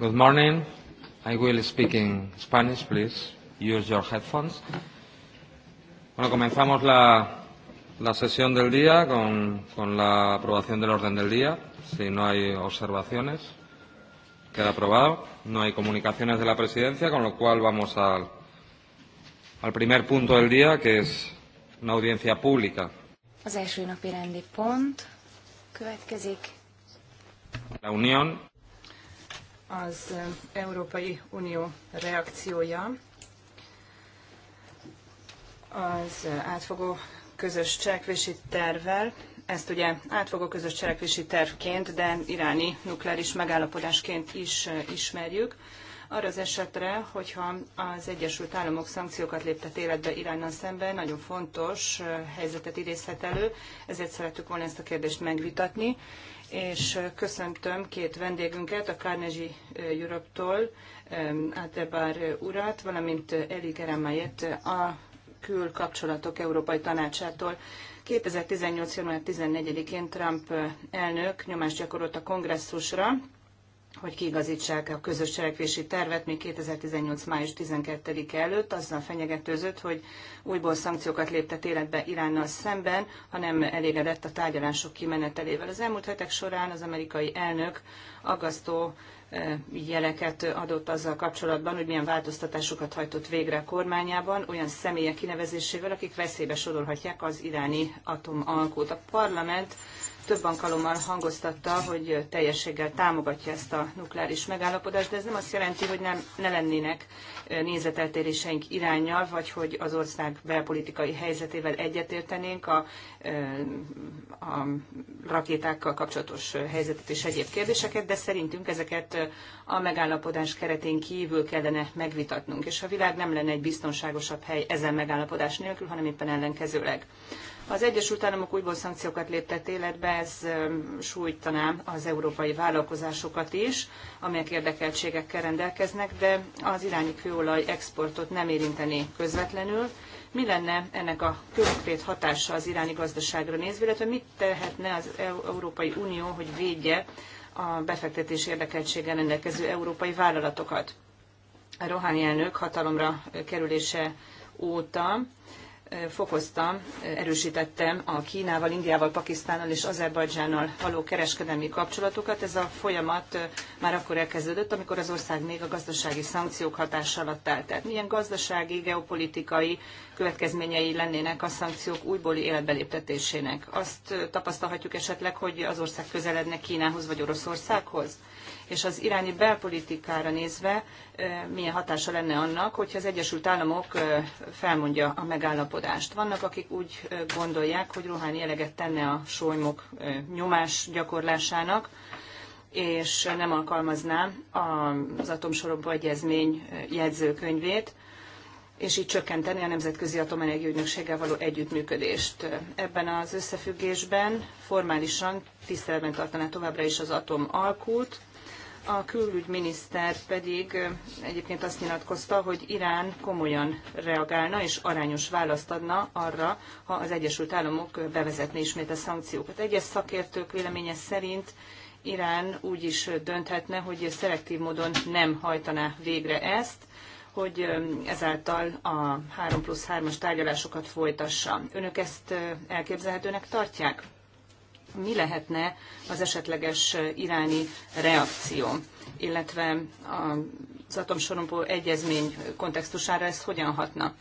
Good morning. I will speak in Spanish, please. Use your headphones. Bueno, comenzamos la, la sesión del día con, con la aprobación del orden del día. Si no hay observaciones, queda aprobado. No hay comunicaciones de la presidencia, con lo cual vamos al, al primer punto del día, que es una audiencia pública. Az első napi rendi pont következik. La Unión az Európai Unió reakciója az átfogó közös cselekvési tervvel. Ezt ugye átfogó közös cselekvési tervként, de iráni nukleáris megállapodásként is ismerjük. Arra az esetre, hogyha az Egyesült Államok szankciókat léptet életbe Iránnal szemben, nagyon fontos helyzetet idézhet elő, ezért szerettük volna ezt a kérdést megvitatni, és köszöntöm két vendégünket, a Carnegie Europe-tól Atebar urat, valamint Eli Geremájet, a külkapcsolatok Európai Tanácsától. 2018. január 14-én Trump elnök nyomást gyakorolt a kongresszusra, hogy kiigazítsák a közös cselekvési tervet még 2018. május 12 -e előtt, azzal fenyegetőzött, hogy újból szankciókat léptet életbe Iránnal szemben, hanem elégedett a tárgyalások kimenetelével. Az elmúlt hetek során az amerikai elnök aggasztó eh, jeleket adott azzal kapcsolatban, hogy milyen változtatásokat hajtott végre a kormányában, olyan személyek kinevezésével, akik veszélybe sorolhatják az iráni atomalkót. A parlament több alkalommal hangoztatta, hogy teljességgel támogatja ezt a nukleáris megállapodást, de ez nem azt jelenti, hogy nem, ne lennének nézeteltéréseink irányjal, vagy hogy az ország belpolitikai helyzetével egyetértenénk a, a rakétákkal kapcsolatos helyzetet és egyéb kérdéseket, de szerintünk ezeket a megállapodás keretén kívül kellene megvitatnunk, és a világ nem lenne egy biztonságosabb hely ezen megállapodás nélkül, hanem éppen ellenkezőleg. Az Egyesült Államok újból szankciókat léptett életbe, ez sújtaná az európai vállalkozásokat is, amelyek érdekeltségekkel rendelkeznek, de az irányi kőolaj exportot nem érinteni közvetlenül. Mi lenne ennek a konkrét hatása az iráni gazdaságra nézve, illetve mit tehetne az Európai Unió, hogy védje a befektetés érdekeltséggel rendelkező európai vállalatokat? A Rohani elnök hatalomra kerülése óta fokoztam, erősítettem a Kínával, Indiával, Pakisztánnal és Azerbajdzsánnal való kereskedelmi kapcsolatokat. Ez a folyamat már akkor elkezdődött, amikor az ország még a gazdasági szankciók hatás alatt állt. Tehát milyen gazdasági, geopolitikai következményei lennének a szankciók újbóli életbeléptetésének? Azt tapasztalhatjuk esetleg, hogy az ország közeledne Kínához vagy Oroszországhoz? és az iráni belpolitikára nézve milyen hatása lenne annak, hogyha az Egyesült Államok felmondja a megállapodást. Vannak, akik úgy gondolják, hogy Rohani eleget tenne a solymok nyomás gyakorlásának, és nem alkalmazná az atomsorokba egyezmény jegyzőkönyvét, és így csökkenteni a Nemzetközi Atomenergia Ügynökséggel való együttműködést. Ebben az összefüggésben formálisan tiszteletben tartaná továbbra is az atomalkult, a külügyminiszter pedig egyébként azt nyilatkozta, hogy Irán komolyan reagálna és arányos választ adna arra, ha az Egyesült Államok bevezetné ismét a szankciókat. Egyes szakértők véleménye szerint Irán úgy is dönthetne, hogy szelektív módon nem hajtaná végre ezt, hogy ezáltal a 3 plusz 3-as tárgyalásokat folytassa. Önök ezt elképzelhetőnek tartják? mi lehetne az esetleges iráni reakció, illetve az atomsorompó egyezmény kontextusára ez hogyan hatna.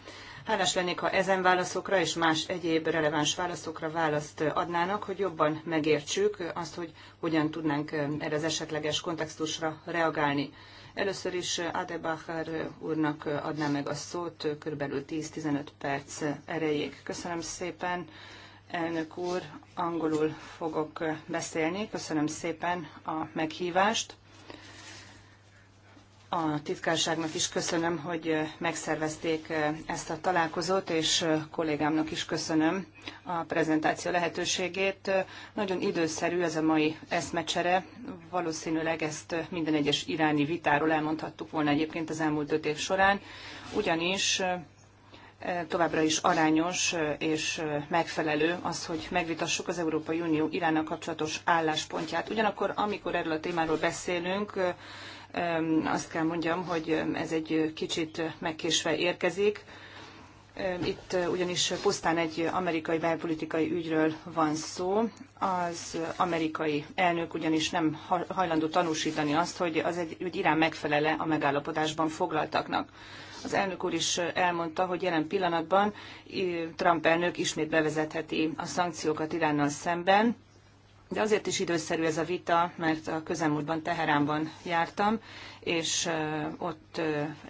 Hálás lennék, ha ezen válaszokra és más egyéb releváns válaszokra választ adnának, hogy jobban megértsük azt, hogy hogyan tudnánk erre az esetleges kontextusra reagálni. Először is Adebacher úrnak adná meg a szót körülbelül 10-15 perc erejéig. Köszönöm szépen, Elnök úr, angolul fogok beszélni. Köszönöm szépen a meghívást. A titkárságnak is köszönöm, hogy megszervezték ezt a találkozót, és kollégámnak is köszönöm a prezentáció lehetőségét. Nagyon időszerű ez a mai eszmecsere. Valószínűleg ezt minden egyes iráni vitáról elmondhattuk volna egyébként az elmúlt öt év során, ugyanis továbbra is arányos és megfelelő az, hogy megvitassuk az Európai Unió Iránnal kapcsolatos álláspontját. Ugyanakkor, amikor erről a témáról beszélünk, azt kell mondjam, hogy ez egy kicsit megkésve érkezik. Itt ugyanis pusztán egy amerikai belpolitikai ügyről van szó. Az amerikai elnök ugyanis nem hajlandó tanúsítani azt, hogy az egy, hogy Irán megfelele a megállapodásban foglaltaknak. Az elnök úr is elmondta, hogy jelen pillanatban Trump elnök ismét bevezetheti a szankciókat Iránnal szemben, de azért is időszerű ez a vita, mert a közelmúltban Teheránban jártam, és ott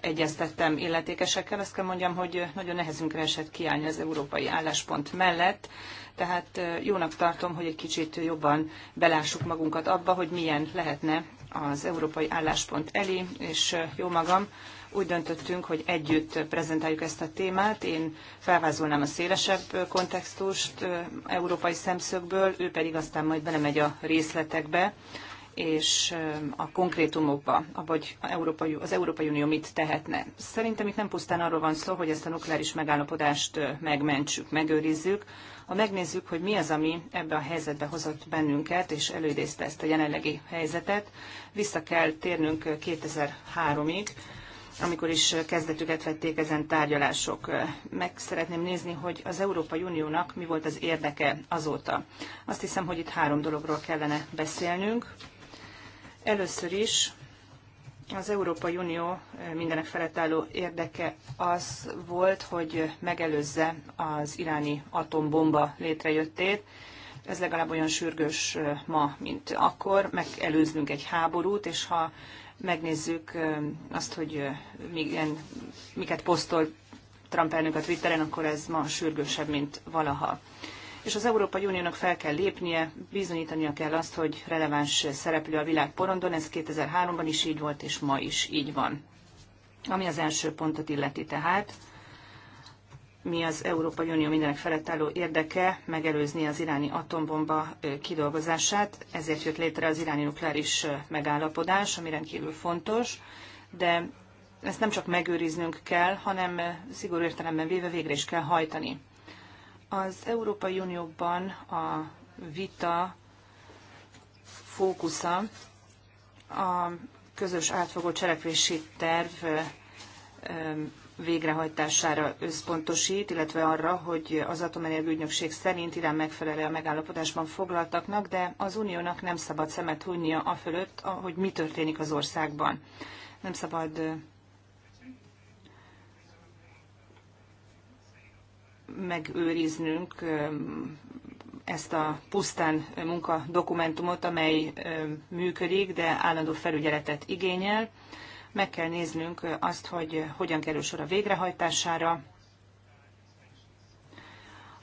egyeztettem illetékesekkel. Azt kell mondjam, hogy nagyon nehezünkre esett kiállni az európai álláspont mellett, tehát jónak tartom, hogy egy kicsit jobban belássuk magunkat abba, hogy milyen lehetne az európai álláspont elé, és jó magam, úgy döntöttünk, hogy együtt prezentáljuk ezt a témát. Én felvázolnám a szélesebb kontextust európai szemszögből, ő pedig aztán majd belemegy a részletekbe és a konkrétumokba, vagy az Európai Unió mit tehetne. Szerintem itt nem pusztán arról van szó, hogy ezt a nukleáris megállapodást megmentsük, megőrizzük, ha megnézzük, hogy mi az, ami ebbe a helyzetbe hozott bennünket, és előidézte ezt a jelenlegi helyzetet, vissza kell térnünk 2003-ig, amikor is kezdetüket vették ezen tárgyalások. Meg szeretném nézni, hogy az Európai Uniónak mi volt az érdeke azóta. Azt hiszem, hogy itt három dologról kellene beszélnünk. Először is az Európai Unió mindenek felett álló érdeke az volt, hogy megelőzze az iráni atombomba létrejöttét. Ez legalább olyan sürgős ma, mint akkor. Megelőznünk egy háborút, és ha megnézzük azt, hogy milyen, miket posztol Trump elnök a Twitteren, akkor ez ma sürgősebb, mint valaha. És az Európai Uniónak fel kell lépnie, bizonyítania kell azt, hogy releváns szereplő a világ porondon, ez 2003-ban is így volt, és ma is így van. Ami az első pontot illeti tehát, mi az Európai Unió mindenek felett álló érdeke megelőzni az iráni atombomba kidolgozását, ezért jött létre az iráni nukleáris megállapodás, ami rendkívül fontos, de ezt nem csak megőriznünk kell, hanem szigorú értelemben véve végre is kell hajtani. Az Európai Unióban a vita fókusza a közös átfogó cselekvési terv végrehajtására összpontosít, illetve arra, hogy az Atomenergia Ügynökség szerint Irán megfelele a megállapodásban foglaltaknak, de az Uniónak nem szabad szemet hunnia a fölött, hogy mi történik az országban. Nem szabad megőriznünk ezt a pusztán munkadokumentumot, amely működik, de állandó felügyeletet igényel meg kell néznünk azt, hogy hogyan kerül sor a végrehajtására,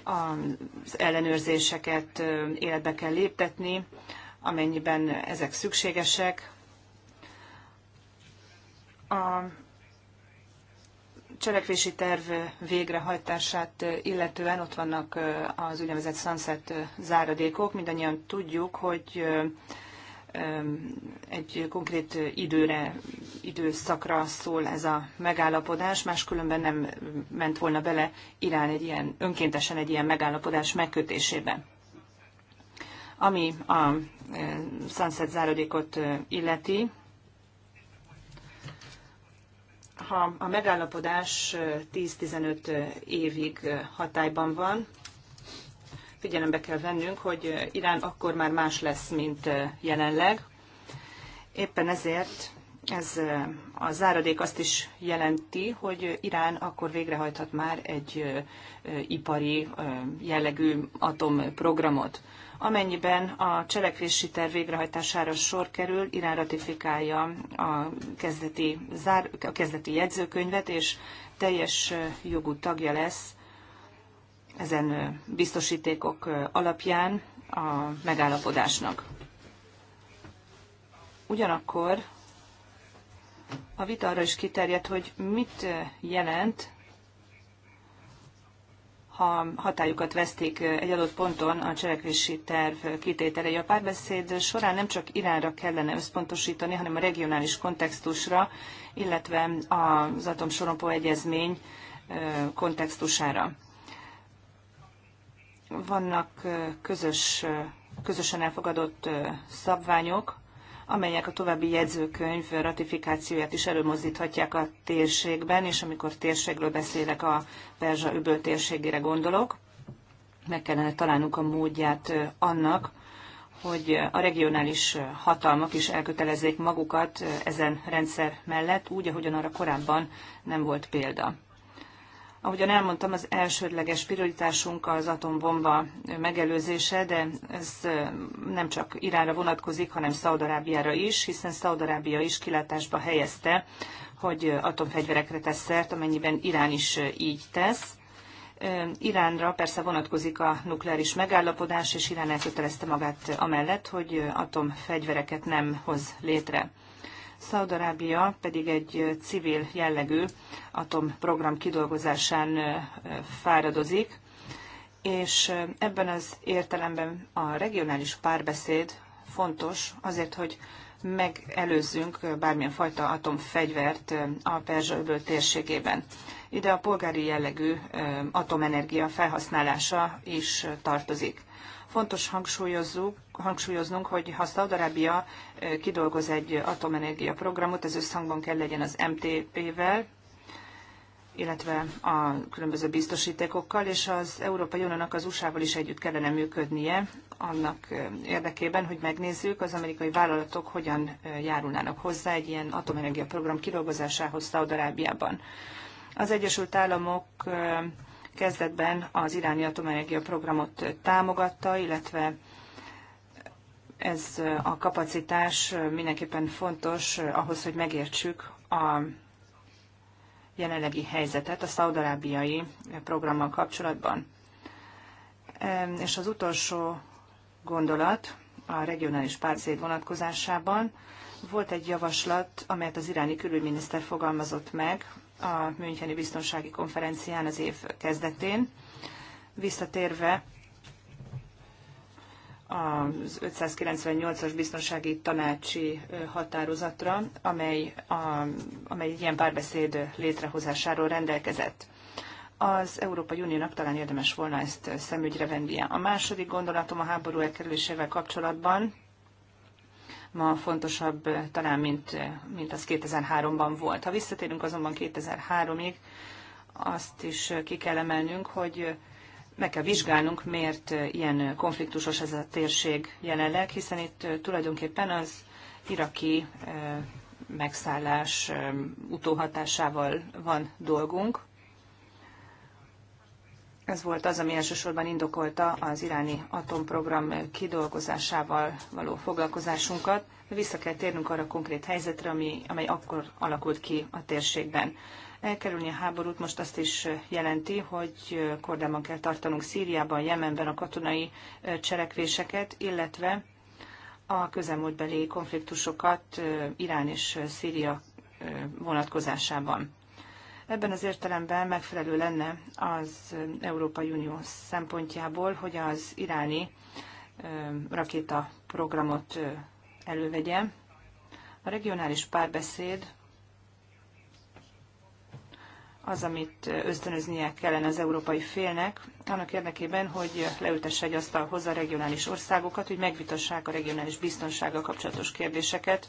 az ellenőrzéseket életbe kell léptetni, amennyiben ezek szükségesek. A cselekvési terv végrehajtását illetően ott vannak az úgynevezett sunset záradékok. Mindannyian tudjuk, hogy egy konkrét időre, időszakra szól ez a megállapodás, máskülönben nem ment volna bele Irán egy ilyen, önkéntesen egy ilyen megállapodás megkötésébe. Ami a Sunset záradékot illeti, ha a megállapodás 10-15 évig hatályban van, figyelembe kell vennünk, hogy Irán akkor már más lesz, mint jelenleg. Éppen ezért ez a záradék azt is jelenti, hogy Irán akkor végrehajthat már egy ipari jellegű atomprogramot. Amennyiben a cselekvési terv végrehajtására sor kerül, Irán ratifikálja a kezdeti, zár, a kezdeti jegyzőkönyvet, és teljes jogú tagja lesz ezen biztosítékok alapján a megállapodásnak. Ugyanakkor a vita arra is kiterjedt, hogy mit jelent, ha hatályukat veszték egy adott ponton a cselekvési terv kitételei. A párbeszéd során nem csak Iránra kellene összpontosítani, hanem a regionális kontextusra, illetve az atomsorompó egyezmény kontextusára. Vannak közös, közösen elfogadott szabványok, amelyek a további jegyzőkönyv ratifikációját is előmozdíthatják a térségben, és amikor térségről beszélek, a Perzsa öböl térségére gondolok. Meg kellene találnunk a módját annak, hogy a regionális hatalmak is elkötelezzék magukat ezen rendszer mellett, úgy, ahogyan arra korábban nem volt példa. Ahogyan elmondtam, az elsődleges prioritásunk az atombomba megelőzése, de ez nem csak Iránra vonatkozik, hanem Szaudarábiára is, hiszen Szaudarábia is kilátásba helyezte, hogy atomfegyverekre tesz szert, amennyiben Irán is így tesz. Iránra persze vonatkozik a nukleáris megállapodás, és Irán elkötelezte magát amellett, hogy atomfegyvereket nem hoz létre. Szaudarábia pedig egy civil jellegű atomprogram kidolgozásán fáradozik, és ebben az értelemben a regionális párbeszéd fontos azért, hogy megelőzzünk bármilyen fajta atomfegyvert a Perzsa-öböl térségében. Ide a polgári jellegű atomenergia felhasználása is tartozik. Fontos hangsúlyozzuk, hangsúlyoznunk, hogy ha Szaudarabia kidolgoz egy atomenergia programot, ez összhangban kell legyen az MTP-vel, illetve a különböző biztosítékokkal, és az Európai Uniónak az USA-val is együtt kellene működnie annak érdekében, hogy megnézzük az amerikai vállalatok hogyan járulnának hozzá egy ilyen atomenergia program kidolgozásához Szaudarábiában. Az Egyesült Államok kezdetben az iráni atomenergia programot támogatta, illetve ez a kapacitás mindenképpen fontos ahhoz, hogy megértsük a jelenlegi helyzetet a szaudarábiai programmal kapcsolatban. És az utolsó gondolat a regionális párcéd vonatkozásában volt egy javaslat, amelyet az iráni külügyminiszter fogalmazott meg a Müncheni Biztonsági Konferencián az év kezdetén, visszatérve az 598-as biztonsági tanácsi határozatra, amely, a, amely ilyen párbeszéd létrehozásáról rendelkezett. Az Európai Uniónak talán érdemes volna ezt szemügyre vennie. A második gondolatom a háború elkerülésével kapcsolatban ma fontosabb talán, mint, mint az 2003-ban volt. Ha visszatérünk azonban 2003-ig, azt is ki kell emelnünk, hogy meg kell vizsgálnunk, miért ilyen konfliktusos ez a térség jelenleg, hiszen itt tulajdonképpen az iraki megszállás utóhatásával van dolgunk. Ez volt az, ami elsősorban indokolta az iráni atomprogram kidolgozásával való foglalkozásunkat, de vissza kell térnünk arra a konkrét helyzetre, ami, amely akkor alakult ki a térségben. Elkerülni a háborút most azt is jelenti, hogy kordában kell tartanunk Szíriában, Jemenben a katonai cselekvéseket, illetve a közelmúltbeli konfliktusokat Irán és Szíria vonatkozásában. Ebben az értelemben megfelelő lenne az Európai Unió szempontjából, hogy az iráni rakétaprogramot elővegye. A regionális párbeszéd az, amit ösztönöznie kellene az európai félnek, annak érdekében, hogy leültesse egy asztalhoz a regionális országokat, hogy megvitassák a regionális biztonsággal kapcsolatos kérdéseket,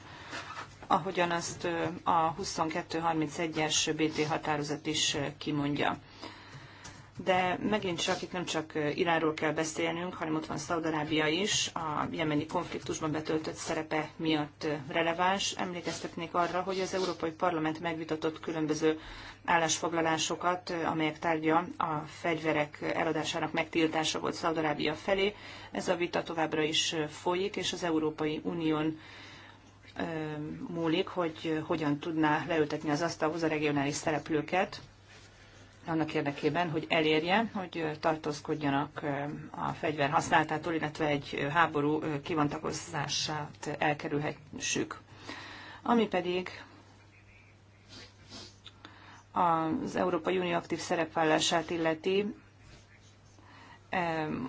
ahogyan azt a 22-31 es BT határozat is kimondja de megint csak itt nem csak Iránról kell beszélnünk, hanem ott van Szaudarábia is, a jemeni konfliktusban betöltött szerepe miatt releváns. Emlékeztetnék arra, hogy az Európai Parlament megvitatott különböző állásfoglalásokat, amelyek tárgya a fegyverek eladásának megtiltása volt Szaudarábia felé. Ez a vita továbbra is folyik, és az Európai Unión múlik, hogy hogyan tudná leültetni az asztalhoz a regionális szereplőket, annak érdekében, hogy elérje, hogy tartózkodjanak a fegyver használatától, illetve egy háború kivontakozását elkerülhessük. Ami pedig az Európai Unió aktív szerepvállását illeti,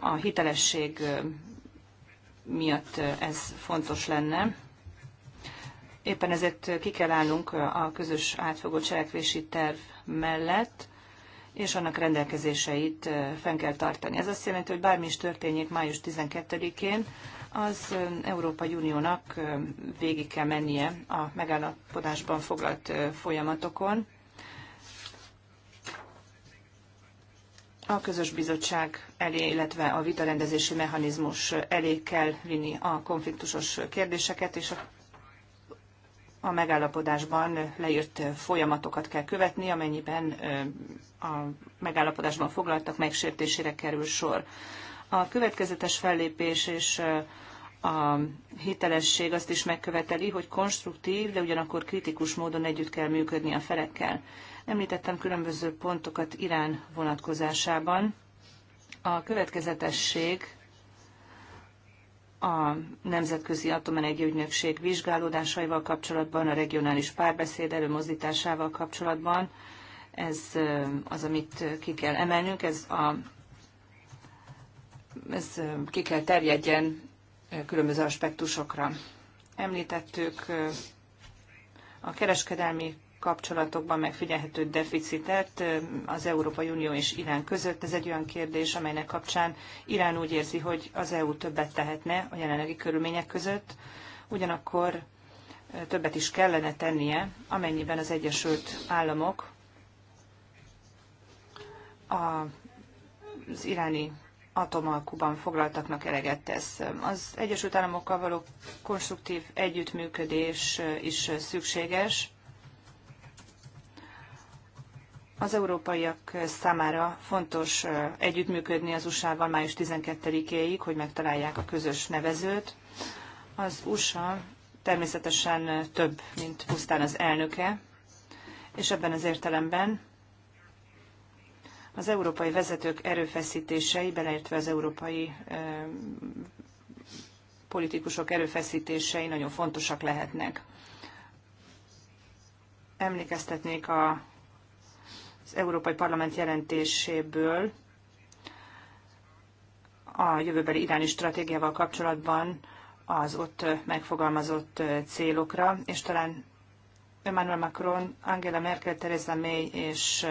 a hitelesség miatt ez fontos lenne. Éppen ezért ki kell állnunk a közös átfogó cselekvési terv mellett, és annak rendelkezéseit fenn kell tartani. Ez azt jelenti, hogy bármi is történjék május 12-én, az Európa Uniónak végig kell mennie a megállapodásban foglalt folyamatokon. A közös bizottság elé, illetve a vitarendezési mechanizmus elé kell vinni a konfliktusos kérdéseket, és a a megállapodásban leírt folyamatokat kell követni, amennyiben a megállapodásban foglaltak megsértésére kerül sor. A következetes fellépés és a hitelesség azt is megköveteli, hogy konstruktív, de ugyanakkor kritikus módon együtt kell működni a felekkel. Említettem különböző pontokat Irán vonatkozásában. A következetesség a Nemzetközi Atomenergia Ügynökség vizsgálódásaival kapcsolatban, a regionális párbeszéd előmozdításával kapcsolatban. Ez az, amit ki kell emelnünk, ez, a, ez ki kell terjedjen különböző aspektusokra. Említettük a kereskedelmi kapcsolatokban megfigyelhető deficitet az Európai Unió és Irán között. Ez egy olyan kérdés, amelynek kapcsán Irán úgy érzi, hogy az EU többet tehetne a jelenlegi körülmények között, ugyanakkor többet is kellene tennie, amennyiben az Egyesült Államok az iráni atomalkuban foglaltaknak eleget tesz. Az Egyesült Államokkal való konstruktív együttműködés is szükséges, az európaiak számára fontos együttműködni az USA-val május 12-éig, hogy megtalálják a közös nevezőt. Az USA természetesen több, mint pusztán az elnöke, és ebben az értelemben az európai vezetők erőfeszítései, beleértve az európai politikusok erőfeszítései nagyon fontosak lehetnek. Emlékeztetnék a az Európai Parlament jelentéséből a jövőbeli iráni stratégiával kapcsolatban az ott megfogalmazott célokra, és talán Emmanuel Macron, Angela Merkel, Theresa May és,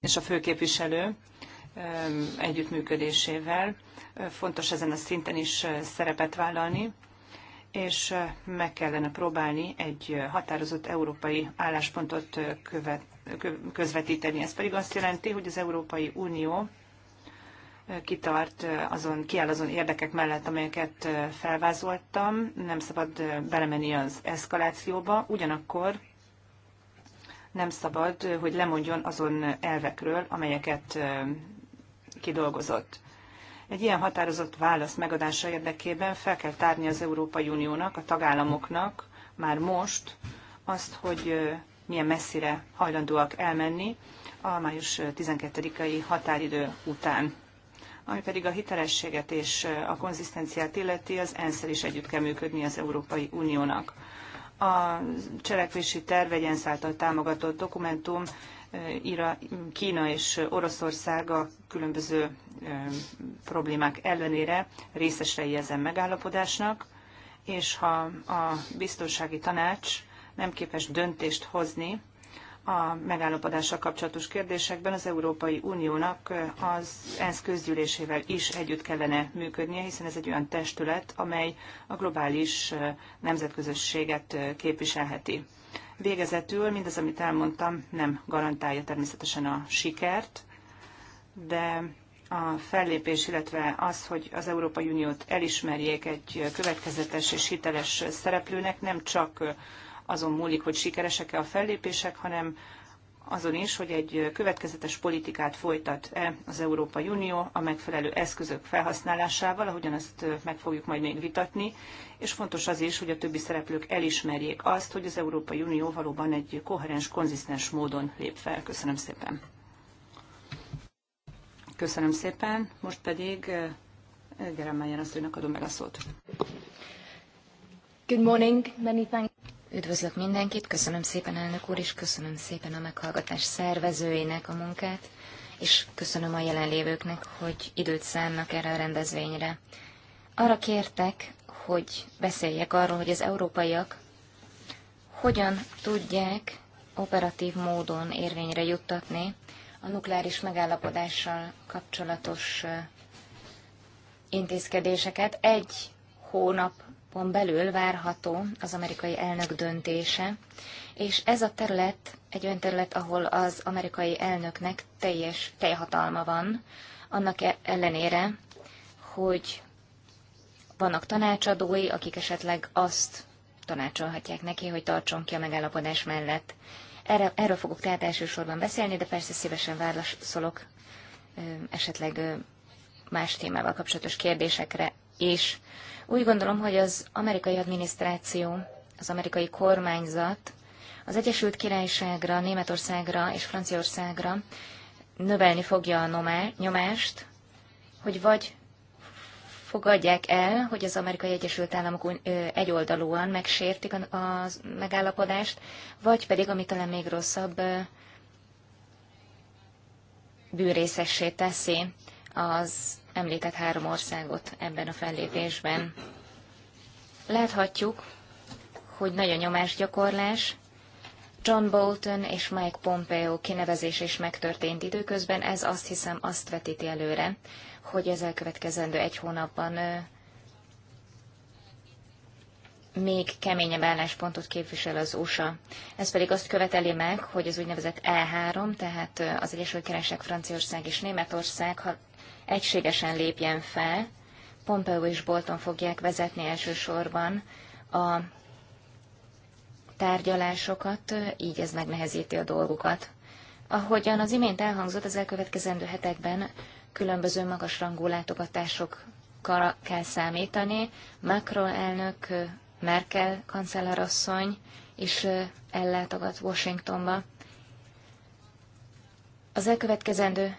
és a főképviselő um, együttműködésével fontos ezen a szinten is uh, szerepet vállalni és meg kellene próbálni egy határozott európai álláspontot követ, közvetíteni. Ez pedig azt jelenti, hogy az Európai Unió kitart azon, kiáll azon érdekek mellett, amelyeket felvázoltam, nem szabad belemenni az eszkalációba, ugyanakkor nem szabad, hogy lemondjon azon elvekről, amelyeket kidolgozott. Egy ilyen határozott válasz megadása érdekében fel kell tárni az Európai Uniónak, a tagállamoknak már most azt, hogy milyen messzire hajlandóak elmenni a május 12-ai határidő után. Ami pedig a hitelességet és a konzisztenciát illeti, az ensz is együtt kell működni az Európai Uniónak. A cselekvési terv egy ENSZ által támogatott dokumentum Ira, Kína és Oroszország a különböző problémák ellenére részesei ezen megállapodásnak, és ha a biztonsági tanács nem képes döntést hozni a megállapodással kapcsolatos kérdésekben, az Európai Uniónak az ENSZ közgyűlésével is együtt kellene működnie, hiszen ez egy olyan testület, amely a globális nemzetközösséget képviselheti. Végezetül mindaz, amit elmondtam, nem garantálja természetesen a sikert, de a fellépés, illetve az, hogy az Európai Uniót elismerjék egy következetes és hiteles szereplőnek, nem csak azon múlik, hogy sikeresek-e a fellépések, hanem azon is, hogy egy következetes politikát folytat-e az Európai Unió a megfelelő eszközök felhasználásával, ahogyan azt meg fogjuk majd még vitatni, és fontos az is, hogy a többi szereplők elismerjék azt, hogy az Európai Unió valóban egy koherens, konzisztens módon lép fel. Köszönöm szépen. Köszönöm szépen, most pedig Gerem Májer asszonynak adom meg a szót. Good morning, many thanks. Üdvözlök mindenkit, köszönöm szépen elnök úr, és köszönöm szépen a meghallgatás szervezőinek a munkát, és köszönöm a jelenlévőknek, hogy időt szánnak erre a rendezvényre. Arra kértek, hogy beszéljek arról, hogy az európaiak hogyan tudják operatív módon érvényre juttatni a nukleáris megállapodással kapcsolatos intézkedéseket. Egy hónap hónapon belül várható az amerikai elnök döntése, és ez a terület egy olyan terület, ahol az amerikai elnöknek teljes teljhatalma van, annak e- ellenére, hogy vannak tanácsadói, akik esetleg azt tanácsolhatják neki, hogy tartson ki a megállapodás mellett. Erre, erről fogok tehát elsősorban beszélni, de persze szívesen válaszolok esetleg más témával kapcsolatos kérdésekre és Úgy gondolom, hogy az amerikai adminisztráció, az amerikai kormányzat az Egyesült Királyságra, Németországra és Franciaországra növelni fogja a nyomást, hogy vagy fogadják el, hogy az Amerikai Egyesült Államok egyoldalúan megsértik a, a megállapodást, vagy pedig, ami talán még rosszabb, bűrészessé teszi az említett három országot ebben a fellépésben. Láthatjuk, hogy nagyon nyomás gyakorlás John Bolton és Mike Pompeo kinevezés is megtörtént időközben, ez azt hiszem azt vetíti előre, hogy az elkövetkezendő egy hónapban még keményebb álláspontot képvisel az USA. Ez pedig azt követeli meg, hogy az úgynevezett E3, tehát az Egyesült Királyság, Franciaország és Németország egységesen lépjen fel. Pompeo és Bolton fogják vezetni elsősorban a tárgyalásokat, így ez megnehezíti a dolgukat. Ahogyan az imént elhangzott, az elkövetkezendő hetekben különböző magasrangú látogatásokkal kell számítani. Macron elnök, Merkel kancellárasszony is ellátogat Washingtonba. Az elkövetkezendő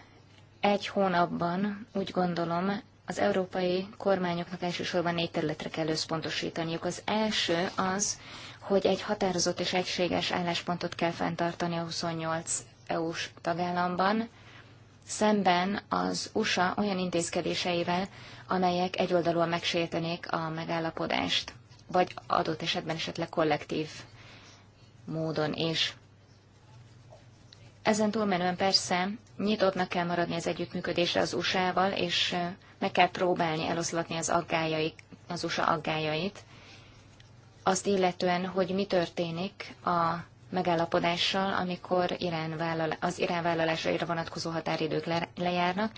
egy hónapban úgy gondolom az európai kormányoknak elsősorban négy területre kell összpontosítaniuk. Az első az, hogy egy határozott és egységes álláspontot kell fenntartani a 28 EU-s tagállamban, szemben az USA olyan intézkedéseivel, amelyek egyoldalúan megsértenék a megállapodást, vagy adott esetben esetleg kollektív módon is. Ezen túlmenően persze nyitottnak kell maradni az együttműködésre az USA-val, és meg kell próbálni eloszlatni az, aggájaik, az USA aggájait, azt illetően, hogy mi történik a megállapodással, amikor Irán vállal, az Irán vállalásaira vonatkozó határidők le, lejárnak,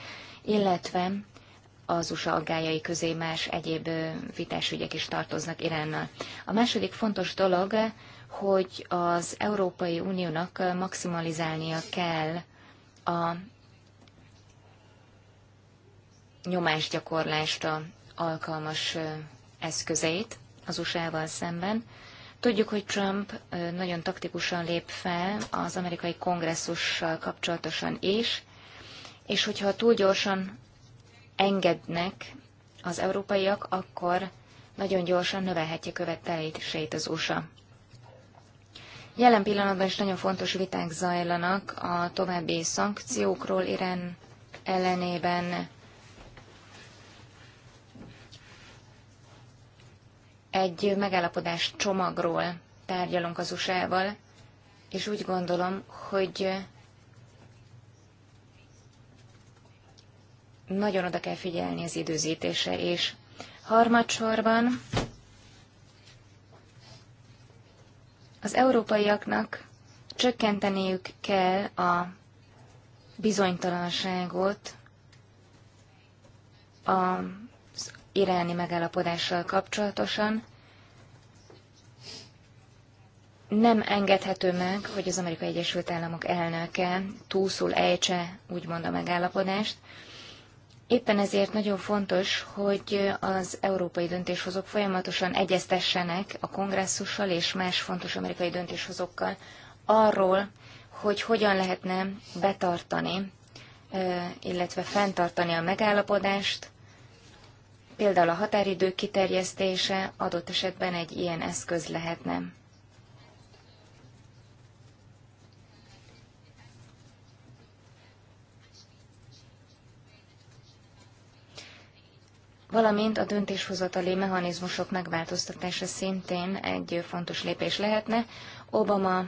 illetve az USA aggájai közé más egyéb vitásügyek is tartoznak Iránnal. A második fontos dolog, hogy az Európai Uniónak maximalizálnia kell a a alkalmas eszközeit az USA-val szemben. Tudjuk, hogy Trump nagyon taktikusan lép fel az amerikai kongresszussal kapcsolatosan is, és hogyha túl gyorsan engednek az európaiak, akkor nagyon gyorsan növelhetje követeléseit az USA. Jelen pillanatban is nagyon fontos viták zajlanak a további szankciókról Irán ellenében. Egy megállapodás csomagról tárgyalunk az USA-val, és úgy gondolom, hogy nagyon oda kell figyelni az időzítése, és harmadsorban európaiaknak csökkenteniük kell a bizonytalanságot az iráni megállapodással kapcsolatosan. Nem engedhető meg, hogy az Amerikai Egyesült Államok elnöke túlszul ejtse úgymond a megállapodást, Éppen ezért nagyon fontos, hogy az európai döntéshozók folyamatosan egyeztessenek a kongresszussal és más fontos amerikai döntéshozókkal arról, hogy hogyan lehetne betartani, illetve fenntartani a megállapodást, például a határidők kiterjesztése adott esetben egy ilyen eszköz lehetne. valamint a döntéshozatali mechanizmusok megváltoztatása szintén egy fontos lépés lehetne. Obama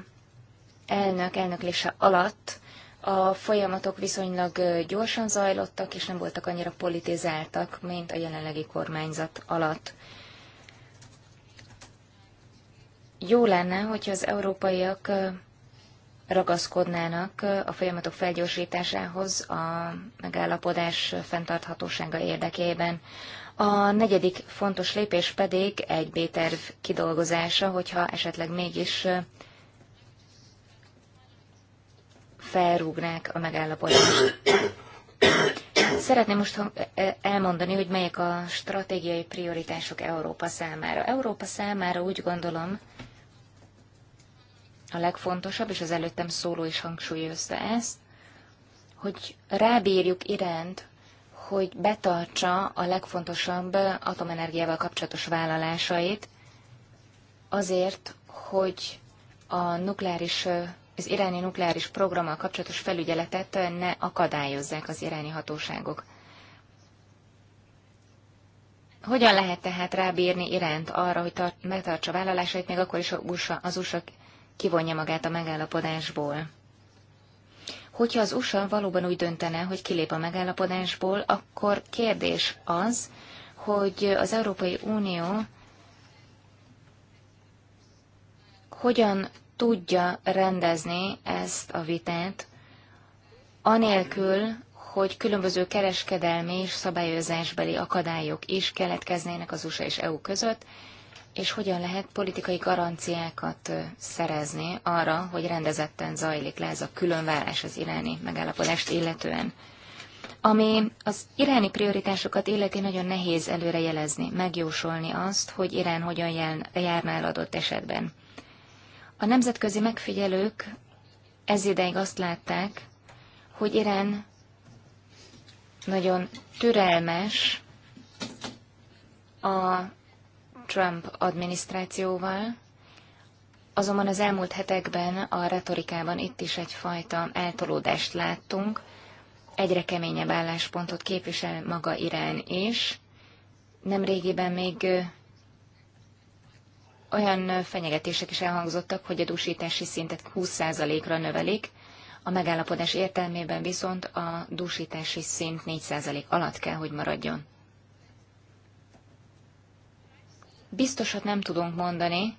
elnök elnöklése alatt a folyamatok viszonylag gyorsan zajlottak, és nem voltak annyira politizáltak, mint a jelenlegi kormányzat alatt. Jó lenne, hogyha az európaiak ragaszkodnának a folyamatok felgyorsításához a megállapodás fenntarthatósága érdekében. A negyedik fontos lépés pedig egy B-terv kidolgozása, hogyha esetleg mégis felrúgnák a megállapodást. Szeretném most elmondani, hogy melyek a stratégiai prioritások Európa számára. Európa számára úgy gondolom, a legfontosabb, és az előttem szóló is hangsúlyozta ezt, hogy rábírjuk iránt, hogy betartsa a legfontosabb atomenergiával kapcsolatos vállalásait, azért, hogy a nukleáris, az iráni nukleáris programmal kapcsolatos felügyeletet ne akadályozzák az iráni hatóságok. Hogyan lehet tehát rábírni iránt arra, hogy tart, megtartsa vállalásait, még akkor is az USA, az USA kivonja magát a megállapodásból. Hogyha az USA valóban úgy döntene, hogy kilép a megállapodásból, akkor kérdés az, hogy az Európai Unió hogyan tudja rendezni ezt a vitát, anélkül, hogy különböző kereskedelmi és szabályozásbeli akadályok is keletkeznének az USA és EU között, és hogyan lehet politikai garanciákat szerezni arra, hogy rendezetten zajlik le ez a különvárás az iráni megállapodást illetően. Ami az iráni prioritásokat illeti nagyon nehéz előrejelezni, megjósolni azt, hogy Irán hogyan járna el adott esetben. A nemzetközi megfigyelők ez ideig azt látták, hogy Irán nagyon türelmes a Trump adminisztrációval, azonban az elmúlt hetekben a retorikában itt is egyfajta eltolódást láttunk, egyre keményebb álláspontot képvisel maga Irán is. Nemrégiben még olyan fenyegetések is elhangzottak, hogy a dusítási szintet 20%-ra növelik, a megállapodás értelmében viszont a dúsítási szint 4% alatt kell, hogy maradjon. biztosat nem tudunk mondani,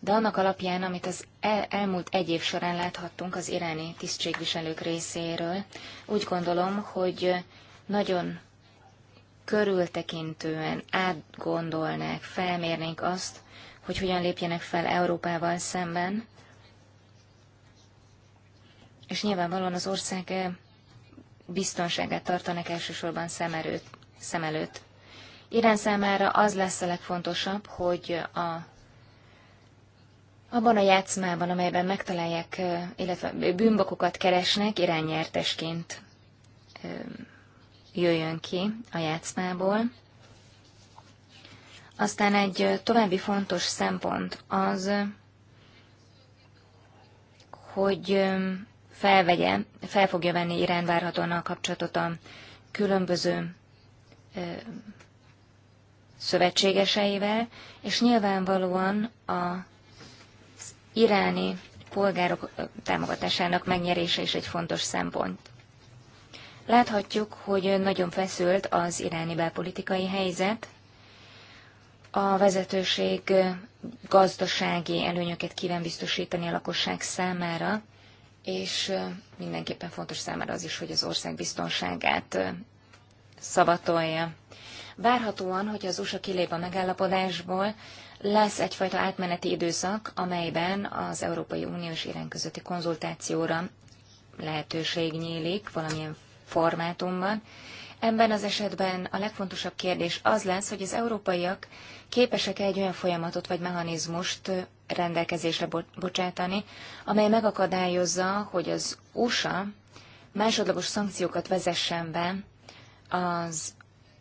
de annak alapján, amit az el, elmúlt egy év során láthattunk az iráni tisztségviselők részéről, úgy gondolom, hogy nagyon körültekintően átgondolnák, felmérnénk azt, hogy hogyan lépjenek fel Európával szemben, és nyilvánvalóan az ország biztonságát tartanak elsősorban szem, erőt, szem előtt. Irán számára az lesz a legfontosabb, hogy a abban a játszmában, amelyben megtalálják, illetve bűnbakokat keresnek, iránynyertesként jöjjön ki a játszmából. Aztán egy további fontos szempont az, hogy felvegye, fel fogja venni Irán várhatóan a kapcsolatot a különböző szövetségeseivel, és nyilvánvalóan az iráni polgárok támogatásának megnyerése is egy fontos szempont. Láthatjuk, hogy nagyon feszült az iráni belpolitikai helyzet. A vezetőség gazdasági előnyöket kíván biztosítani a lakosság számára, és mindenképpen fontos számára az is, hogy az ország biztonságát szavatolja. Várhatóan, hogy az USA kilép a megállapodásból, lesz egyfajta átmeneti időszak, amelyben az Európai Unió és Irán közötti konzultációra lehetőség nyílik valamilyen formátumban. Ebben az esetben a legfontosabb kérdés az lesz, hogy az európaiak képesek -e egy olyan folyamatot vagy mechanizmust rendelkezésre bocsátani, amely megakadályozza, hogy az USA másodlagos szankciókat vezessen be az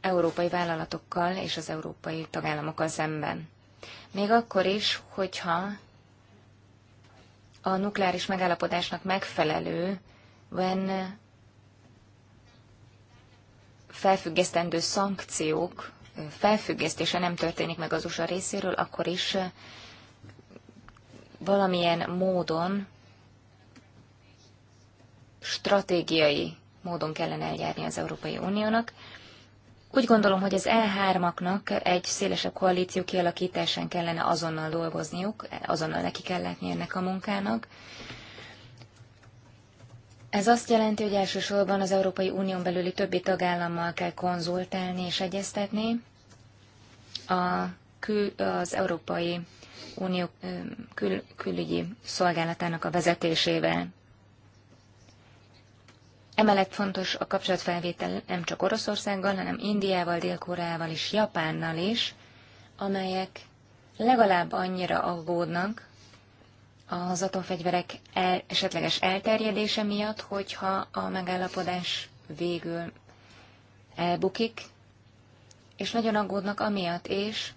európai vállalatokkal és az európai tagállamokkal szemben. Még akkor is, hogyha a nukleáris megállapodásnak megfelelően felfüggesztendő szankciók felfüggesztése nem történik meg az USA részéről, akkor is valamilyen módon, stratégiai módon kellene eljárni az Európai Uniónak. Úgy gondolom, hogy az E3-aknak egy szélesebb koalíció kialakításán kellene azonnal dolgozniuk, azonnal neki kell látni ennek a munkának. Ez azt jelenti, hogy elsősorban az Európai Unión belüli többi tagállammal kell konzultálni és egyeztetni. A kül, az Európai Unió kül, külügyi szolgálatának a vezetésével. Emellett fontos a kapcsolatfelvétel nem csak Oroszországgal, hanem Indiával, Dél-Koreával és Japánnal is, amelyek legalább annyira aggódnak az atomfegyverek el, esetleges elterjedése miatt, hogyha a megállapodás végül elbukik, és nagyon aggódnak amiatt is,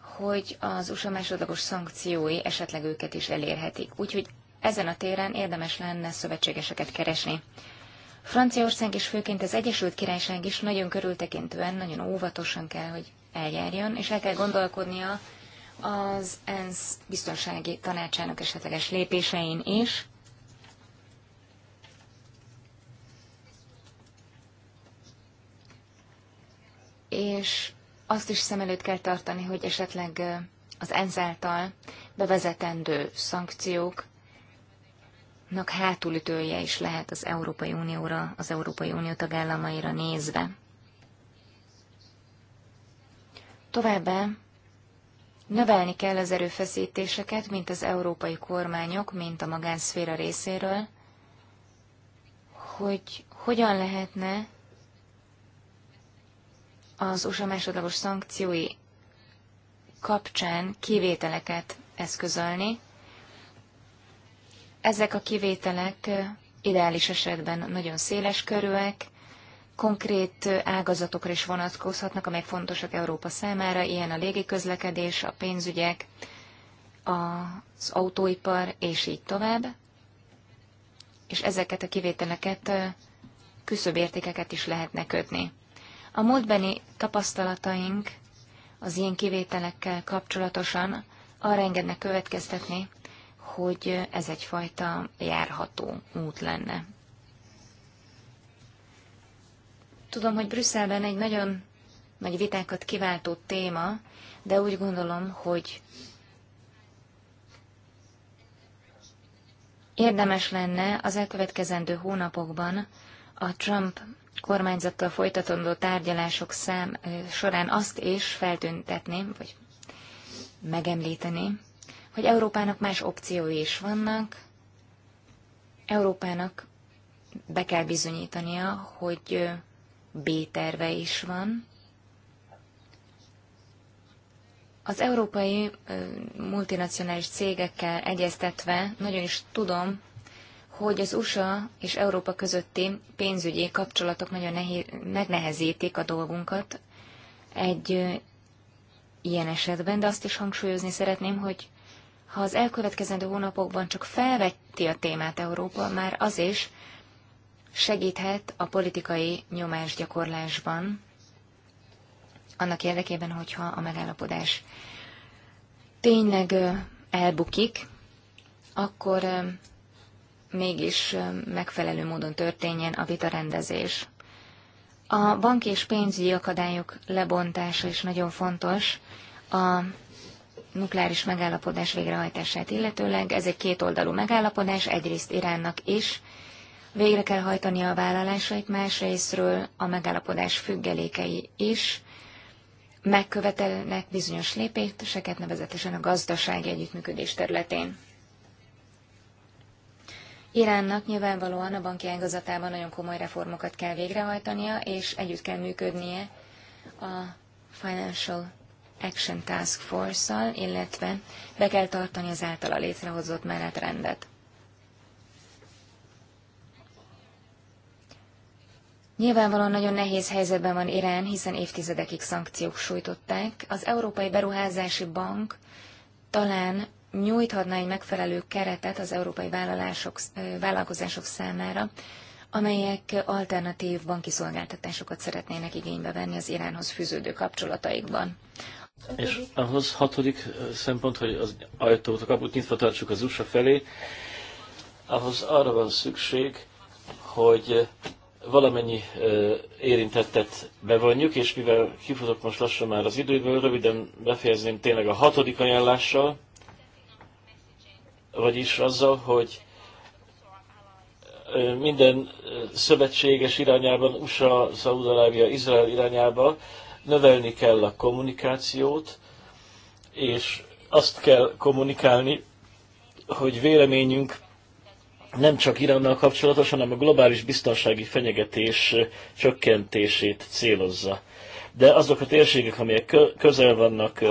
hogy az USA másodlagos szankciói esetleg őket is elérhetik. Úgyhogy ezen a téren érdemes lenne szövetségeseket keresni. Franciaország és főként az Egyesült Királyság is nagyon körültekintően, nagyon óvatosan kell, hogy eljárjon, és el kell gondolkodnia az ENSZ biztonsági tanácsának esetleges lépésein is. És azt is szem előtt kell tartani, hogy esetleg az ENSZ által bevezetendő szankciók nak hátulütője is lehet az Európai Unióra, az Európai Unió tagállamaira nézve. Továbbá növelni kell az erőfeszítéseket, mint az európai kormányok, mint a magánszféra részéről, hogy hogyan lehetne az USA másodlagos szankciói kapcsán kivételeket eszközölni, ezek a kivételek ideális esetben nagyon széles körűek, konkrét ágazatokra is vonatkozhatnak, amelyek fontosak Európa számára, ilyen a légiközlekedés, a pénzügyek, az autóipar, és így tovább. És ezeket a kivételeket küszöbértékeket is lehetne kötni. A múltbeni tapasztalataink az ilyen kivételekkel kapcsolatosan arra engednek következtetni, hogy ez egyfajta járható út lenne. Tudom, hogy Brüsszelben egy nagyon nagy vitákat kiváltó téma, de úgy gondolom, hogy érdemes lenne az elkövetkezendő hónapokban a Trump kormányzattal folytatandó tárgyalások szám során azt is feltüntetni, vagy megemlíteni, hogy Európának más opciói is vannak, Európának be kell bizonyítania, hogy B-terve is van. Az európai multinacionális cégekkel egyeztetve nagyon is tudom, hogy az USA és Európa közötti pénzügyi kapcsolatok nagyon nehéz, megnehezítik a dolgunkat egy ilyen esetben, de azt is hangsúlyozni szeretném, hogy ha az elkövetkezendő hónapokban csak felvetti a témát Európa, már az is segíthet a politikai nyomásgyakorlásban, annak érdekében, hogyha a megállapodás tényleg elbukik, akkor mégis megfelelő módon történjen a vitarendezés. A banki és pénzügyi akadályok lebontása is nagyon fontos. A nukleáris megállapodás végrehajtását illetőleg. Ez egy kétoldalú megállapodás, egyrészt Iránnak is végre kell hajtania a vállalásait, másrésztről a megállapodás függelékei is megkövetelnek bizonyos lépéseket, nevezetesen a gazdasági együttműködés területén. Iránnak nyilvánvalóan a banki ágazatában nagyon komoly reformokat kell végrehajtania, és együtt kell működnie a Financial Action Task Force-szal, illetve be kell tartani az általa létrehozott menetrendet. Nyilvánvalóan nagyon nehéz helyzetben van Irán, hiszen évtizedekig szankciók sújtották. Az Európai Beruházási Bank talán nyújthatna egy megfelelő keretet az európai vállalások, vállalkozások számára, amelyek alternatív banki szolgáltatásokat szeretnének igénybe venni az Iránhoz fűződő kapcsolataikban. És ahhoz hatodik szempont, hogy az ajtót, a kaput nyitva tartsuk az USA felé, ahhoz arra van szükség, hogy valamennyi érintettet bevonjuk, és mivel kifutok most lassan már az időből, röviden befejezném tényleg a hatodik ajánlással, vagyis azzal, hogy minden szövetséges irányában, USA, Szaúd-Arábia, Izrael irányába növelni kell a kommunikációt, és azt kell kommunikálni, hogy véleményünk nem csak Iránnal kapcsolatosan, hanem a globális biztonsági fenyegetés csökkentését célozza. De azok a térségek, amelyek közel vannak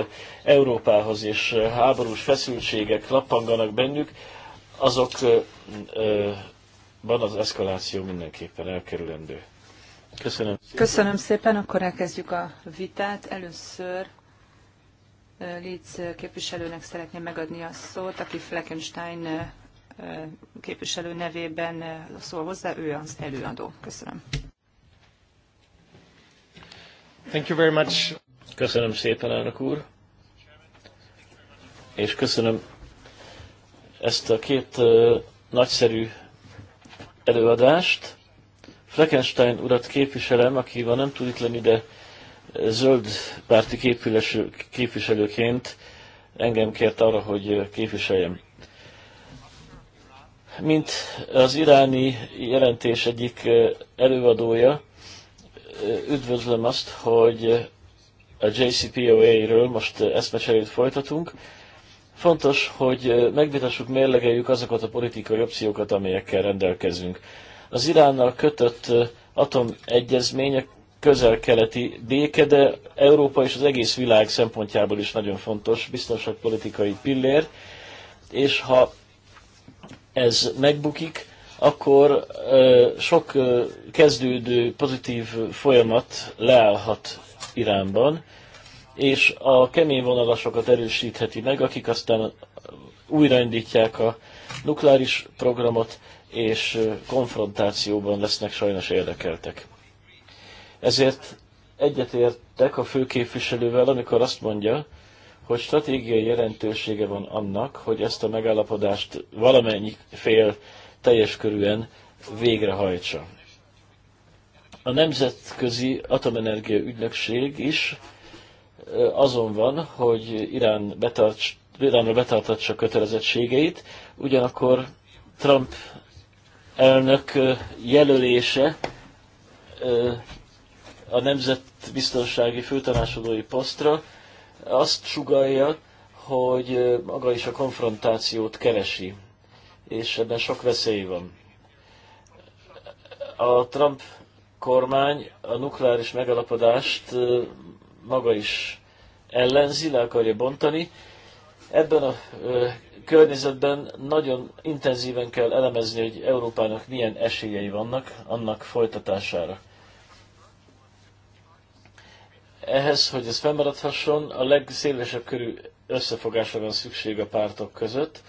Európához, és háborús feszültségek lappanganak bennük, azokban az eszkaláció mindenképpen elkerülendő. Köszönöm. Köszönöm szépen, akkor elkezdjük a vitát. Először Litz képviselőnek szeretném megadni a szót, aki Fleckenstein képviselő nevében szól hozzá, ő az előadó. Köszönöm. Thank you very much. Köszönöm szépen, elnök úr. És köszönöm ezt a két nagyszerű előadást. Fleckenstein urat képviselem, aki van, nem tud itt lenni, de eh, zöld párti képviselőként engem kért arra, hogy eh, képviseljem. Mint az iráni jelentés egyik eh, előadója, üdvözlöm azt, hogy a JCPOA-ről most eszmecserét folytatunk. Fontos, hogy megvitassuk, mérlegeljük azokat a politikai opciókat, amelyekkel rendelkezünk. Az Iránnal kötött atomegyezmény a közel-keleti béke, de Európa és az egész világ szempontjából is nagyon fontos biztonságpolitikai pillér, és ha ez megbukik, akkor sok kezdődő pozitív folyamat leállhat Iránban, és a kemény vonalasokat erősítheti meg, akik aztán újraindítják a nukleáris programot, és konfrontációban lesznek sajnos érdekeltek. Ezért egyetértek a főképviselővel, amikor azt mondja, hogy stratégiai jelentősége van annak, hogy ezt a megállapodást valamennyi fél teljes körűen végrehajtsa. A Nemzetközi Atomenergia Ügynökség is azon van, hogy Irán betarts, Iránra betartatsa kötelezettségeit, ugyanakkor Trump elnök jelölése a Nemzetbiztonsági Főtanácsadói posztra azt sugalja, hogy maga is a konfrontációt keresi, és ebben sok veszély van. A Trump kormány a nukleáris megalapodást maga is ellenzi, le akarja bontani. Ebben a környezetben nagyon intenzíven kell elemezni, hogy Európának milyen esélyei vannak annak folytatására. Ehhez, hogy ez fennmaradhasson, a legszélesebb körű összefogásra van szükség a pártok között,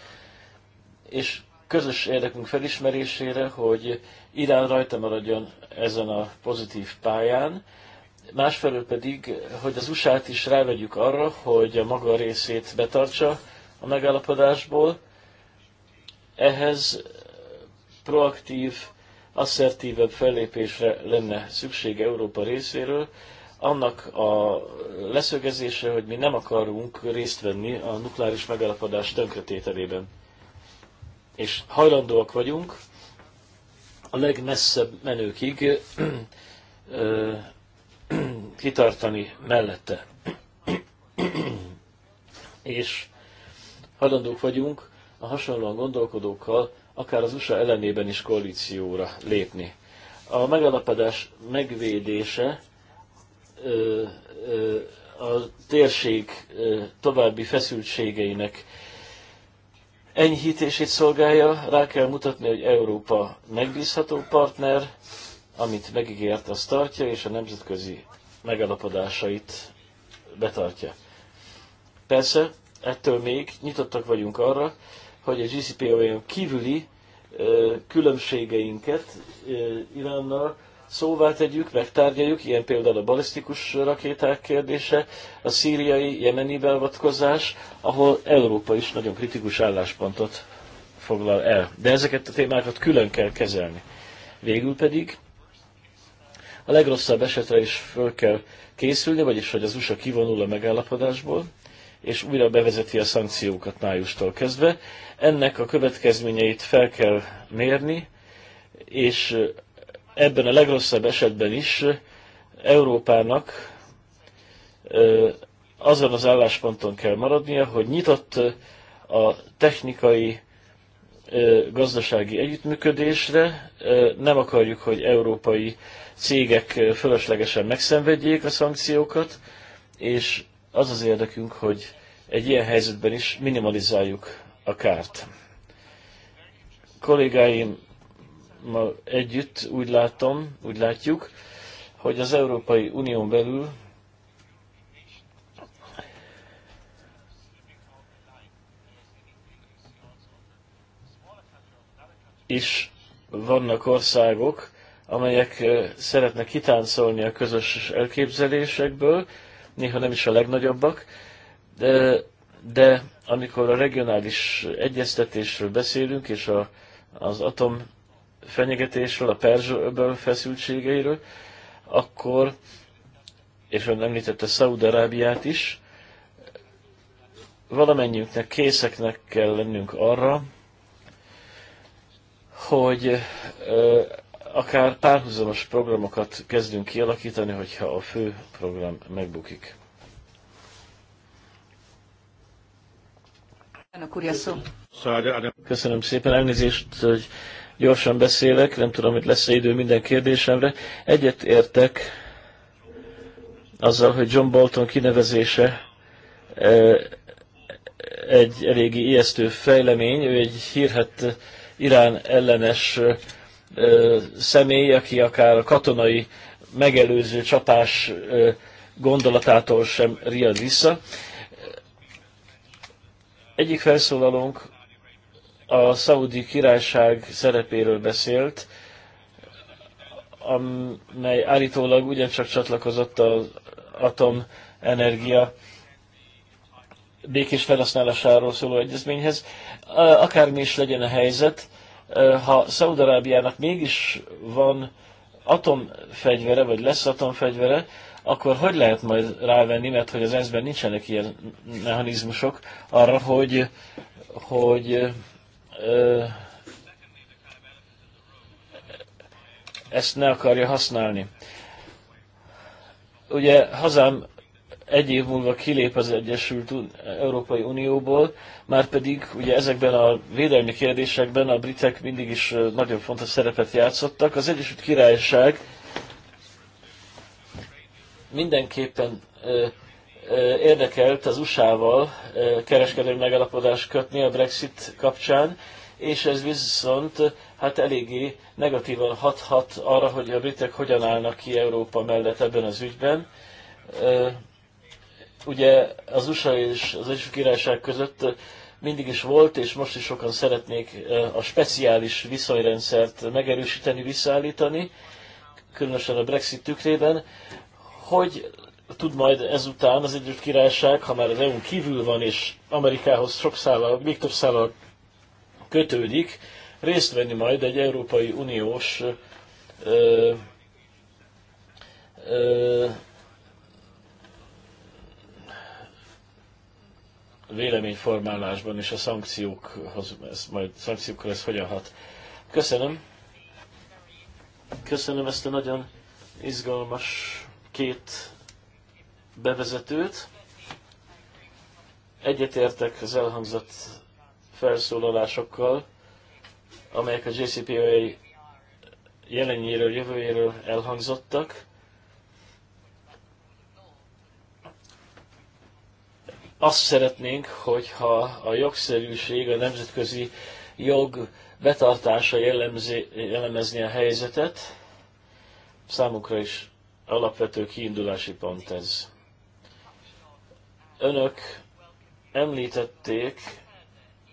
és közös érdekünk felismerésére, hogy Irán rajta maradjon ezen a pozitív pályán, másfelől pedig, hogy az USA-t is rávegyük arra, hogy a maga részét betartsa a megállapodásból. Ehhez proaktív, asszertívebb fellépésre lenne szükség Európa részéről, annak a leszögezése, hogy mi nem akarunk részt venni a nukleáris megállapodás tönkretételében. És hajlandóak vagyunk a legmesszebb menőkig kitartani mellette. És hajlandók vagyunk a hasonlóan gondolkodókkal akár az USA ellenében is koalícióra lépni. A megalapodás megvédése ö, ö, a térség ö, további feszültségeinek enyhítését szolgálja. Rá kell mutatni, hogy Európa megbízható partner, amit megígért, azt tartja, és a nemzetközi megalapodásait betartja. Persze, ettől még nyitottak vagyunk arra, hogy a GCPOA-on kívüli különbségeinket Iránnal szóvá tegyük, megtárgyaljuk, ilyen például a balisztikus rakéták kérdése, a szíriai, jemeni beavatkozás, ahol Európa is nagyon kritikus álláspontot foglal el. De ezeket a témákat külön kell kezelni. Végül pedig a legrosszabb esetre is föl kell készülni, vagyis hogy az USA kivonul a megállapodásból, és újra bevezeti a szankciókat májustól kezdve. Ennek a következményeit fel kell mérni, és ebben a legrosszabb esetben is Európának azon az állásponton kell maradnia, hogy nyitott a technikai gazdasági együttműködésre. Nem akarjuk, hogy európai cégek fölöslegesen megszenvedjék a szankciókat, és az az érdekünk, hogy egy ilyen helyzetben is minimalizáljuk a kárt. ma együtt úgy látom, úgy látjuk, hogy az Európai Unión belül is vannak országok, amelyek eh, szeretnek kitáncolni a közös elképzelésekből, néha nem is a legnagyobbak, de, de amikor a regionális egyeztetésről beszélünk, és a, az atom fenyegetésről, a Perzsőből feszültségeiről, akkor, és ön említette Szaúd-Arábiát is, valamennyiünknek készeknek kell lennünk arra, hogy akár párhuzamos programokat kezdünk kialakítani, hogyha a fő program megbukik. Köszönöm szépen, elnézést, hogy gyorsan beszélek, nem tudom, hogy lesz-e idő minden kérdésemre. Egyet értek azzal, hogy John Bolton kinevezése e, egy eléggé ijesztő fejlemény, ő egy hírhet irán ellenes ö, személy, aki akár katonai megelőző csapás ö, gondolatától sem riad vissza. Egyik felszólalónk a szaudi királyság szerepéről beszélt, amely állítólag ugyancsak csatlakozott az atomenergia békés felhasználásáról szóló egyezményhez. Akármi is legyen a helyzet, ha Szaudarábiának mégis van atomfegyvere, vagy lesz atomfegyvere, akkor hogy lehet majd rávenni, mert hogy az ENSZ-ben nincsenek ilyen mechanizmusok arra, hogy, hogy ö, ezt ne akarja használni. Ugye hazám egy év múlva kilép az Egyesült Európai Unióból, már pedig ugye ezekben a védelmi kérdésekben a britek mindig is nagyon fontos szerepet játszottak. Az Egyesült Királyság mindenképpen ö, ö, érdekelt az USA-val ö, kereskedelmi megalapodást kötni a Brexit kapcsán, és ez viszont hát eléggé negatívan hathat arra, hogy a britek hogyan állnak ki Európa mellett ebben az ügyben. Ugye az USA és az Egyesült Királyság között eh, mindig is volt, és most is sokan szeretnék eh, a speciális viszonyrendszert megerősíteni, visszaállítani, különösen a Brexit tükrében, hogy tud majd ezután az Egyesült Királyság, ha már az EU kívül van, és Amerikához sok szállal, még több szállal kötődik, részt venni majd egy Európai Uniós ö, eh, ö, véleményformálásban és a szankciókhoz, ez majd szankciókkal ez hogyan hat. Köszönöm. Köszönöm ezt a nagyon izgalmas két bevezetőt. Egyetértek az elhangzott felszólalásokkal, amelyek a JCPOA jelenjéről, jövőjéről elhangzottak azt szeretnénk, hogyha a jogszerűség, a nemzetközi jog betartása jellemzi, jellemezni a helyzetet, számunkra is alapvető kiindulási pont ez. Önök említették,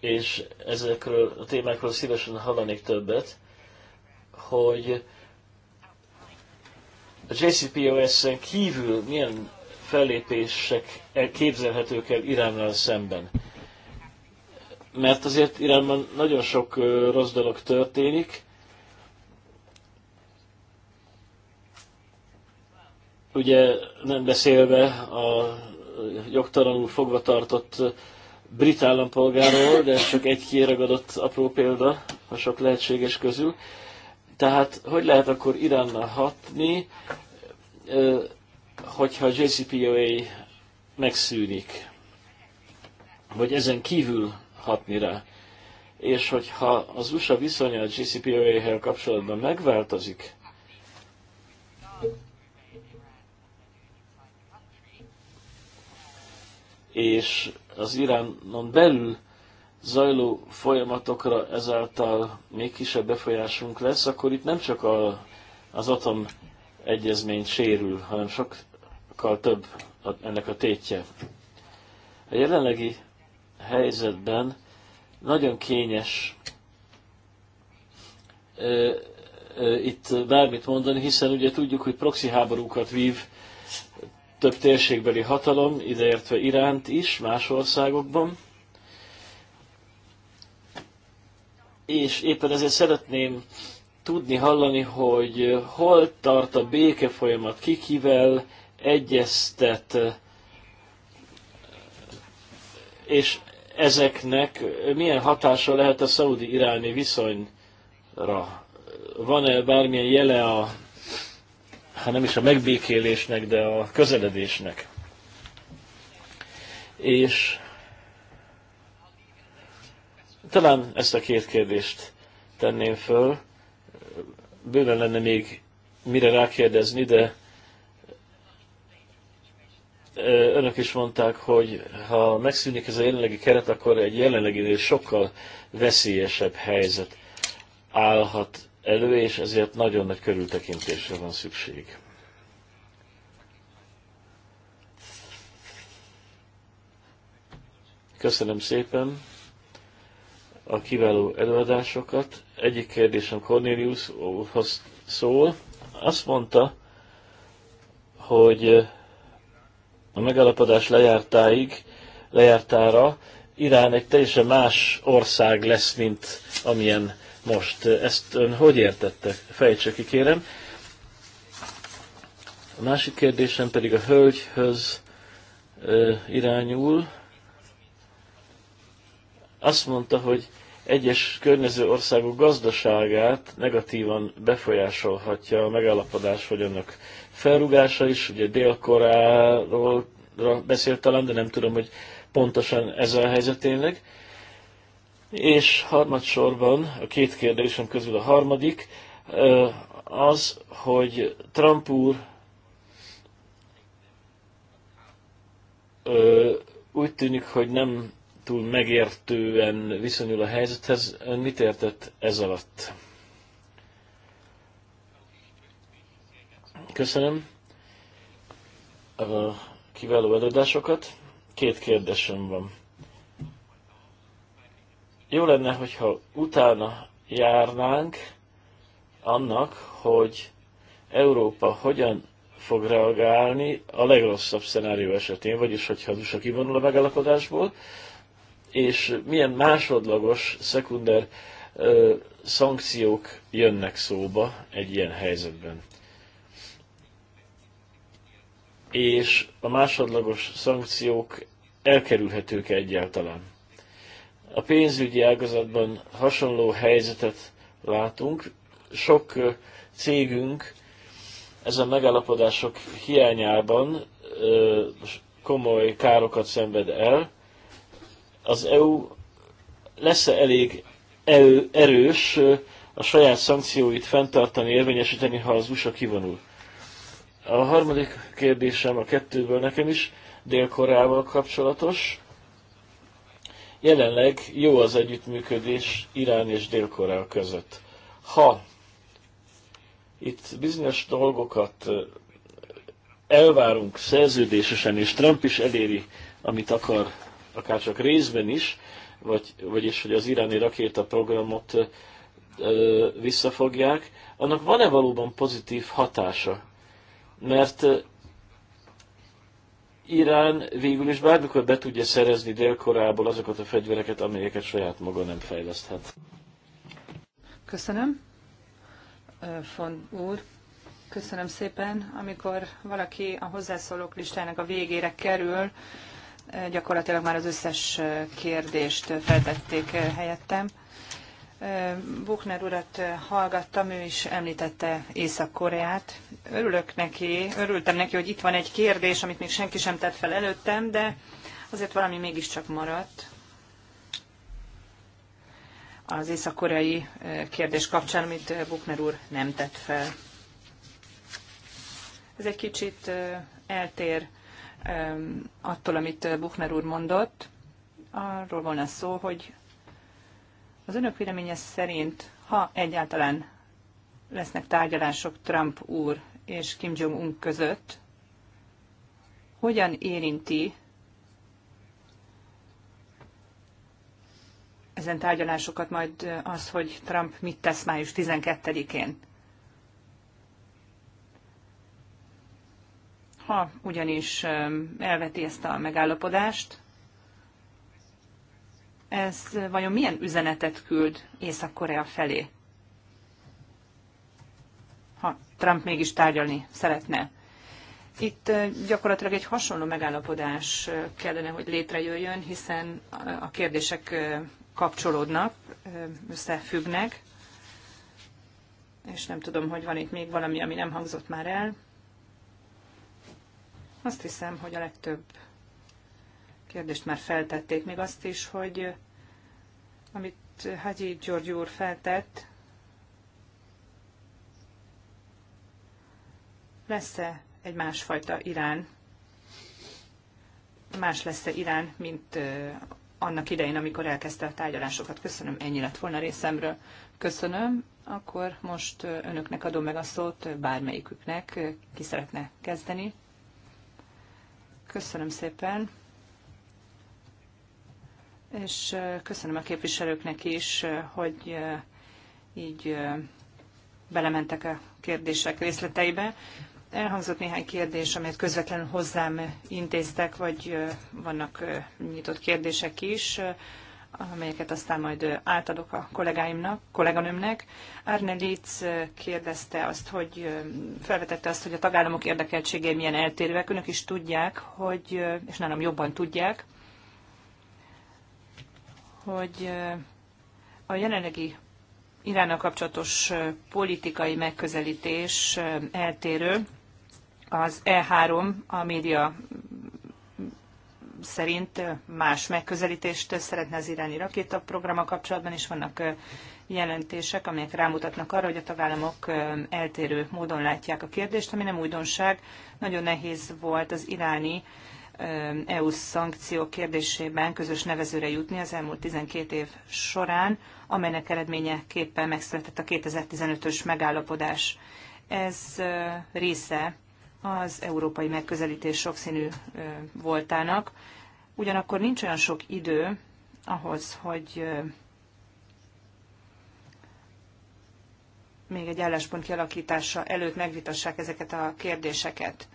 és ezekről a témákról szívesen hallanék többet, hogy a JCPOS-en kívül milyen fellépések e képzelhetők el Iránnal szemben. Mert azért Iránban nagyon sok rossz dolog történik. Ugye nem beszélve a jogtalanul fogvatartott brit állampolgáról, de ez csak egy kiragadott apró példa a sok lehetséges közül. Tehát hogy lehet akkor Iránnal hatni? hogyha a JCPOA megszűnik, vagy ezen kívül hatni rá, és hogyha az USA viszonya a JCPOA-hez kapcsolatban megváltozik, és az Iránon belül zajló folyamatokra ezáltal még kisebb befolyásunk lesz, akkor itt nem csak a, az atom egyezmény sérül, hanem sok sokkal több ennek a tétje. A jelenlegi helyzetben nagyon kényes ö, ö, itt bármit mondani, hiszen ugye tudjuk, hogy proxy háborúkat vív több térségbeli hatalom, ideértve Iránt is, más országokban. És éppen ezért szeretném tudni, hallani, hogy hol tart a béke folyamat, kikivel, kivel, egyeztet, és ezeknek milyen hatása lehet a szaudi-iráni viszonyra? Van-e bármilyen jele a, hát nem is a megbékélésnek, de a közeledésnek? És talán ezt a két kérdést tenném föl. Bőven lenne még mire rákérdezni, de önök is mondták, hogy ha megszűnik ez a jelenlegi keret, akkor egy jelenleginél sokkal veszélyesebb helyzet állhat elő, és ezért nagyon nagy körültekintésre van szükség. Köszönöm szépen a kiváló előadásokat. Egyik kérdésem Corneliushoz szól. Azt mondta, hogy a megállapodás lejártáig, lejártára Irán egy teljesen más ország lesz, mint amilyen most. Ezt ön hogy értette? Fejtse ki, kérem. A másik kérdésem pedig a hölgyhöz irányul. Azt mondta, hogy egyes környező országok gazdaságát negatívan befolyásolhatja a megállapodás, vagy annak felrugása is. Ugye Dél-Koreáról beszélt talán, de nem tudom, hogy pontosan ez a helyzet tényleg. És harmadsorban, a két kérdésem közül a harmadik, az, hogy Trump úr úgy tűnik, hogy nem túl megértően viszonyul a helyzethez. Ön mit értett ez alatt? Köszönöm a kiváló előadásokat. Két kérdésem van. Jó lenne, hogyha utána járnánk annak, hogy Európa hogyan fog reagálni a legrosszabb szenárió esetén, vagyis hogyha az USA kivonul a megállapodásból, és milyen másodlagos, szekunder ö, szankciók jönnek szóba egy ilyen helyzetben. És a másodlagos szankciók elkerülhetők -e egyáltalán. A pénzügyi ágazatban hasonló helyzetet látunk. Sok cégünk ezen megállapodások hiányában ö, komoly károkat szenved el, az EU lesz-e elég erős a saját szankcióit fenntartani, érvényesíteni, ha az USA kivonul? A harmadik kérdésem a kettőből nekem is Dél-Koreával kapcsolatos. Jelenleg jó az együttműködés Irán és Dél-Korea között. Ha itt bizonyos dolgokat elvárunk szerződésesen, és Trump is eléri, amit akar akár csak részben is, vagy, vagyis hogy az iráni rakétaprogramot ö, visszafogják, annak van-e valóban pozitív hatása? Mert Irán végül is bármikor be tudja szerezni délkorából azokat a fegyvereket, amelyeket saját maga nem fejleszthet. Köszönöm. von úr, köszönöm szépen. Amikor valaki a hozzászólók listájának a végére kerül, gyakorlatilag már az összes kérdést feltették helyettem. Buchner urat hallgattam, ő is említette Észak-Koreát. Örülök neki, örültem neki, hogy itt van egy kérdés, amit még senki sem tett fel előttem, de azért valami mégiscsak maradt az észak-koreai kérdés kapcsán, amit Buchner úr nem tett fel. Ez egy kicsit eltér attól, amit eh, Buchner úr mondott. Arról volna szó, hogy az önök véleménye szerint, ha egyáltalán lesznek tárgyalások Trump úr és Kim Jong-un között, hogyan érinti ezen tárgyalásokat majd eh, az, hogy Trump mit tesz május 12-én. Ha ugyanis elveti ezt a megállapodást, ez vajon milyen üzenetet küld Észak-Korea felé? Ha Trump mégis tárgyalni szeretne. Itt gyakorlatilag egy hasonló megállapodás kellene, hogy létrejöjjön, hiszen a kérdések kapcsolódnak, összefüggnek, és nem tudom, hogy van itt még valami, ami nem hangzott már el. Azt hiszem, hogy a legtöbb kérdést már feltették, még azt is, hogy amit Hagyi György úr feltett, lesz-e egy másfajta Irán, más lesz-e Irán, mint annak idején, amikor elkezdte a tárgyalásokat. Köszönöm, ennyi lett volna részemről. Köszönöm. Akkor most önöknek adom meg a szót, bármelyiküknek, ki szeretne kezdeni. Köszönöm szépen, és köszönöm a képviselőknek is, hogy így belementek a kérdések részleteibe. Elhangzott néhány kérdés, amelyet közvetlenül hozzám intéztek, vagy vannak nyitott kérdések is amelyeket aztán majd átadok a kollégáimnak, kolléganőmnek. Arne Litz kérdezte azt, hogy felvetette azt, hogy a tagállamok érdekeltségei milyen eltérőek. Önök is tudják, hogy, és nálam jobban tudják, hogy a jelenlegi Iránnal kapcsolatos politikai megközelítés eltérő. Az E3, a média szerint más megközelítést szeretne az iráni rakétaprogrammal kapcsolatban, és vannak jelentések, amelyek rámutatnak arra, hogy a tagállamok eltérő módon látják a kérdést, ami nem újdonság. Nagyon nehéz volt az iráni EU szankciók kérdésében közös nevezőre jutni az elmúlt 12 év során, amelynek eredményeképpen megszületett a 2015-ös megállapodás. Ez része az európai megközelítés sokszínű voltának. Ugyanakkor nincs olyan sok idő ahhoz, hogy még egy álláspont kialakítása előtt megvitassák ezeket a kérdéseket.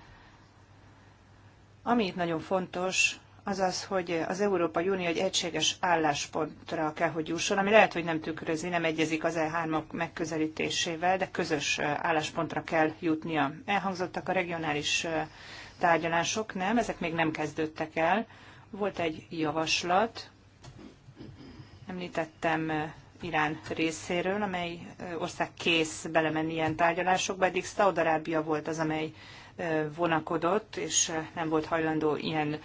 Ami itt nagyon fontos, azaz hogy az Európai Unió egy egységes álláspontra kell, hogy jusson, ami lehet, hogy nem tükrözi, nem egyezik az E3-ok megközelítésével, de közös álláspontra kell jutnia. Elhangzottak a regionális tárgyalások, nem, ezek még nem kezdődtek el. Volt egy javaslat, említettem Irán részéről, amely ország kész belemenni ilyen tárgyalásokba, eddig Szaudarábia volt az, amely vonakodott, és nem volt hajlandó ilyen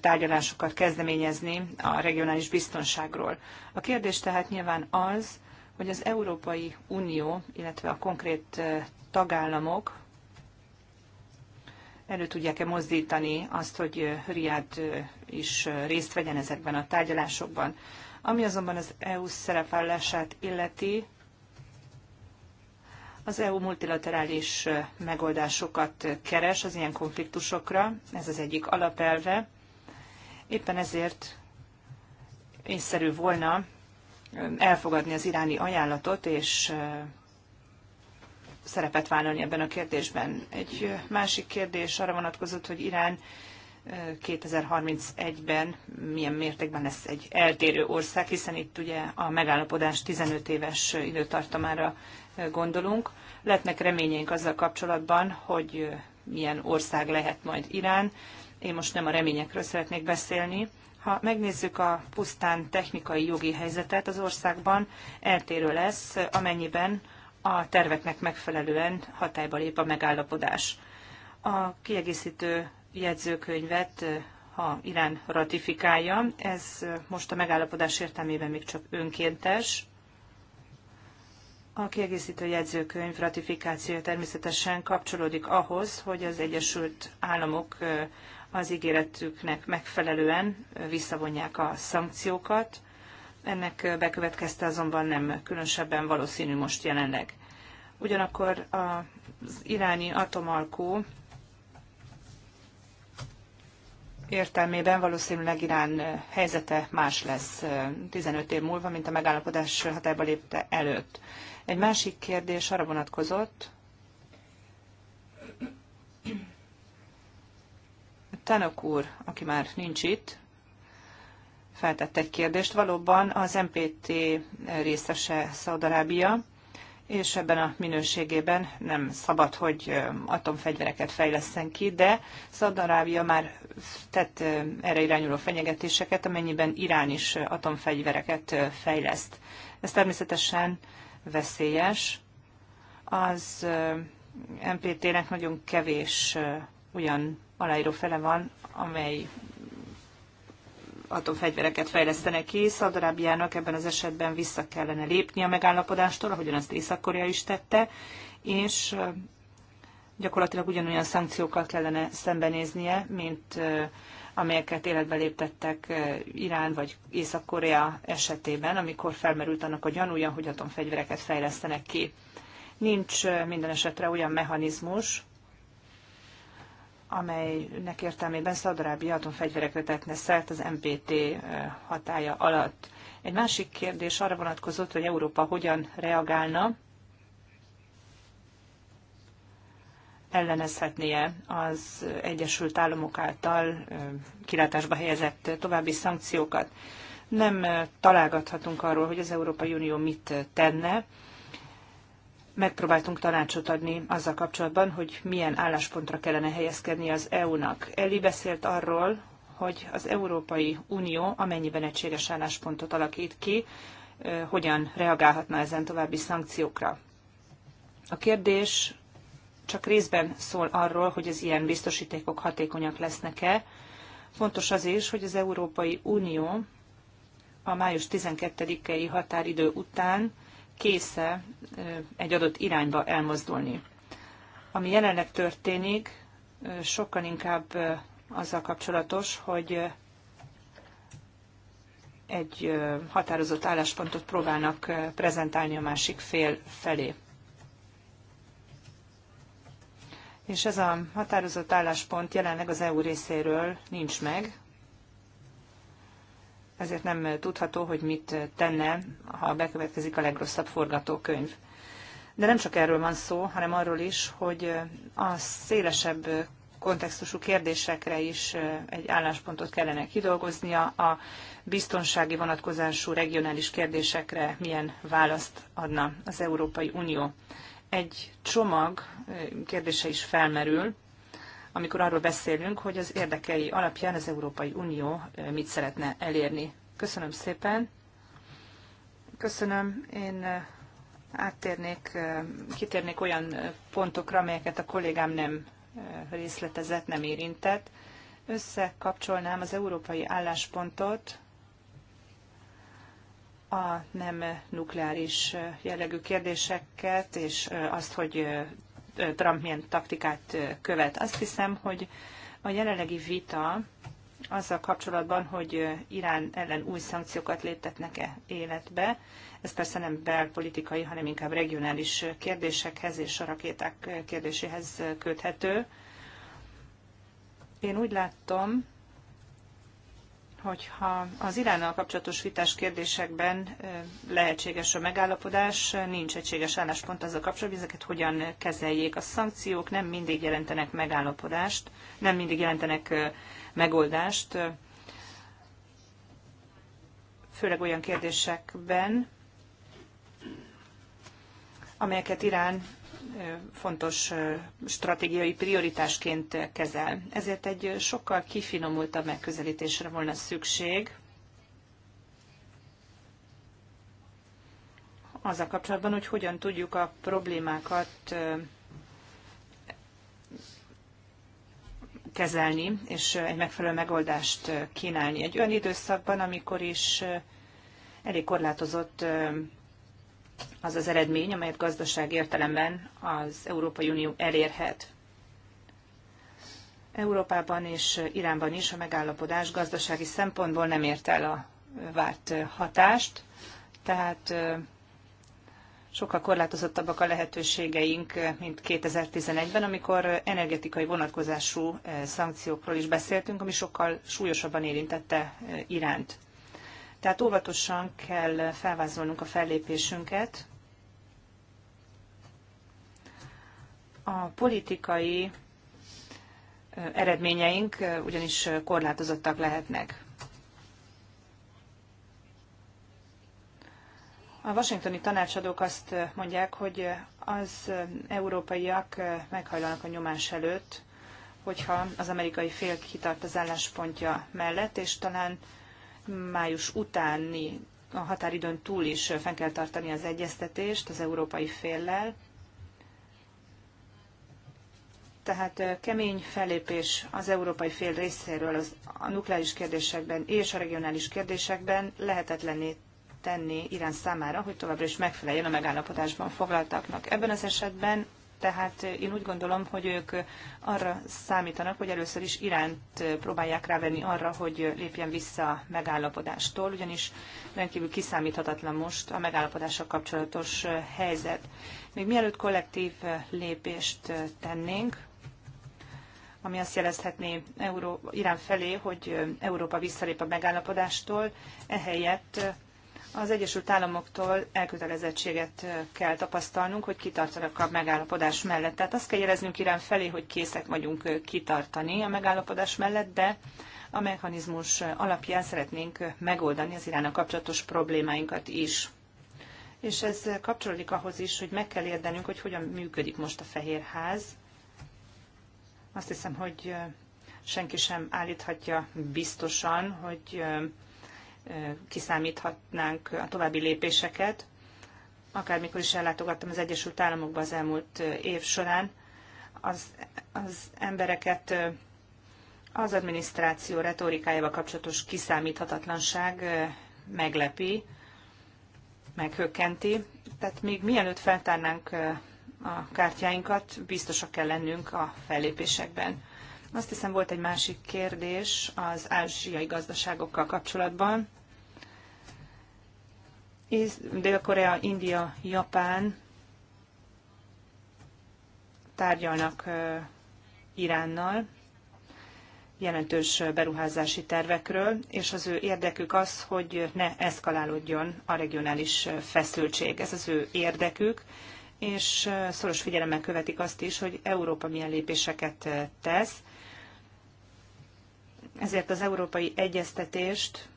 tárgyalásokat kezdeményezni a regionális biztonságról. A kérdés tehát nyilván az, hogy az Európai Unió, illetve a konkrét tagállamok elő tudják-e mozdítani azt, hogy Riad is részt vegyen ezekben a tárgyalásokban. Ami azonban az EU szerepvállását illeti, az EU multilaterális megoldásokat keres az ilyen konfliktusokra, ez az egyik alapelve. Éppen ezért észszerű volna elfogadni az iráni ajánlatot, és szerepet vállalni ebben a kérdésben. Egy másik kérdés arra vonatkozott, hogy Irán 2031-ben milyen mértékben lesz egy eltérő ország, hiszen itt ugye a megállapodás 15 éves időtartamára gondolunk. Lehetnek reményeink azzal kapcsolatban, hogy milyen ország lehet majd Irán. Én most nem a reményekről szeretnék beszélni. Ha megnézzük a pusztán technikai jogi helyzetet az országban, eltérő lesz, amennyiben a terveknek megfelelően hatályba lép a megállapodás. A kiegészítő jegyzőkönyvet, ha Irán ratifikálja. Ez most a megállapodás értelmében még csak önkéntes. A kiegészítő jegyzőkönyv ratifikációja természetesen kapcsolódik ahhoz, hogy az Egyesült Államok az ígéretüknek megfelelően visszavonják a szankciókat. Ennek bekövetkezte azonban nem különösebben valószínű most jelenleg. Ugyanakkor az iráni atomalkó értelmében valószínűleg Irán helyzete más lesz 15 év múlva, mint a megállapodás hatályba lépte előtt. Egy másik kérdés arra vonatkozott, Tanok úr, aki már nincs itt, feltett egy kérdést. Valóban az MPT részese Szaudarábia, és ebben a minőségében nem szabad, hogy atomfegyvereket fejleszten ki, de Szaudarábia már tett erre irányuló fenyegetéseket, amennyiben Irán is atomfegyvereket fejleszt. Ez természetesen veszélyes. Az MPT-nek nagyon kevés olyan aláíró fele van, amely atomfegyvereket fejlesztenek ki. Szaudarábiának ebben az esetben vissza kellene lépni a megállapodástól, ahogyan azt Észak-Korea is tette, és gyakorlatilag ugyanolyan szankciókkal kellene szembenéznie, mint amelyeket életbe léptettek Irán vagy Észak-Korea esetében, amikor felmerült annak a gyanúja, hogy atomfegyvereket fejlesztenek ki. Nincs minden esetre olyan mechanizmus, amelynek értelmében Szaudarábia atomfegyverekre tetne szert az MPT hatája alatt. Egy másik kérdés arra vonatkozott, hogy Európa hogyan reagálna, ellenezhetnie az Egyesült Államok által kilátásba helyezett további szankciókat. Nem találgathatunk arról, hogy az Európai Unió mit tenne, megpróbáltunk tanácsot adni azzal kapcsolatban, hogy milyen álláspontra kellene helyezkedni az EU-nak. Eli beszélt arról, hogy az Európai Unió amennyiben egységes álláspontot alakít ki, hogyan reagálhatna ezen további szankciókra. A kérdés csak részben szól arról, hogy az ilyen biztosítékok hatékonyak lesznek-e. Fontos az is, hogy az Európai Unió a május 12-i határidő után késze egy adott irányba elmozdulni. Ami jelenleg történik, sokkal inkább azzal kapcsolatos, hogy egy határozott álláspontot próbálnak prezentálni a másik fél felé. És ez a határozott álláspont jelenleg az EU részéről nincs meg, ezért nem tudható, hogy mit tenne, ha bekövetkezik a legrosszabb forgatókönyv. De nem csak erről van szó, hanem arról is, hogy a szélesebb kontextusú kérdésekre is egy álláspontot kellene kidolgoznia, a biztonsági vonatkozású regionális kérdésekre milyen választ adna az Európai Unió. Egy csomag kérdése is felmerül, amikor arról beszélünk, hogy az érdekei alapján az Európai Unió mit szeretne elérni. Köszönöm szépen. Köszönöm. Én áttérnék, kitérnék olyan pontokra, amelyeket a kollégám nem részletezett, nem érintett. Összekapcsolnám az európai álláspontot a nem nukleáris jellegű kérdéseket, és azt, hogy Trump milyen taktikát követ. Azt hiszem, hogy a jelenlegi vita azzal kapcsolatban, hogy Irán ellen új szankciókat léptetnek-e életbe. Ez persze nem belpolitikai, hanem inkább regionális kérdésekhez és a rakéták kérdéséhez köthető. Én úgy látom, hogyha az Iránnal kapcsolatos vitás kérdésekben lehetséges a megállapodás, nincs egységes álláspont azzal kapcsolatban, ezeket hogyan kezeljék. A szankciók nem mindig jelentenek megállapodást, nem mindig jelentenek megoldást, főleg olyan kérdésekben, amelyeket Irán fontos stratégiai prioritásként kezel. Ezért egy sokkal kifinomultabb megközelítésre volna szükség, Az a kapcsolatban, hogy hogyan tudjuk a problémákat kezelni, és egy megfelelő megoldást kínálni. Egy olyan időszakban, amikor is elég korlátozott az az eredmény, amelyet gazdaság értelemben az Európai Unió elérhet. Európában és Iránban is a megállapodás gazdasági szempontból nem ért el a várt hatást, tehát sokkal korlátozottabbak a lehetőségeink, mint 2011-ben, amikor energetikai vonatkozású szankciókról is beszéltünk, ami sokkal súlyosabban érintette Iránt. Tehát óvatosan kell felvázolnunk a fellépésünket. A politikai eredményeink ugyanis korlátozottak lehetnek. A washingtoni tanácsadók azt mondják, hogy az európaiak meghajlanak a nyomás előtt, hogyha az amerikai fél kitart az álláspontja mellett, és talán május utáni a határidőn túl is fenn kell tartani az egyeztetést az európai féllel. Tehát kemény felépés az európai fél részéről az, a nukleáris kérdésekben és a regionális kérdésekben lehetetlené tenni Irán számára, hogy továbbra is megfeleljen a megállapodásban foglaltaknak. Ebben az esetben tehát én úgy gondolom, hogy ők arra számítanak, hogy először is Iránt próbálják rávenni arra, hogy lépjen vissza a megállapodástól, ugyanis rendkívül kiszámíthatatlan most a megállapodással kapcsolatos helyzet. Még mielőtt kollektív lépést tennénk, ami azt jelezhetné Euró- Irán felé, hogy Európa visszalép a megállapodástól, ehelyett az Egyesült Államoktól elkötelezettséget kell tapasztalnunk, hogy kitartanak a megállapodás mellett. Tehát azt kell jeleznünk Irán felé, hogy készek vagyunk kitartani a megállapodás mellett, de a mechanizmus alapján szeretnénk megoldani az Iránnal kapcsolatos problémáinkat is. És ez kapcsolódik ahhoz is, hogy meg kell érdenünk, hogy hogyan működik most a fehér ház. Azt hiszem, hogy senki sem állíthatja biztosan, hogy kiszámíthatnánk a további lépéseket. Akármikor is ellátogattam az Egyesült Államokba az elmúlt év során, az, az embereket az adminisztráció retorikájával kapcsolatos kiszámíthatatlanság meglepi, meghökkenti. Tehát még mielőtt feltárnánk a kártyáinkat, biztosak kell lennünk a fellépésekben. Azt hiszem volt egy másik kérdés az ázsiai gazdaságokkal kapcsolatban. Dél-Korea, India, Japán tárgyalnak Iránnal jelentős beruházási tervekről, és az ő érdekük az, hogy ne eszkalálódjon a regionális feszültség. Ez az ő érdekük, és szoros figyelemmel követik azt is, hogy Európa milyen lépéseket tesz, ezért az európai egyeztetést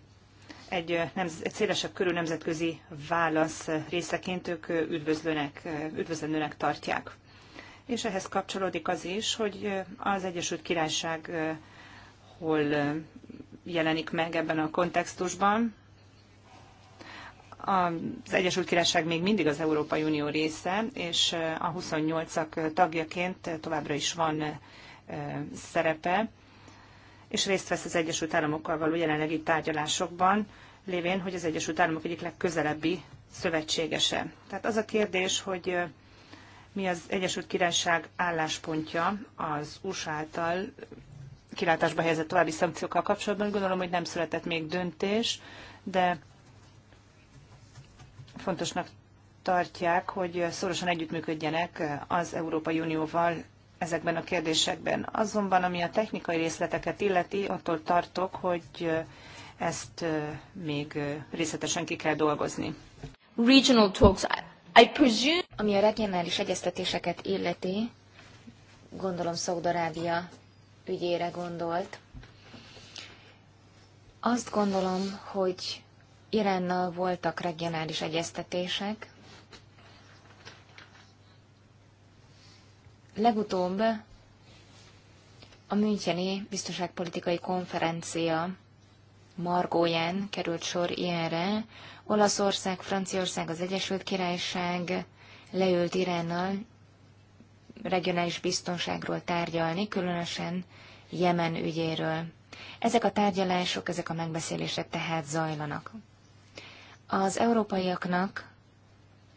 egy, nem, egy szélesebb körű nemzetközi válasz részeként ők üdvözlőnek, tartják. És ehhez kapcsolódik az is, hogy az Egyesült Királyság hol jelenik meg ebben a kontextusban. Az Egyesült Királyság még mindig az Európai Unió része, és a 28-ak tagjaként továbbra is van szerepe és részt vesz az Egyesült Államokkal való jelenlegi tárgyalásokban, lévén, hogy az Egyesült Államok egyik legközelebbi szövetségese. Tehát az a kérdés, hogy mi az Egyesült Királyság álláspontja az USA által kilátásba helyezett további szankciókkal kapcsolatban. Gondolom, hogy nem született még döntés, de fontosnak tartják, hogy szorosan együttműködjenek az Európai Unióval ezekben a kérdésekben. Azonban, ami a technikai részleteket illeti, attól tartok, hogy ezt még részletesen ki kell dolgozni. Regional talks, I presume... Ami a regionális egyeztetéseket illeti, gondolom Szaudarábia ügyére gondolt. Azt gondolom, hogy Iránnal voltak regionális egyeztetések, Legutóbb a Müncheni Biztonságpolitikai Konferencia margóján került sor ilyenre. Olaszország, Franciaország, az Egyesült Királyság leült Iránnal regionális biztonságról tárgyalni, különösen Jemen ügyéről. Ezek a tárgyalások, ezek a megbeszélések tehát zajlanak. Az európaiaknak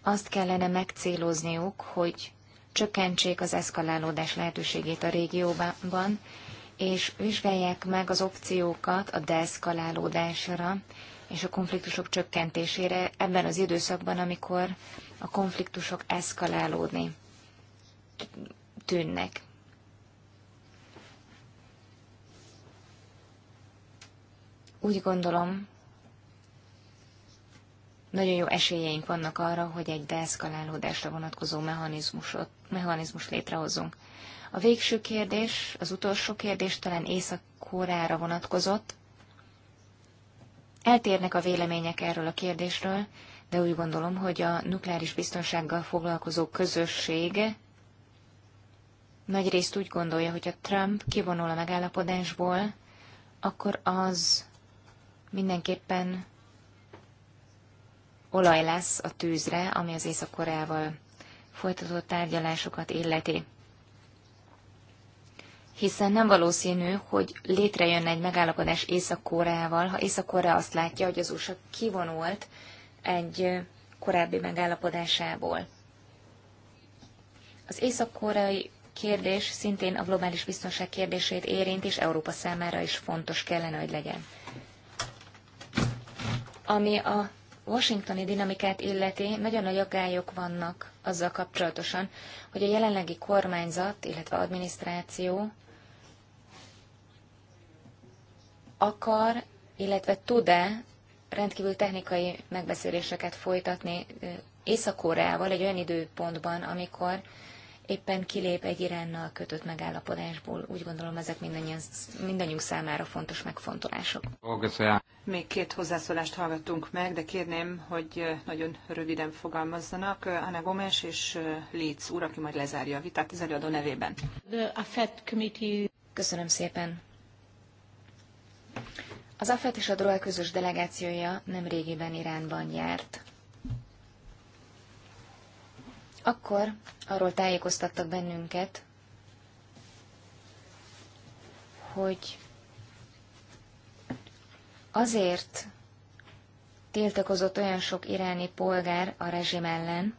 azt kellene megcélozniuk, hogy csökkentsék az eszkalálódás lehetőségét a régióban, és vizsgálják meg az opciókat a deeszkalálódásra és a konfliktusok csökkentésére ebben az időszakban, amikor a konfliktusok eszkalálódni tűnnek. Úgy gondolom, nagyon jó esélyeink vannak arra, hogy egy deeszkalálódásra vonatkozó mechanizmusot, mechanizmus létrehozzunk. A végső kérdés, az utolsó kérdés talán Észak-Kórára vonatkozott. Eltérnek a vélemények erről a kérdésről, de úgy gondolom, hogy a nukleáris biztonsággal foglalkozó közösség nagyrészt úgy gondolja, hogy a Trump kivonul a megállapodásból, akkor az mindenképpen olaj lesz a tűzre, ami az Észak-Koreával folytatott tárgyalásokat illeti. Hiszen nem valószínű, hogy létrejön egy megállapodás Észak-Koreával, ha Észak-Korea azt látja, hogy az USA kivonult egy korábbi megállapodásából. Az észak-koreai kérdés szintén a globális biztonság kérdését érint, és Európa számára is fontos kellene, hogy legyen. Ami a washingtoni dinamikát illeti, nagyon nagy aggályok vannak azzal kapcsolatosan, hogy a jelenlegi kormányzat, illetve adminisztráció akar, illetve tud-e rendkívül technikai megbeszéléseket folytatni Észak-Koreával egy olyan időpontban, amikor éppen kilép egy Iránnal kötött megállapodásból. Úgy gondolom, ezek mindannyian, mindannyiunk számára fontos megfontolások. Még két hozzászólást hallgattunk meg, de kérném, hogy nagyon röviden fogalmazzanak. Anna Gomes és Litz úr, aki majd lezárja a vitát az előadó nevében. Köszönöm szépen. Az AFET és a DROA közös delegációja nem régiben Iránban járt. Akkor arról tájékoztattak bennünket, hogy azért tiltakozott olyan sok iráni polgár a rezsim ellen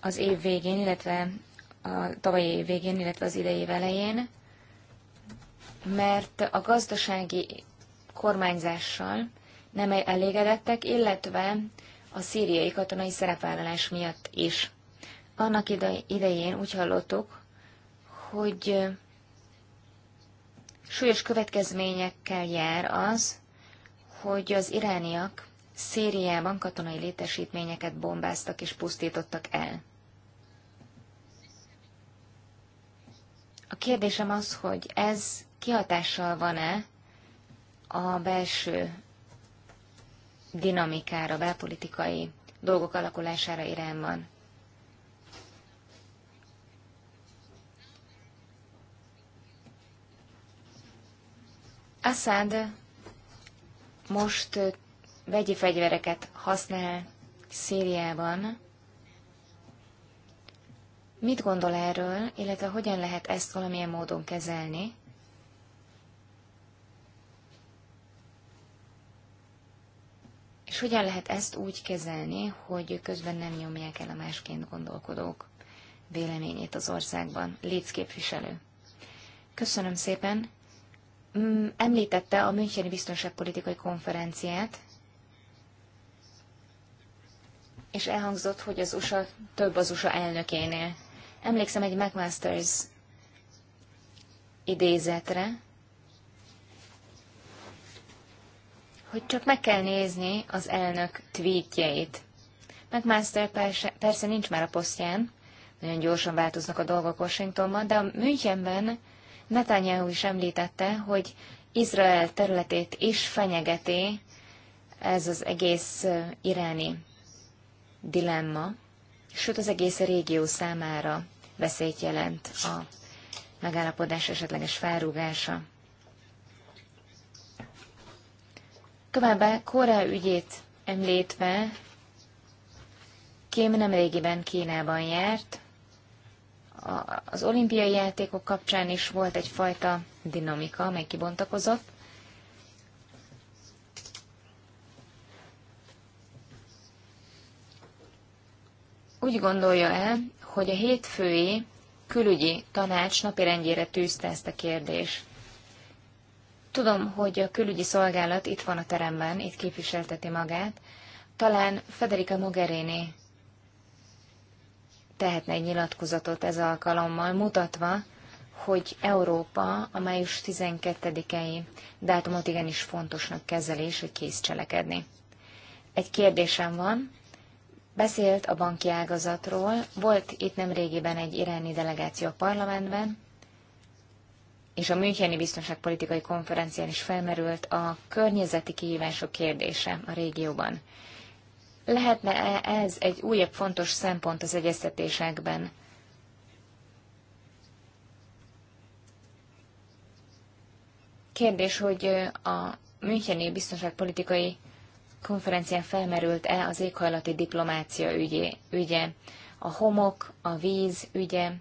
az év végén, illetve a tavalyi év végén, illetve az idei elején, mert a gazdasági kormányzással nem elégedettek, illetve a szíriai katonai szerepvállalás miatt is. Annak idején úgy hallottuk, hogy súlyos következményekkel jár az, hogy az irániak Szíriában katonai létesítményeket bombáztak és pusztítottak el. A kérdésem az, hogy ez kihatással van-e a belső dinamikára, belpolitikai dolgok alakulására Iránban. Assad most vegyi fegyvereket használ Szíriában. Mit gondol erről, illetve hogyan lehet ezt valamilyen módon kezelni? És hogyan lehet ezt úgy kezelni, hogy közben nem nyomják el a másként gondolkodók véleményét az országban? Létszképviselő. Köszönöm szépen. Mm, említette a Müncheni Biztonságpolitikai Konferenciát, és elhangzott, hogy az USA több az USA elnökénél. Emlékszem egy McMasters idézetre, hogy csak meg kell nézni az elnök tweetjeit. McMaster persze, persze nincs már a posztján, nagyon gyorsan változnak a dolgok Washingtonban, de a Münchenben Netanyahu is említette, hogy Izrael területét is fenyegeti ez az egész iráni dilemma, sőt az egész régió számára veszélyt jelent a megállapodás esetleges felrúgása. Továbbá Korea ügyét említve Kém nemrégiben Kínában járt, az olimpiai játékok kapcsán is volt egyfajta dinamika, amely kibontakozott. Úgy gondolja el, hogy a hétfői külügyi tanács napirendjére tűzte ezt a kérdést. Tudom, hogy a külügyi szolgálat itt van a teremben, itt képviselteti magát. Talán Federica Mogherini tehetne egy nyilatkozatot ez alkalommal, mutatva, hogy Európa a május 12-i dátumot igenis fontosnak kezelés, hogy kész cselekedni. Egy kérdésem van. Beszélt a banki ágazatról, volt itt nem régiben egy iráni delegáció a parlamentben, és a Müncheni Biztonságpolitikai Konferencián is felmerült a környezeti kihívások kérdése a régióban. Lehetne -e ez egy újabb fontos szempont az egyeztetésekben? Kérdés, hogy a Müncheni biztonságpolitikai konferencián felmerült-e az éghajlati diplomácia ügye, ügye, a homok, a víz ügye,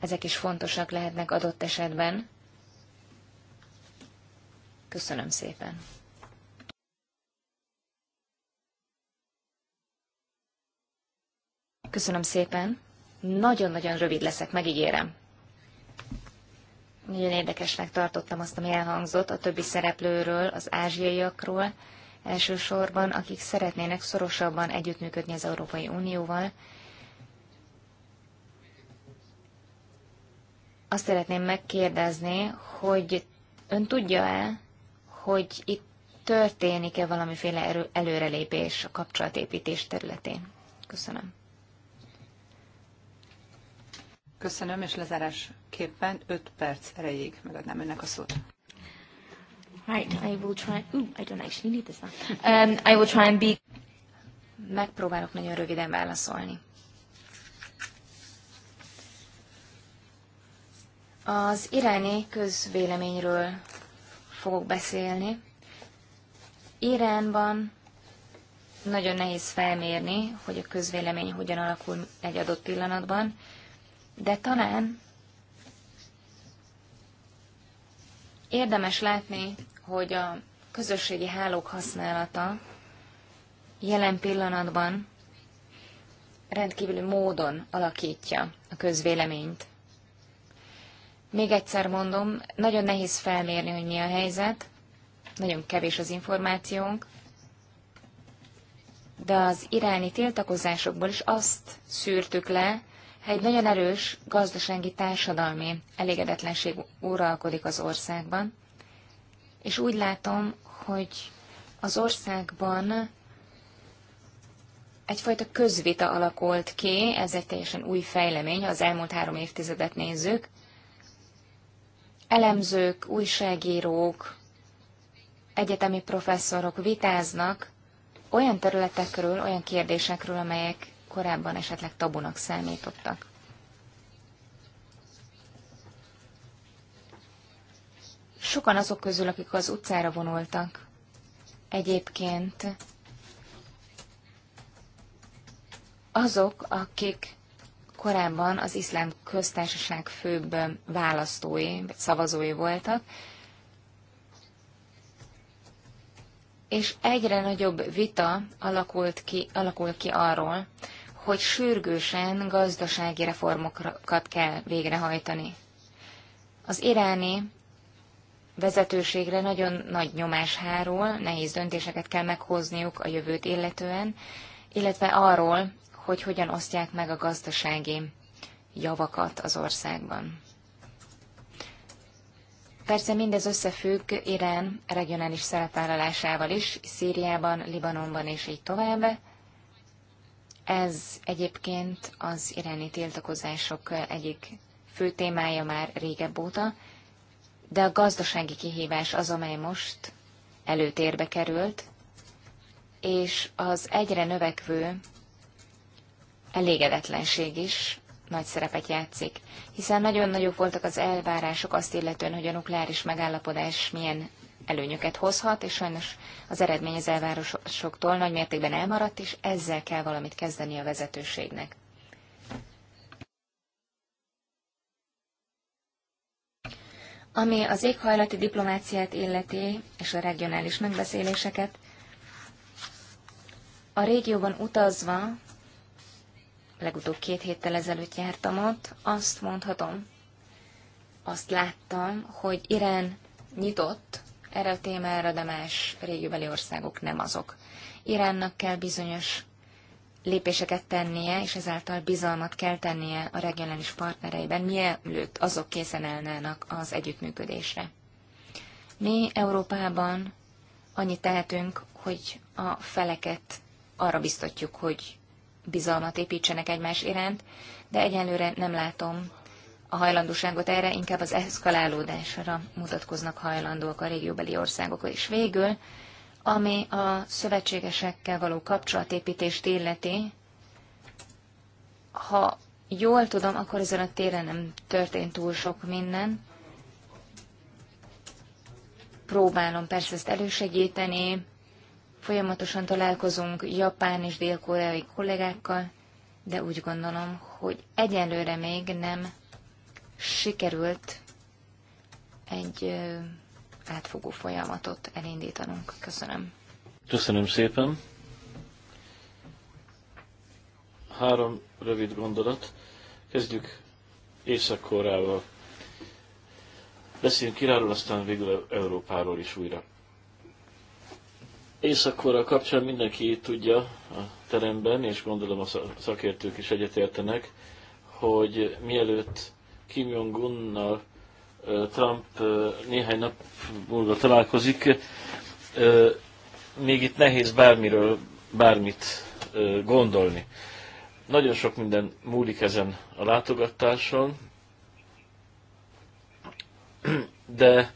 ezek is fontosak lehetnek adott esetben. Köszönöm szépen! Köszönöm szépen. Nagyon-nagyon rövid leszek, megígérem. Nagyon érdekesnek tartottam azt, ami elhangzott a többi szereplőről, az ázsiaiakról, elsősorban, akik szeretnének szorosabban együttműködni az Európai Unióval. Azt szeretném megkérdezni, hogy ön tudja-e, hogy itt történik-e valamiféle erő, előrelépés a kapcsolatépítés területén? Köszönöm. Köszönöm, és lezárásképpen 5 perc erejéig megadnám önnek a szót. Right, I will try. Ooh, I don't actually need this now. Um, I will try and be. Megpróbálok nagyon röviden válaszolni. Az iráni közvéleményről fogok beszélni. Iránban nagyon nehéz felmérni, hogy a közvélemény hogyan alakul egy adott pillanatban de talán érdemes látni, hogy a közösségi hálók használata jelen pillanatban rendkívüli módon alakítja a közvéleményt. Még egyszer mondom, nagyon nehéz felmérni, hogy mi a helyzet, nagyon kevés az információnk, de az iráni tiltakozásokból is azt szűrtük le, egy nagyon erős gazdasági társadalmi elégedetlenség uralkodik az országban, és úgy látom, hogy az országban egyfajta közvita alakult ki, ez egy teljesen új fejlemény, az elmúlt három évtizedet nézzük. Elemzők, újságírók, egyetemi professzorok vitáznak olyan területekről, olyan kérdésekről, amelyek korábban esetleg tabunak számítottak. Sokan azok közül, akik az utcára vonultak, egyébként azok, akik korábban az iszlám köztársaság főbb választói, vagy szavazói voltak, és egyre nagyobb vita alakult ki, alakul ki arról, hogy sürgősen gazdasági reformokat kell végrehajtani. Az iráni vezetőségre nagyon nagy nyomás hárul, nehéz döntéseket kell meghozniuk a jövőt illetően, illetve arról, hogy hogyan osztják meg a gazdasági javakat az országban. Persze mindez összefügg Irán regionális szerepvállalásával is, Szíriában, Libanonban és így tovább. Ez egyébként az iráni tiltakozások egyik fő témája már régebb óta, de a gazdasági kihívás az, amely most előtérbe került, és az egyre növekvő elégedetlenség is nagy szerepet játszik, hiszen nagyon nagyok voltak az elvárások azt illetően, hogy a nukleáris megállapodás milyen előnyöket hozhat, és sajnos az eredmény az elvárosoktól nagy mértékben elmaradt, és ezzel kell valamit kezdeni a vezetőségnek. Ami az éghajlati diplomáciát illeti, és a regionális megbeszéléseket, a régióban utazva, legutóbb két héttel ezelőtt jártam ott, azt mondhatom, azt láttam, hogy Irán nyitott erre a témára, de más régióbeli országok nem azok. Iránnak kell bizonyos lépéseket tennie, és ezáltal bizalmat kell tennie a regionális partnereiben, mielőtt azok készen állnának az együttműködésre. Mi Európában annyit tehetünk, hogy a feleket arra biztatjuk, hogy bizalmat építsenek egymás iránt, de egyelőre nem látom, a hajlandóságot erre, inkább az eszkalálódásra mutatkoznak hajlandóak a régióbeli országok. És végül, ami a szövetségesekkel való kapcsolatépítést illeti, ha jól tudom, akkor ezen a téren nem történt túl sok minden. Próbálom persze ezt elősegíteni, folyamatosan találkozunk japán és dél-koreai kollégákkal, de úgy gondolom, hogy egyenlőre még nem sikerült egy átfogó folyamatot elindítanunk. Köszönöm. Köszönöm szépen. Három rövid gondolat. Kezdjük Észak-Koreával. Beszéljünk Iránról, aztán végül Európáról is újra. Észak-Korea kapcsán mindenki tudja a teremben, és gondolom a szakértők is egyetértenek, hogy mielőtt Kim Jong-unnal Trump néhány nap múlva találkozik, még itt nehéz bármiről bármit gondolni. Nagyon sok minden múlik ezen a látogatáson, de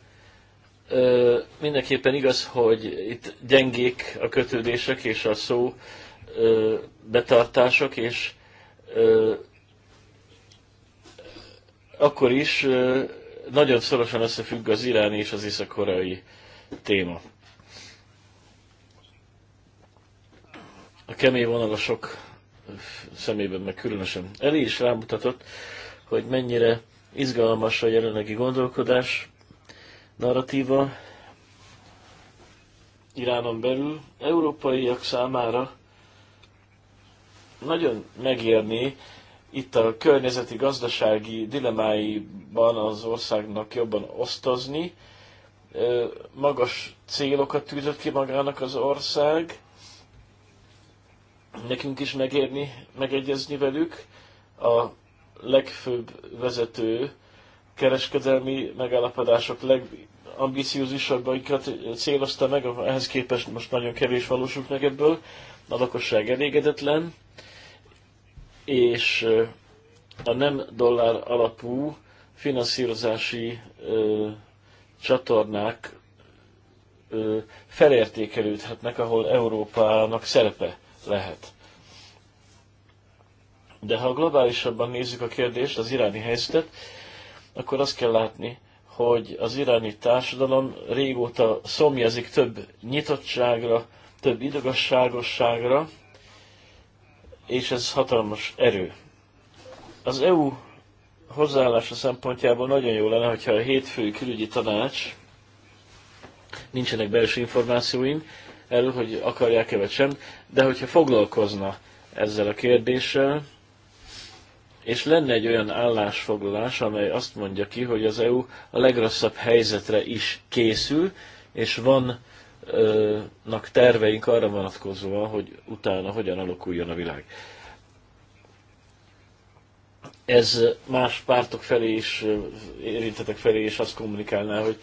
mindenképpen igaz, hogy itt gyengék a kötődések és a szó betartások, és akkor is nagyon szorosan összefügg az iráni és az észak-koreai téma. A kemény vonalasok szemében meg különösen. Eli is rámutatott, hogy mennyire izgalmas a jelenlegi gondolkodás, narratíva Iránon belül. Európaiak számára nagyon megérni itt a környezeti gazdasági dilemáiban az országnak jobban osztozni. Magas célokat tűzött ki magának az ország, nekünk is megérni, megegyezni velük. A legfőbb vezető kereskedelmi megállapodások legambiciózusabbakat célozta meg, ehhez képest most nagyon kevés valósult meg ebből, a lakosság elégedetlen és a nem dollár alapú finanszírozási ö, csatornák ö, felértékelődhetnek, ahol Európának szerepe lehet. De ha globálisabban nézzük a kérdést, az iráni helyzetet, akkor azt kell látni, hogy az iráni társadalom régóta szomjazik több nyitottságra, több idegasságosságra, és ez hatalmas erő. Az EU hozzáállása szempontjából nagyon jó lenne, hogyha a hétfői külügyi tanács, nincsenek belső információim erről, hogy akarják-e vagy sem, de hogyha foglalkozna ezzel a kérdéssel, és lenne egy olyan állásfoglalás, amely azt mondja ki, hogy az EU a legrosszabb helyzetre is készül, és van nak terveink arra vonatkozóan, hogy utána hogyan alakuljon a világ. Ez más pártok felé is, érintetek felé is azt kommunikálná, hogy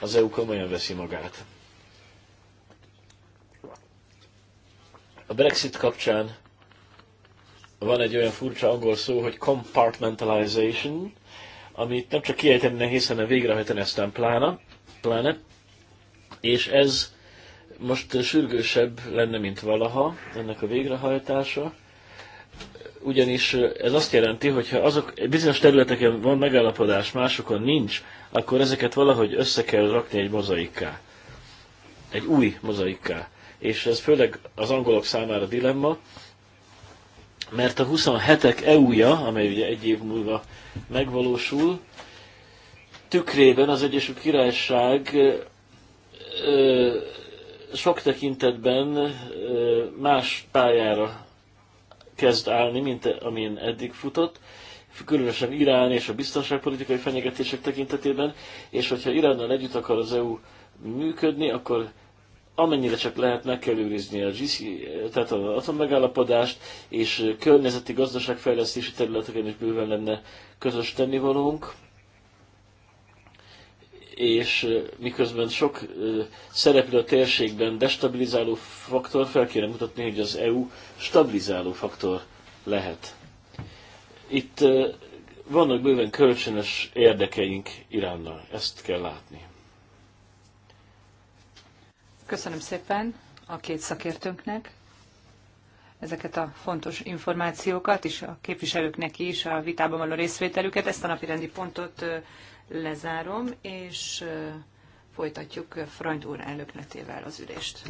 az EU komolyan veszi magát. A Brexit kapcsán van egy olyan furcsa angol szó, hogy compartmentalization, amit nem csak kiejteni nehéz, hanem végrehajtani aztán plána, pláne, és ez most sürgősebb lenne, mint valaha ennek a végrehajtása, ugyanis ez azt jelenti, hogy ha azok bizonyos területeken van megállapodás, másokon nincs, akkor ezeket valahogy össze kell rakni egy mozaikká. Egy új mozaikká. És ez főleg az angolok számára dilemma, mert a 27-ek EU-ja, amely ugye egy év múlva megvalósul, tükrében az Egyesült Királyság ö, sok tekintetben más pályára kezd állni, mint amilyen eddig futott, különösen Irán és a biztonságpolitikai fenyegetések tekintetében, és hogyha Iránnal együtt akar az EU működni, akkor amennyire csak lehet meg kell őrizni a GC, tehát az atommegállapodást, és környezeti gazdaságfejlesztési területeken is bőven lenne közös tennivalónk és miközben sok szereplő a térségben destabilizáló faktor, fel kéne mutatni, hogy az EU stabilizáló faktor lehet. Itt vannak bőven kölcsönös érdekeink Iránnal, ezt kell látni. Köszönöm szépen a két szakértőnknek ezeket a fontos információkat, és a képviselőknek is a vitában való részvételüket. Ezt a napi rendi pontot lezárom, és folytatjuk Freund úr elnökletével az ülést.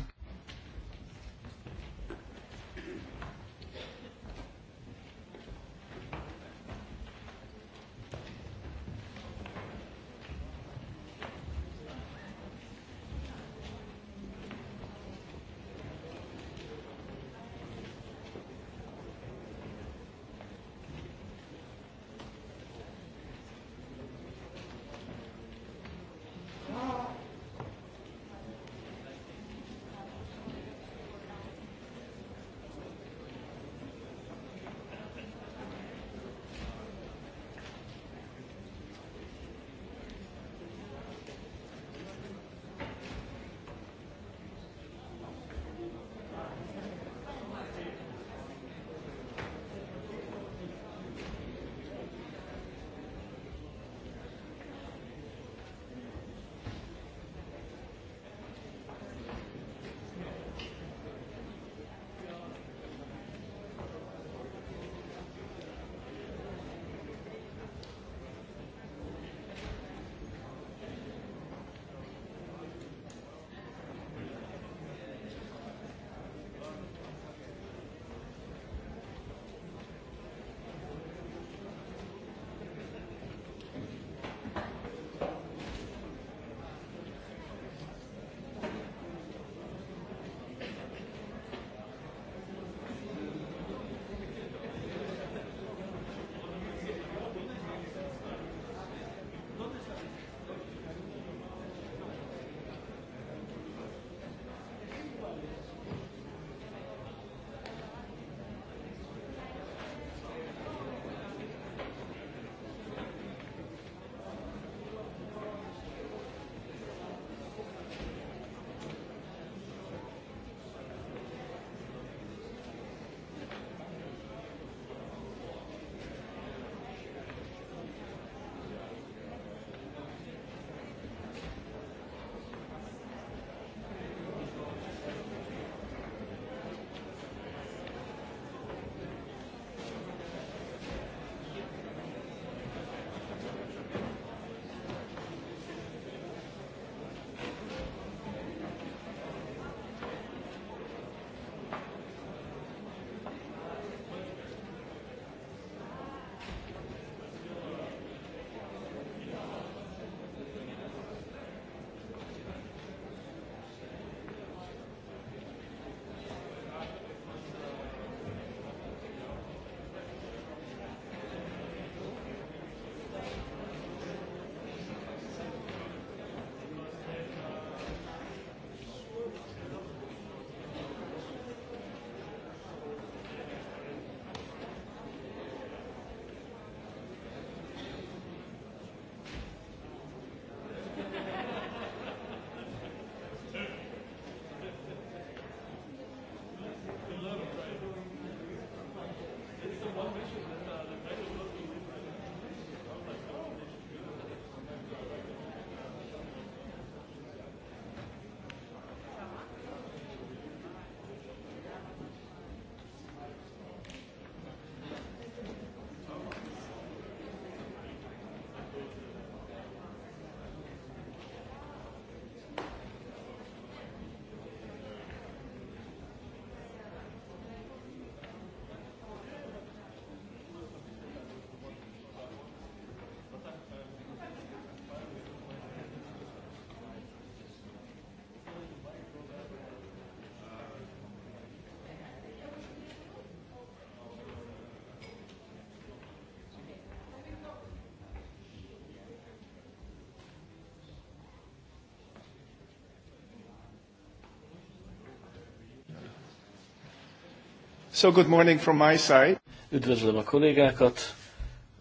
So good morning from my side. Üdvözlöm a kollégákat.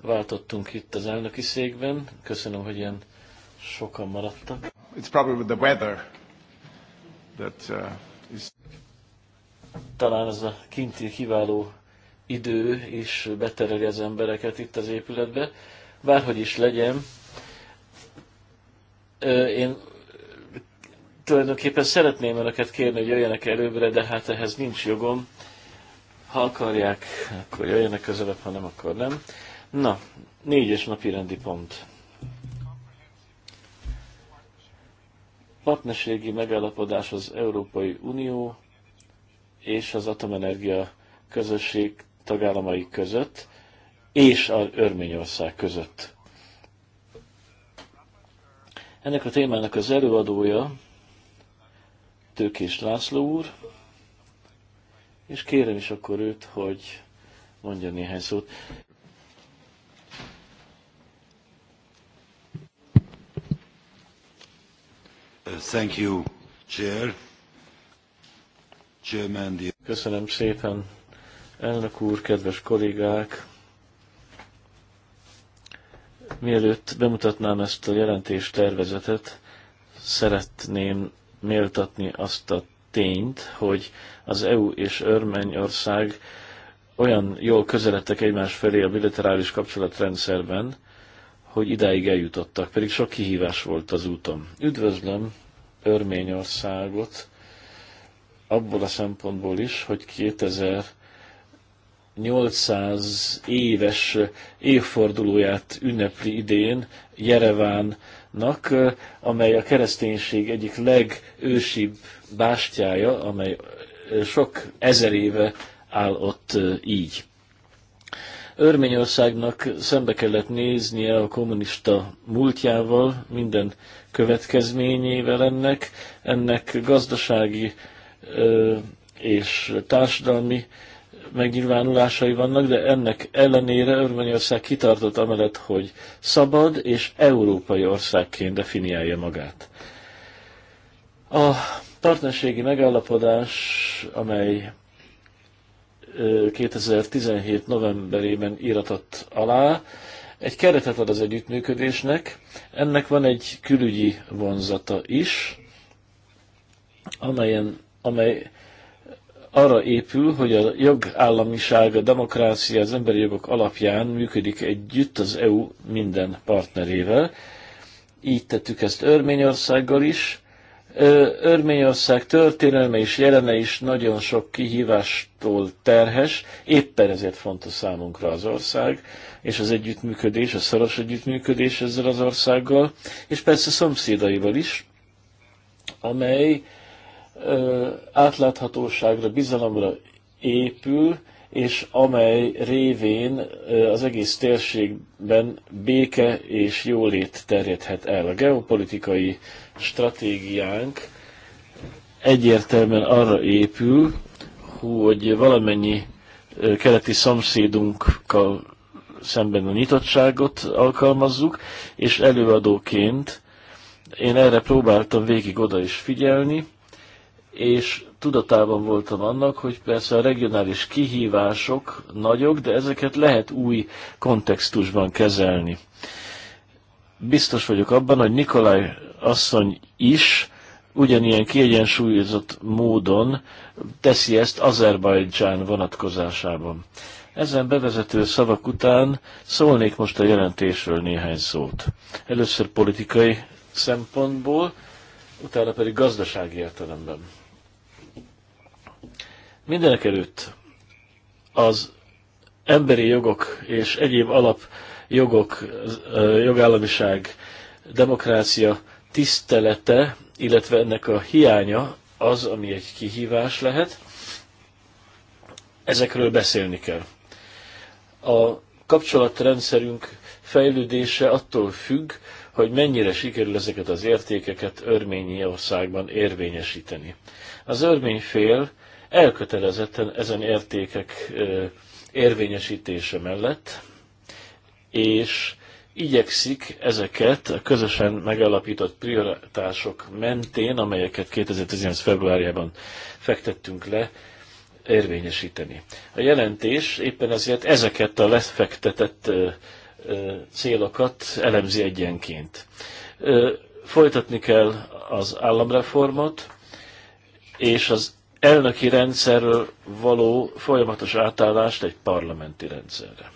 Váltottunk itt az elnöki székben. Köszönöm, hogy ilyen sokan maradtak. It's probably the weather that uh, is... Talán ez a kinti kiváló idő is betereli az embereket itt az épületbe. Bárhogy is legyen, én tulajdonképpen szeretném önöket kérni, hogy jöjjenek előbbre, de hát ehhez nincs jogom ha akarják, akkor jöjjenek közelebb, ha nem, akkor nem. Na, négyes napi rendi pont. Partnerségi megállapodás az Európai Unió és az Atomenergia Közösség tagállamai között és az Örményország között. Ennek a témának az előadója Tőkés László úr, és kérem is akkor őt, hogy mondja néhány szót. Thank you, Chair. Chairman. Köszönöm szépen, elnök úr, kedves kollégák! Mielőtt bemutatnám ezt a jelentéstervezetet, szeretném méltatni azt a tényt, hogy az EU és Örményország olyan jól közeledtek egymás felé a bilaterális kapcsolatrendszerben, hogy idáig eljutottak, pedig sok kihívás volt az úton. Üdvözlöm Örményországot abból a szempontból is, hogy 2800 éves évfordulóját ünnepli idén Jereván nak, amely a kereszténység egyik legősibb bástyája, amely sok ezer éve áll ott így. Örményországnak szembe kellett néznie a kommunista múltjával, minden következményével ennek, ennek gazdasági és társadalmi megnyilvánulásai vannak, de ennek ellenére Örményország kitartott amellett, hogy szabad és európai országként definiálja magát. A partnerségi megállapodás, amely 2017. novemberében íratott alá, egy keretet ad az együttműködésnek, ennek van egy külügyi vonzata is, amelyen, amely arra épül, hogy a jogállamiság, a demokrácia, az emberi jogok alapján működik együtt az EU minden partnerével. Így tettük ezt Örményországgal is. Örményország történelme és jelene is nagyon sok kihívástól terhes, éppen ezért fontos számunkra az ország, és az együttműködés, a szoros együttműködés ezzel az országgal, és persze szomszédaival is, amely átláthatóságra, bizalomra épül, és amely révén az egész térségben béke és jólét terjedhet el. A geopolitikai stratégiánk egyértelműen arra épül, hogy valamennyi keleti szomszédunkkal szemben a nyitottságot alkalmazzuk, és előadóként én erre próbáltam végig oda is figyelni, és tudatában voltam annak, hogy persze a regionális kihívások nagyok, de ezeket lehet új kontextusban kezelni. Biztos vagyok abban, hogy Nikolaj asszony is ugyanilyen kiegyensúlyozott módon teszi ezt Azerbajdzsán vonatkozásában. Ezen bevezető szavak után szólnék most a jelentésről néhány szót. Először politikai szempontból, utána pedig gazdasági értelemben. Mindenek előtt az emberi jogok és egyéb alap jogok jogállamiság, demokrácia tisztelete, illetve ennek a hiánya az, ami egy kihívás lehet. Ezekről beszélni kell. A kapcsolatrendszerünk fejlődése attól függ, hogy mennyire sikerül ezeket az értékeket országban érvényesíteni. Az örmény fél elkötelezetten ezen értékek érvényesítése mellett, és igyekszik ezeket a közösen megalapított prioritások mentén, amelyeket 2019. februárjában fektettünk le, érvényesíteni. A jelentés éppen ezért ezeket a lefektetett célokat elemzi egyenként. Folytatni kell az államreformot, és az elnöki rendszerről való folyamatos átállást egy parlamenti rendszerre.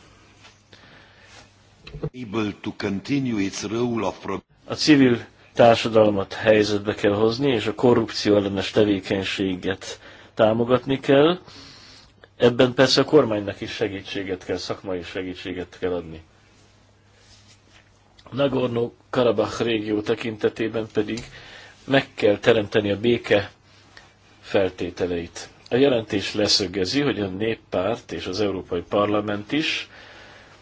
A civil társadalmat helyzetbe kell hozni, és a korrupció ellenes tevékenységet támogatni kell. Ebben persze a kormánynak is segítséget kell, szakmai segítséget kell adni. Nagorno-Karabakh régió tekintetében pedig meg kell teremteni a béke feltételeit. A jelentés leszögezi, hogy a néppárt és az Európai Parlament is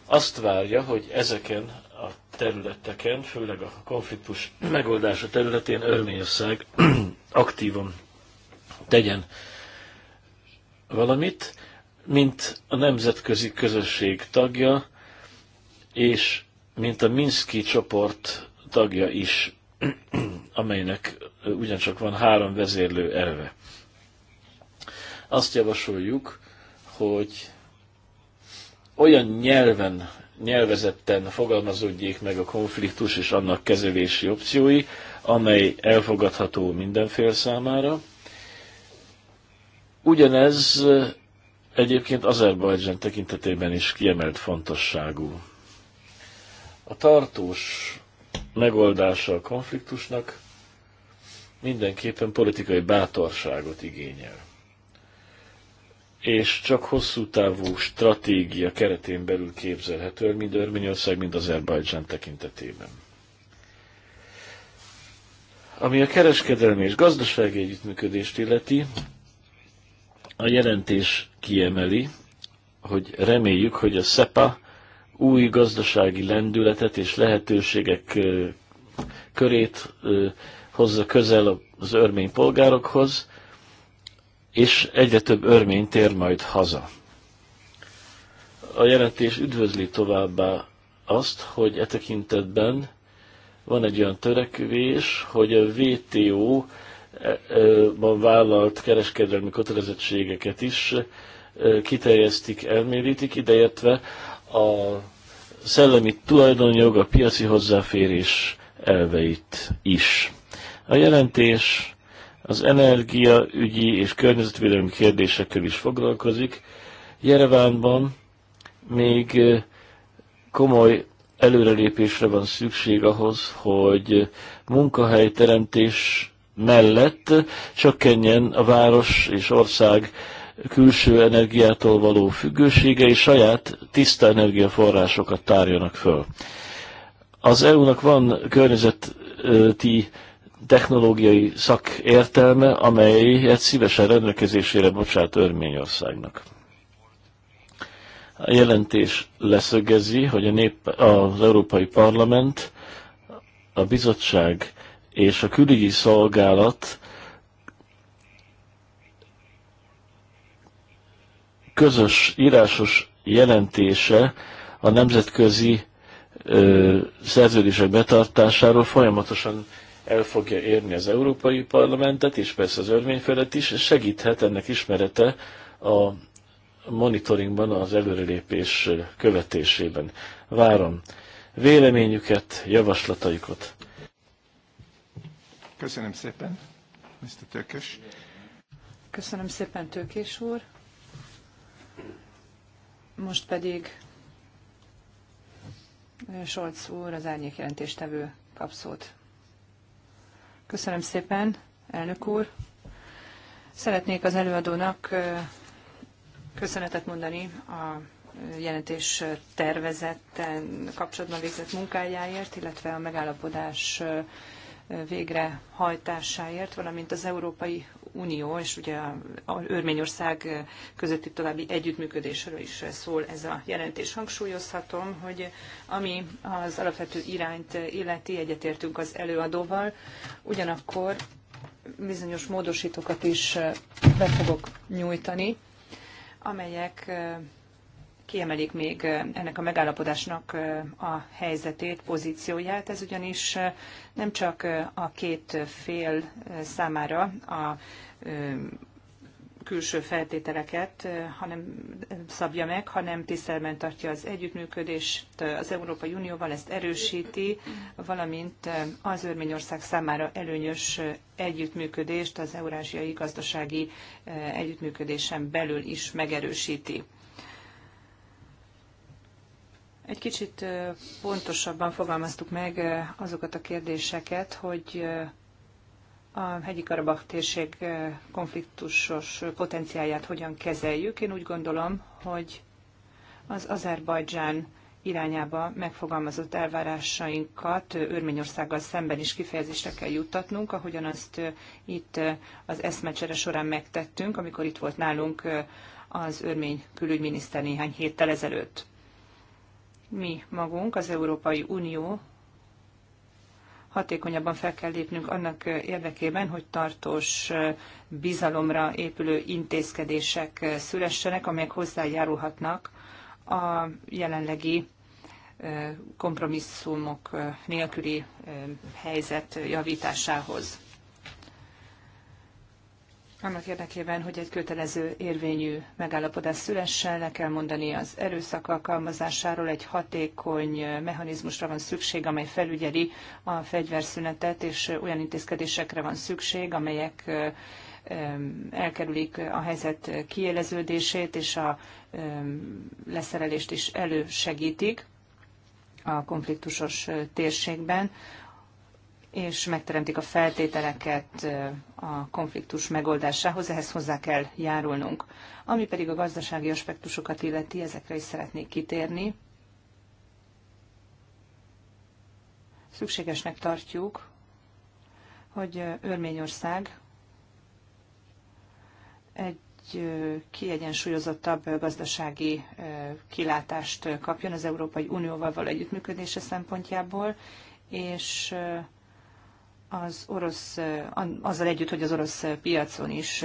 azt várja, hogy ezeken a területeken, főleg a konfliktus megoldása területén Örményország aktívan tegyen valamit, mint a nemzetközi közösség tagja, és mint a Minszki csoport tagja is, amelynek ugyancsak van három vezérlő erve. Azt javasoljuk, hogy olyan nyelven, nyelvezetten fogalmazódjék meg a konfliktus és annak kezelési opciói, amely elfogadható mindenfél számára. Ugyanez egyébként Azerbajdzsán tekintetében is kiemelt fontosságú. A tartós megoldása a konfliktusnak mindenképpen politikai bátorságot igényel. És csak hosszú távú stratégia keretén belül képzelhető el, mind Örményország, mind Azerbajdzsán tekintetében. Ami a kereskedelmi és gazdasági együttműködést illeti, a jelentés kiemeli, hogy reméljük, hogy a SEPA új gazdasági lendületet és lehetőségek körét hozza közel az örmény polgárokhoz, és egyre több örmény tér majd haza. A jelentés üdvözli továbbá azt, hogy e tekintetben van egy olyan törekvés, hogy a WTO-ban e, e, vállalt kereskedelmi kötelezettségeket is e, kiterjesztik, elmérítik, ideértve a szellemi tulajdonjog, a piaci hozzáférés elveit is. A jelentés az energiaügyi és környezetvédelmi kérdésekkel is foglalkozik. Jerevánban még komoly előrelépésre van szükség ahhoz, hogy munkahelyteremtés mellett csökkenjen a város és ország külső energiától való függősége, és saját tiszta energiaforrásokat tárjanak föl. Az EU-nak van környezeti technológiai szakértelme, amelyet szívesen rendelkezésére bocsát Örményországnak. A jelentés leszögezi, hogy a nép, az Európai Parlament, a bizottság és a külügyi szolgálat közös írásos jelentése a nemzetközi ö, szerződések betartásáról folyamatosan el fogja érni az Európai Parlamentet, és persze az örvényfelet is, és segíthet ennek ismerete a monitoringban, az előrelépés követésében. Várom véleményüket, javaslataikat. Köszönöm szépen, Mr. Tökös. Köszönöm szépen, Tökés úr. Most pedig Solc úr, az árnyék jelentéstevő kap szót. Köszönöm szépen, elnök úr. Szeretnék az előadónak köszönetet mondani a jelentés tervezetten kapcsolatban végzett munkájáért, illetve a megállapodás végrehajtásáért, valamint az Európai Unió és ugye az Örményország közötti további együttműködésről is szól ez a jelentés. Hangsúlyozhatom, hogy ami az alapvető irányt illeti, egyetértünk az előadóval, ugyanakkor bizonyos módosítókat is be fogok nyújtani, amelyek kiemelik még ennek a megállapodásnak a helyzetét, pozícióját. Ez ugyanis nem csak a két fél számára a külső feltételeket hanem szabja meg, hanem tisztelben tartja az együttműködést az Európai Unióval, ezt erősíti, valamint az Örményország számára előnyös együttműködést az eurázsiai gazdasági együttműködésen belül is megerősíti. Egy kicsit pontosabban fogalmaztuk meg azokat a kérdéseket, hogy a hegyi Karabakh térség konfliktusos potenciáját hogyan kezeljük. Én úgy gondolom, hogy az Azerbajdzsán irányába megfogalmazott elvárásainkat Örményországgal szemben is kifejezésre kell juttatnunk, ahogyan azt itt az eszmecsere során megtettünk, amikor itt volt nálunk az örmény külügyminiszter néhány héttel ezelőtt mi magunk, az Európai Unió hatékonyabban fel kell lépnünk annak érdekében, hogy tartós bizalomra épülő intézkedések szülessenek, amelyek hozzájárulhatnak a jelenlegi kompromisszumok nélküli helyzet javításához annak érdekében, hogy egy kötelező érvényű megállapodás szülessen, le kell mondani az erőszak alkalmazásáról, egy hatékony mechanizmusra van szükség, amely felügyeli a fegyverszünetet, és olyan intézkedésekre van szükség, amelyek elkerülik a helyzet kiéleződését, és a leszerelést is elősegítik a konfliktusos térségben és megteremtik a feltételeket a konfliktus megoldásához, ehhez hozzá kell járulnunk. Ami pedig a gazdasági aspektusokat illeti, ezekre is szeretnék kitérni. Szükségesnek tartjuk, hogy Örményország egy kiegyensúlyozottabb gazdasági kilátást kapjon az Európai Unióval való együttműködése szempontjából, és az orosz, azzal együtt, hogy az orosz piacon is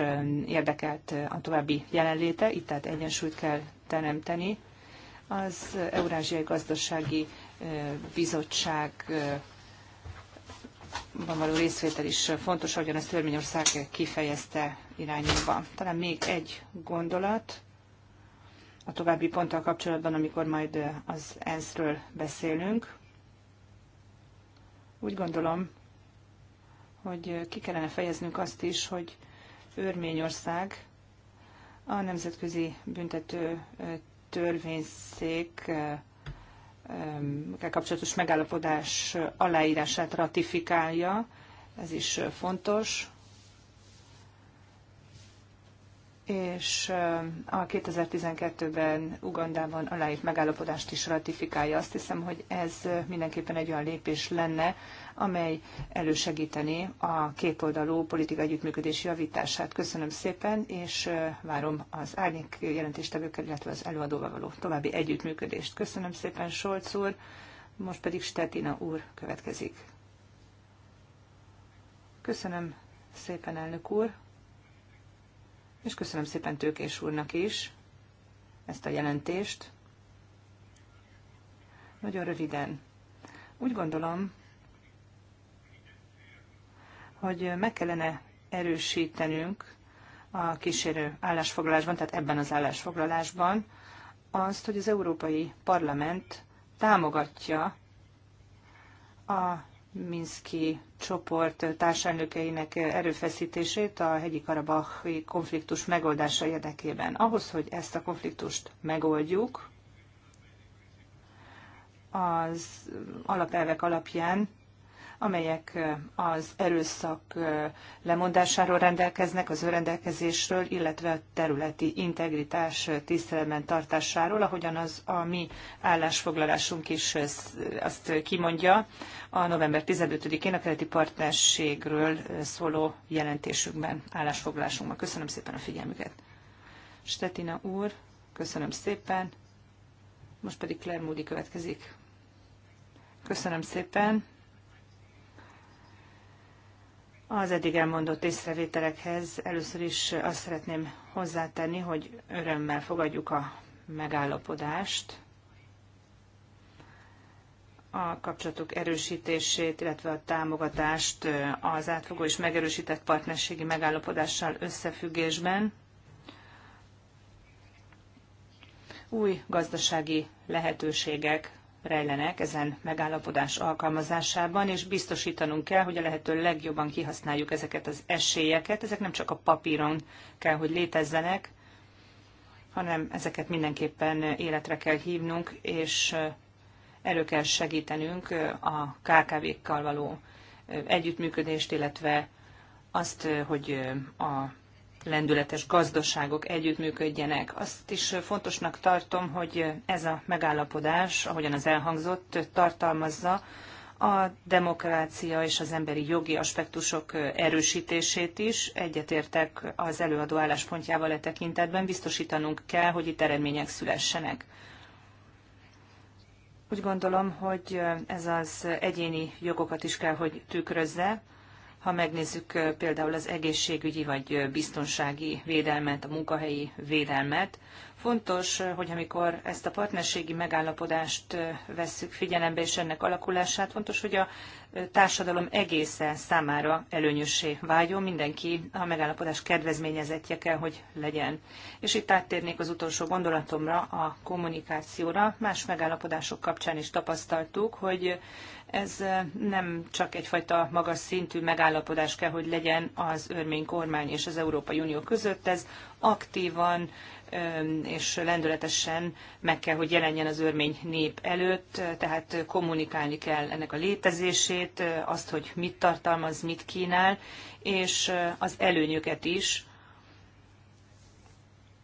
érdekelt a további jelenléte, itt tehát egyensúlyt kell teremteni. Az Eurázsiai Gazdasági Bizottság van való részvétel is fontos, ahogyan ezt Törvényország kifejezte irányunkba. Talán még egy gondolat a további ponttal kapcsolatban, amikor majd az ENSZ-ről beszélünk. Úgy gondolom, hogy ki kellene fejeznünk azt is, hogy Örményország a Nemzetközi Büntető Törvényszék kapcsolatos megállapodás aláírását ratifikálja. Ez is fontos. És a 2012-ben Ugandában aláírt megállapodást is ratifikálja. Azt hiszem, hogy ez mindenképpen egy olyan lépés lenne, amely elősegítené a kétoldalú politikai együttműködés javítását. Köszönöm szépen, és várom az árnyék jelentéstevőkkel, illetve az előadóval való további együttműködést. Köszönöm szépen, Solc úr, most pedig Stetina úr következik. Köszönöm szépen, elnök úr, és köszönöm szépen Tőkés úrnak is ezt a jelentést. Nagyon röviden. Úgy gondolom, hogy meg kellene erősítenünk a kísérő állásfoglalásban, tehát ebben az állásfoglalásban, azt, hogy az Európai Parlament támogatja a Minszki csoport társelnökeinek erőfeszítését a hegyi karabahi konfliktus megoldása érdekében. Ahhoz, hogy ezt a konfliktust megoldjuk, az alapelvek alapján amelyek az erőszak lemondásáról rendelkeznek, az önrendelkezésről, illetve a területi integritás tiszteletben tartásáról, ahogyan az a mi állásfoglalásunk is azt kimondja a november 15-én a keleti partnerségről szóló jelentésünkben, állásfoglalásunkban. Köszönöm szépen a figyelmüket. Stetina úr, köszönöm szépen. Most pedig Claire Moody következik. Köszönöm szépen. Az eddig elmondott észrevételekhez először is azt szeretném hozzátenni, hogy örömmel fogadjuk a megállapodást, a kapcsolatok erősítését, illetve a támogatást az átfogó és megerősített partnerségi megállapodással összefüggésben. Új gazdasági lehetőségek rejlenek ezen megállapodás alkalmazásában, és biztosítanunk kell, hogy a lehető legjobban kihasználjuk ezeket az esélyeket. Ezek nem csak a papíron kell, hogy létezzenek, hanem ezeket mindenképpen életre kell hívnunk, és elő kell segítenünk a KKV-kkal való együttműködést, illetve azt, hogy a lendületes gazdaságok együttműködjenek. Azt is fontosnak tartom, hogy ez a megállapodás, ahogyan az elhangzott, tartalmazza a demokrácia és az emberi jogi aspektusok erősítését is. Egyetértek az előadó álláspontjával e tekintetben, biztosítanunk kell, hogy itt eredmények szülessenek. Úgy gondolom, hogy ez az egyéni jogokat is kell, hogy tükrözze, ha megnézzük például az egészségügyi vagy biztonsági védelmet, a munkahelyi védelmet, Fontos, eh, hogy amikor ezt a partnerségi megállapodást eh, vesszük figyelembe és ennek alakulását, fontos, hogy a eh, társadalom egésze számára előnyössé váljon, mindenki a megállapodás kedvezményezettje kell, hogy legyen. És itt áttérnék az utolsó gondolatomra, a kommunikációra. Más megállapodások kapcsán is tapasztaltuk, hogy ez nem csak egyfajta magas szintű megállapodás kell, hogy legyen az örmény kormány és az Európai Unió között, ez aktívan és lendületesen meg kell, hogy jelenjen az örmény nép előtt, tehát kommunikálni kell ennek a létezését, azt, hogy mit tartalmaz, mit kínál, és az előnyöket is,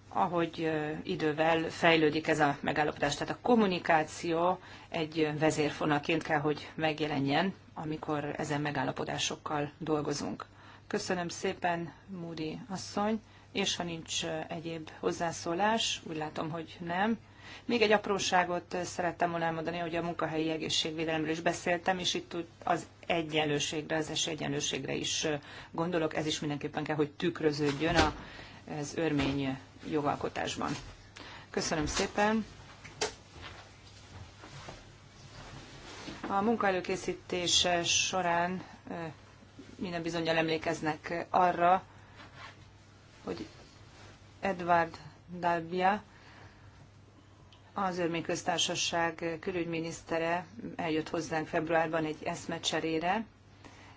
ahogy idővel fejlődik ez a megállapodás. Tehát a kommunikáció egy vezérfonaként kell, hogy megjelenjen, amikor ezen megállapodásokkal dolgozunk. Köszönöm szépen, Múdi asszony! és ha nincs egyéb hozzászólás, úgy látom, hogy nem. Még egy apróságot szerettem volna elmondani, hogy a munkahelyi egészségvédelemről is beszéltem, és itt az egyenlőségre, az esélyegyenlőségre is gondolok. Ez is mindenképpen kell, hogy tükröződjön az örmény jogalkotásban. Köszönöm szépen! A munkaelőkészítés során minden bizonyal emlékeznek arra, hogy Edward Dalbia, az Örmény Köztársaság külügyminisztere eljött hozzánk februárban egy eszmecserére,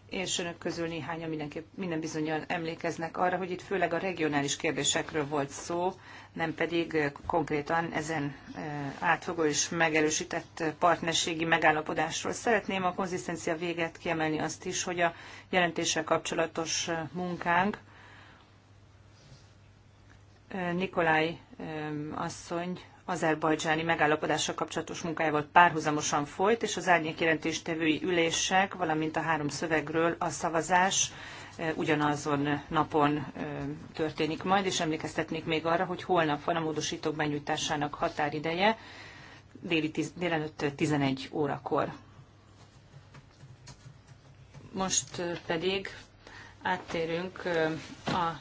és önök közül néhányan mindenki minden bizonyan emlékeznek arra, hogy itt főleg a regionális kérdésekről volt szó, nem pedig konkrétan ezen e, átfogó és megerősített partnerségi megállapodásról. Szeretném a konzisztencia véget kiemelni azt is, hogy a jelentéssel kapcsolatos munkánk Nikolaj asszony azerbajdzsáni megállapodással kapcsolatos munkájával párhuzamosan folyt, és az árnyékjelentéstevői ülések, valamint a három szövegről a szavazás e, ugyanazon napon e, történik majd, és emlékeztetnék még arra, hogy holnap van a módosítók benyújtásának határideje, déli tiz, délelőtt 11 órakor. Most e, pedig áttérünk a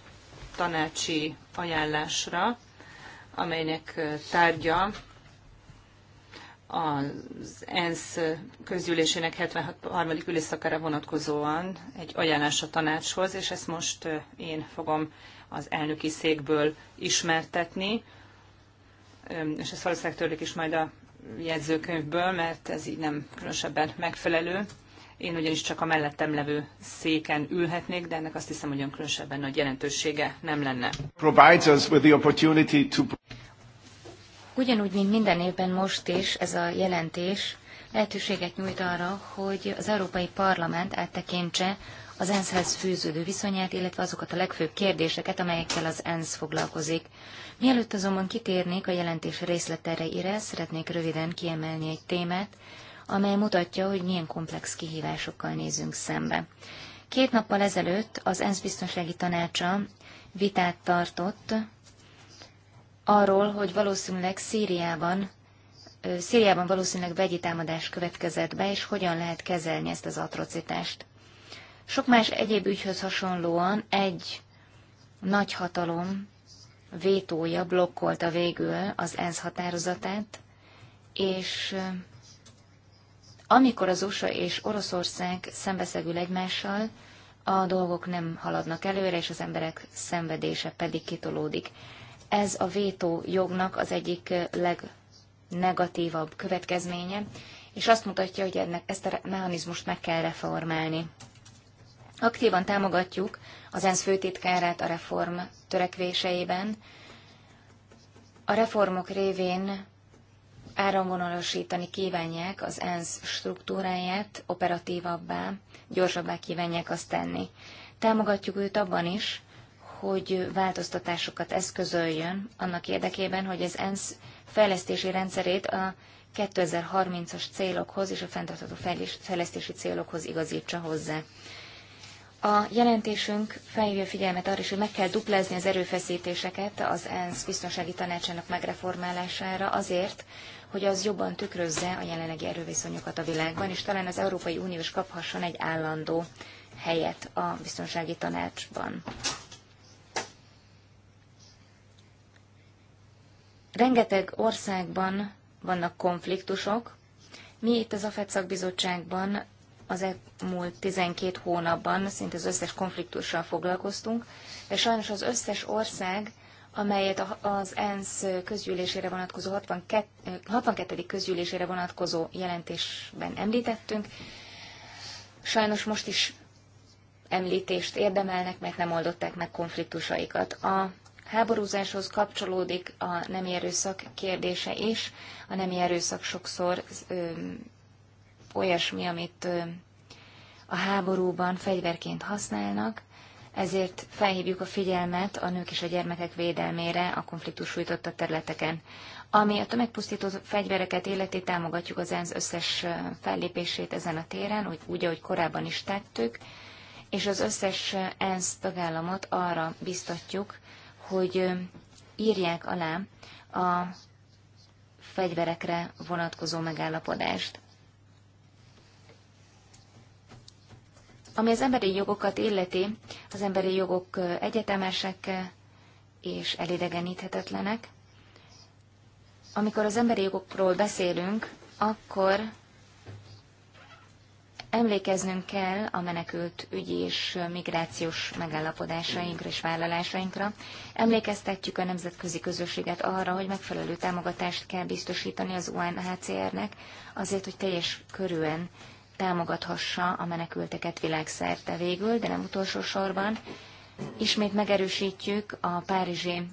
tanácsi ajánlásra, amelynek tárgya az ENSZ közgyűlésének 73. ülésszakára vonatkozóan egy ajánlás a tanácshoz, és ezt most én fogom az elnöki székből ismertetni, és ezt valószínűleg törlik is majd a jegyzőkönyvből, mert ez így nem különösebben megfelelő. Én ugyanis csak a mellettem levő széken ülhetnék, de ennek azt hiszem, hogy olyan különösebben nagy jelentősége nem lenne. Ugyanúgy, mint minden évben most is ez a jelentés lehetőséget nyújt arra, hogy az Európai Parlament áttekintse az ENSZ-hez fűződő viszonyát, illetve azokat a legfőbb kérdéseket, amelyekkel az ENSZ foglalkozik. Mielőtt azonban kitérnék a jelentés részleteire, szeretnék röviden kiemelni egy témát, amely mutatja, hogy milyen komplex kihívásokkal nézünk szembe. Két nappal ezelőtt az ENSZ biztonsági tanácsa vitát tartott arról, hogy valószínűleg Szíriában Szíriában valószínűleg vegyi támadás következett be, és hogyan lehet kezelni ezt az atrocitást. Sok más egyéb ügyhöz hasonlóan egy nagy hatalom vétója blokkolta végül az ENSZ határozatát, és amikor az USA és Oroszország szembeszegül egymással, a dolgok nem haladnak előre, és az emberek szenvedése pedig kitolódik. Ez a vétó jognak az egyik legnegatívabb következménye, és azt mutatja, hogy ennek, ezt a mechanizmust meg kell reformálni. Aktívan támogatjuk az ENSZ főtitkárát a reform törekvéseiben. A reformok révén áramvonalasítani kívánják az ENSZ struktúráját, operatívabbá, gyorsabbá kívánják azt tenni. Támogatjuk őt abban is, hogy változtatásokat eszközöljön annak érdekében, hogy az ENSZ fejlesztési rendszerét a 2030-as célokhoz és a fenntartható fejlesztési célokhoz igazítsa hozzá. A jelentésünk felhívja figyelmet arra is, hogy meg kell duplázni az erőfeszítéseket az ENSZ biztonsági tanácsának megreformálására azért, hogy az jobban tükrözze a jelenlegi erőviszonyokat a világban, és talán az Európai Unió is kaphasson egy állandó helyet a biztonsági tanácsban. Rengeteg országban vannak konfliktusok. Mi itt az AFET szakbizottságban az elmúlt 12 hónapban szinte az összes konfliktussal foglalkoztunk, de sajnos az összes ország amelyet az ENSZ közgyűlésére vonatkozó 62. 62. közgyűlésére vonatkozó jelentésben említettünk. Sajnos most is említést érdemelnek, mert nem oldották meg konfliktusaikat. A háborúzáshoz kapcsolódik a nemi erőszak kérdése is. A nemi erőszak sokszor ö, olyasmi, amit ö, a háborúban fegyverként használnak, ezért felhívjuk a figyelmet a nők és a gyermekek védelmére a konfliktus sújtotta területeken. Ami a tömegpusztító fegyvereket életét támogatjuk az ENSZ összes fellépését ezen a téren, úgy, úgy, ahogy korábban is tettük, és az összes ENSZ tagállamot arra biztatjuk, hogy írják alá a fegyverekre vonatkozó megállapodást. Ami az emberi jogokat illeti, az emberi jogok egyetemesek és elidegeníthetetlenek. Amikor az emberi jogokról beszélünk, akkor emlékeznünk kell a menekült ügyi és migrációs megállapodásainkra és vállalásainkra. Emlékeztetjük a nemzetközi közösséget arra, hogy megfelelő támogatást kell biztosítani az UNHCR-nek azért, hogy teljes körűen támogathassa a menekülteket világszerte végül, de nem utolsó sorban. Ismét megerősítjük a párizsi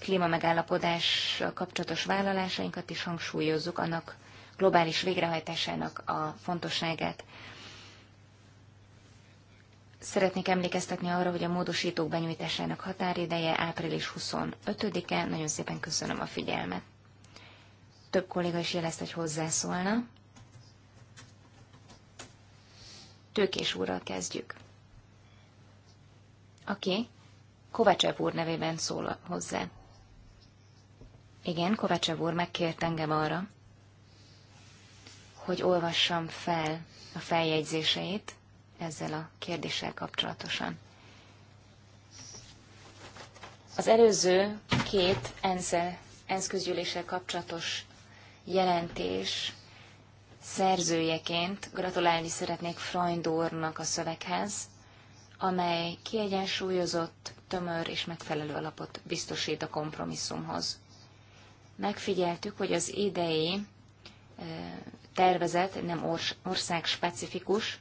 klímamegállapodás kapcsolatos vállalásainkat, és hangsúlyozzuk annak globális végrehajtásának a fontosságát. Szeretnék emlékeztetni arra, hogy a módosítók benyújtásának határideje április 25-e. Nagyon szépen köszönöm a figyelmet. Több kolléga is jelezte, hogy hozzászólna. Tőkés úrral kezdjük. Aki Kovácsev úr nevében szól hozzá. Igen, Kovácsev úr megkért engem arra, hogy olvassam fel a feljegyzéseit ezzel a kérdéssel kapcsolatosan. Az előző két ENSZ, ENSZ közgyűléssel kapcsolatos jelentés szerzőjeként gratulálni szeretnék Freund úrnak a szöveghez, amely kiegyensúlyozott, tömör és megfelelő alapot biztosít a kompromisszumhoz. Megfigyeltük, hogy az idei tervezet nem ország specifikus,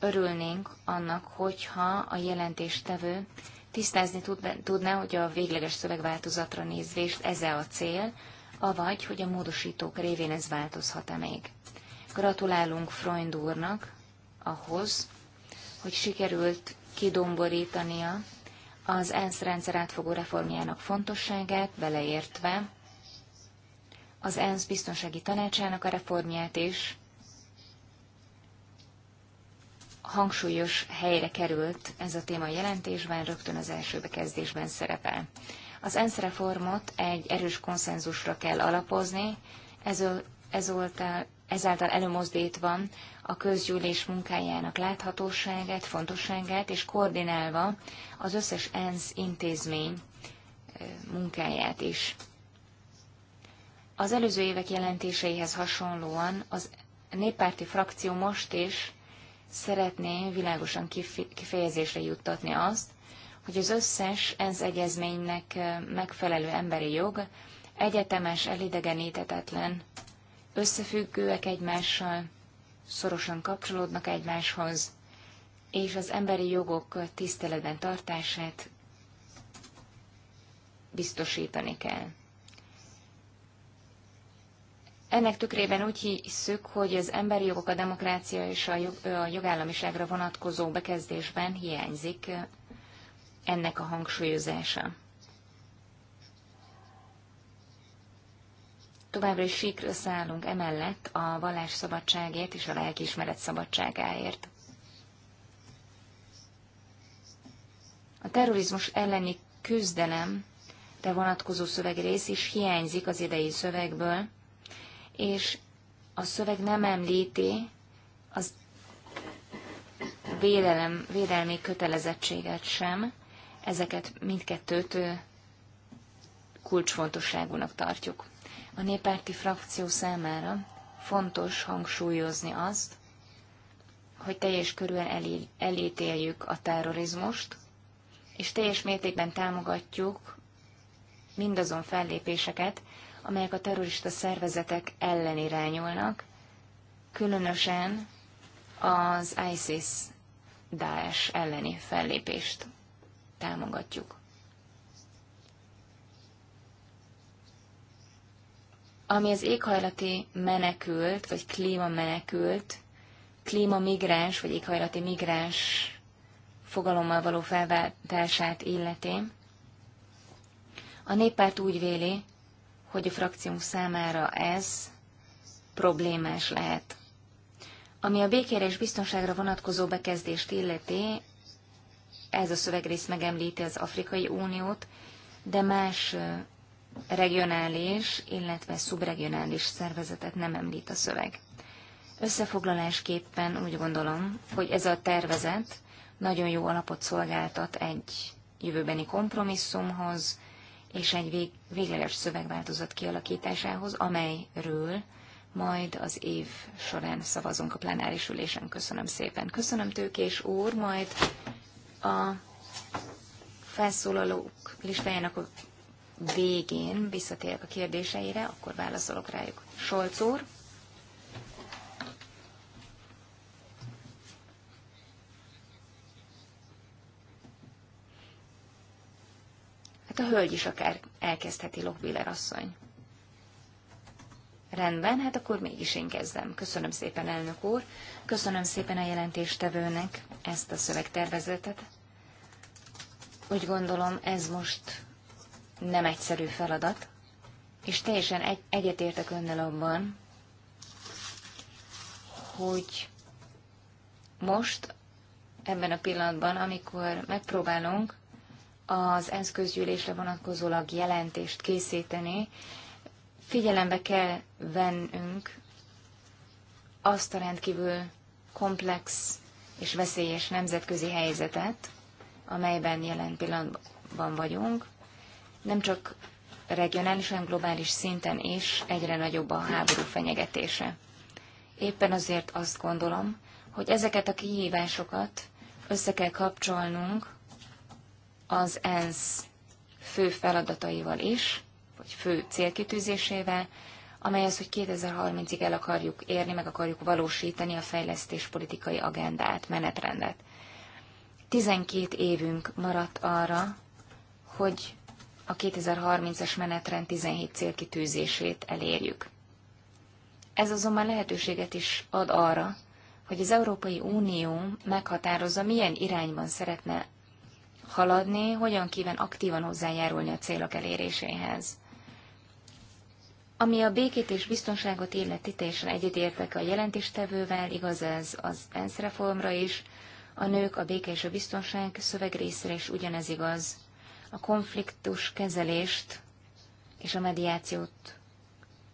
örülnénk annak, hogyha a jelentéstevő tisztázni tudná, hogy a végleges szövegváltozatra nézvést ez -e a cél, avagy, hogy a módosítók révén ez változhat-e még. Gratulálunk Freund úrnak ahhoz, hogy sikerült kidomborítania az ENSZ rendszer átfogó reformjának fontosságát, beleértve az ENSZ biztonsági tanácsának a reformját is, hangsúlyos helyre került ez a téma jelentésben, rögtön az első bekezdésben szerepel. Az ENSZ reformot egy erős konszenzusra kell alapozni, ezol, ezoltál, ezáltal előmozdítva a közgyűlés munkájának láthatóságát, fontosságát, és koordinálva az összes ENSZ intézmény munkáját is. Az előző évek jelentéseihez hasonlóan az néppárti frakció most is szeretné világosan kifejezésre juttatni azt, hogy az összes ENSZ egyezménynek megfelelő emberi jog egyetemes, elidegenítetetlen, összefüggőek egymással, szorosan kapcsolódnak egymáshoz, és az emberi jogok tiszteletben tartását biztosítani kell. Ennek tükrében úgy hiszük, hogy az emberi jogok a demokrácia és a, jog, a jogállamiságra vonatkozó bekezdésben hiányzik ennek a hangsúlyozása. Továbbra is síkra szállunk emellett a vallás szabadságért és a lelkiismeret szabadságáért. A terrorizmus elleni küzdelem, de vonatkozó szövegrész is hiányzik az idei szövegből, és a szöveg nem említi az védelem, védelmi kötelezettséget sem, ezeket mindkettőt kulcsfontosságúnak tartjuk. A néppárti frakció számára fontos hangsúlyozni azt, hogy teljes körülön elé, elítéljük a terrorizmust, és teljes mértékben támogatjuk mindazon fellépéseket, amelyek a terrorista szervezetek ellen irányulnak, különösen az ISIS Daesh elleni fellépést támogatjuk. Ami az éghajlati menekült, vagy klímamenekült, klímamigráns, vagy éghajlati migráns fogalommal való felváltását illeti, a néppárt úgy véli, hogy a frakciónk számára ez problémás lehet. Ami a békére és biztonságra vonatkozó bekezdést illeti, ez a szövegrész megemlíti az Afrikai Uniót, de más regionális, illetve szubregionális szervezetet nem említ a szöveg. Összefoglalásképpen úgy gondolom, hogy ez a tervezet nagyon jó alapot szolgáltat egy jövőbeni kompromisszumhoz és egy vég, végleges szövegváltozat kialakításához, amelyről majd az év során szavazunk a plenáris ülésen. Köszönöm szépen. Köszönöm Tőkés úr, majd a felszólalók listájának a végén visszatérek a kérdéseire, akkor válaszolok rájuk. Solc úr. Hát a hölgy is akár elkezdheti Lokbiller asszony. Rendben, hát akkor mégis én kezdem. Köszönöm szépen, elnök úr. Köszönöm szépen a jelentéstevőnek ezt a szövegtervezetet. Úgy gondolom, ez most nem egyszerű feladat, és teljesen egy- egyetértek önnel abban, hogy most, ebben a pillanatban, amikor megpróbálunk az ENSZ közgyűlésre vonatkozólag jelentést készíteni, figyelembe kell vennünk azt a rendkívül komplex és veszélyes nemzetközi helyzetet, amelyben jelen pillanatban vagyunk, nem csak regionális, hanem globális szinten is egyre nagyobb a háború fenyegetése. Éppen azért azt gondolom, hogy ezeket a kihívásokat össze kell kapcsolnunk az ENSZ fő feladataival is, vagy fő célkitűzésével, amely az, hogy 2030-ig el akarjuk érni, meg akarjuk valósítani a fejlesztés politikai agendát, menetrendet. 12 évünk maradt arra, hogy a 2030-as menetrend 17 célkitűzését elérjük. Ez azonban lehetőséget is ad arra, hogy az Európai Unió meghatározza, milyen irányban szeretne haladni, hogyan kíván aktívan hozzájárulni a célok eléréséhez. Ami a békét és biztonságot illeti, teljesen egyetértek a jelentéstevővel, igaz ez az ENSZ reformra is, a nők, a béke és a biztonság szövegrészre is ugyanez igaz. A konfliktus kezelést és a mediációt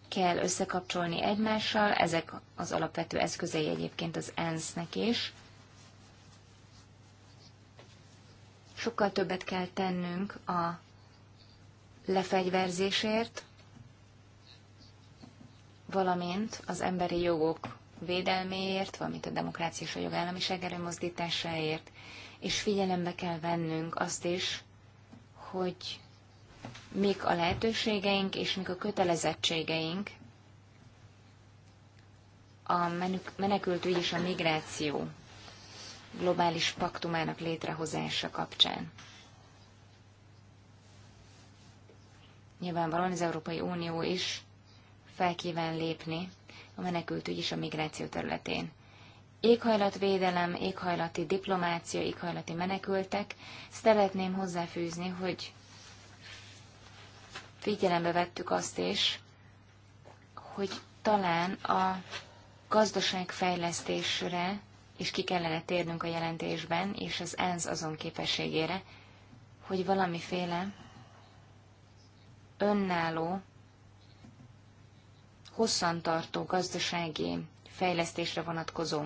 kell összekapcsolni egymással, ezek az alapvető eszközei egyébként az ENSZ-nek is. Sokkal többet kell tennünk a lefegyverzésért, valamint az emberi jogok védelméért, valamint a demokrácia és a jogállamiság előmozdításáért, és figyelembe kell vennünk azt is, hogy mik a lehetőségeink és mik a kötelezettségeink a ügy és a migráció globális paktumának létrehozása kapcsán. Nyilvánvalóan az Európai Unió is felkíván lépni a menekültügy és a migráció területén. Éghajlatvédelem, éghajlati diplomácia, éghajlati menekültek. Szeretném hozzáfűzni, hogy figyelembe vettük azt is, hogy talán a gazdaságfejlesztésre is ki kellene térnünk a jelentésben, és az ENSZ azon képességére, hogy valamiféle önálló hosszantartó gazdasági fejlesztésre vonatkozó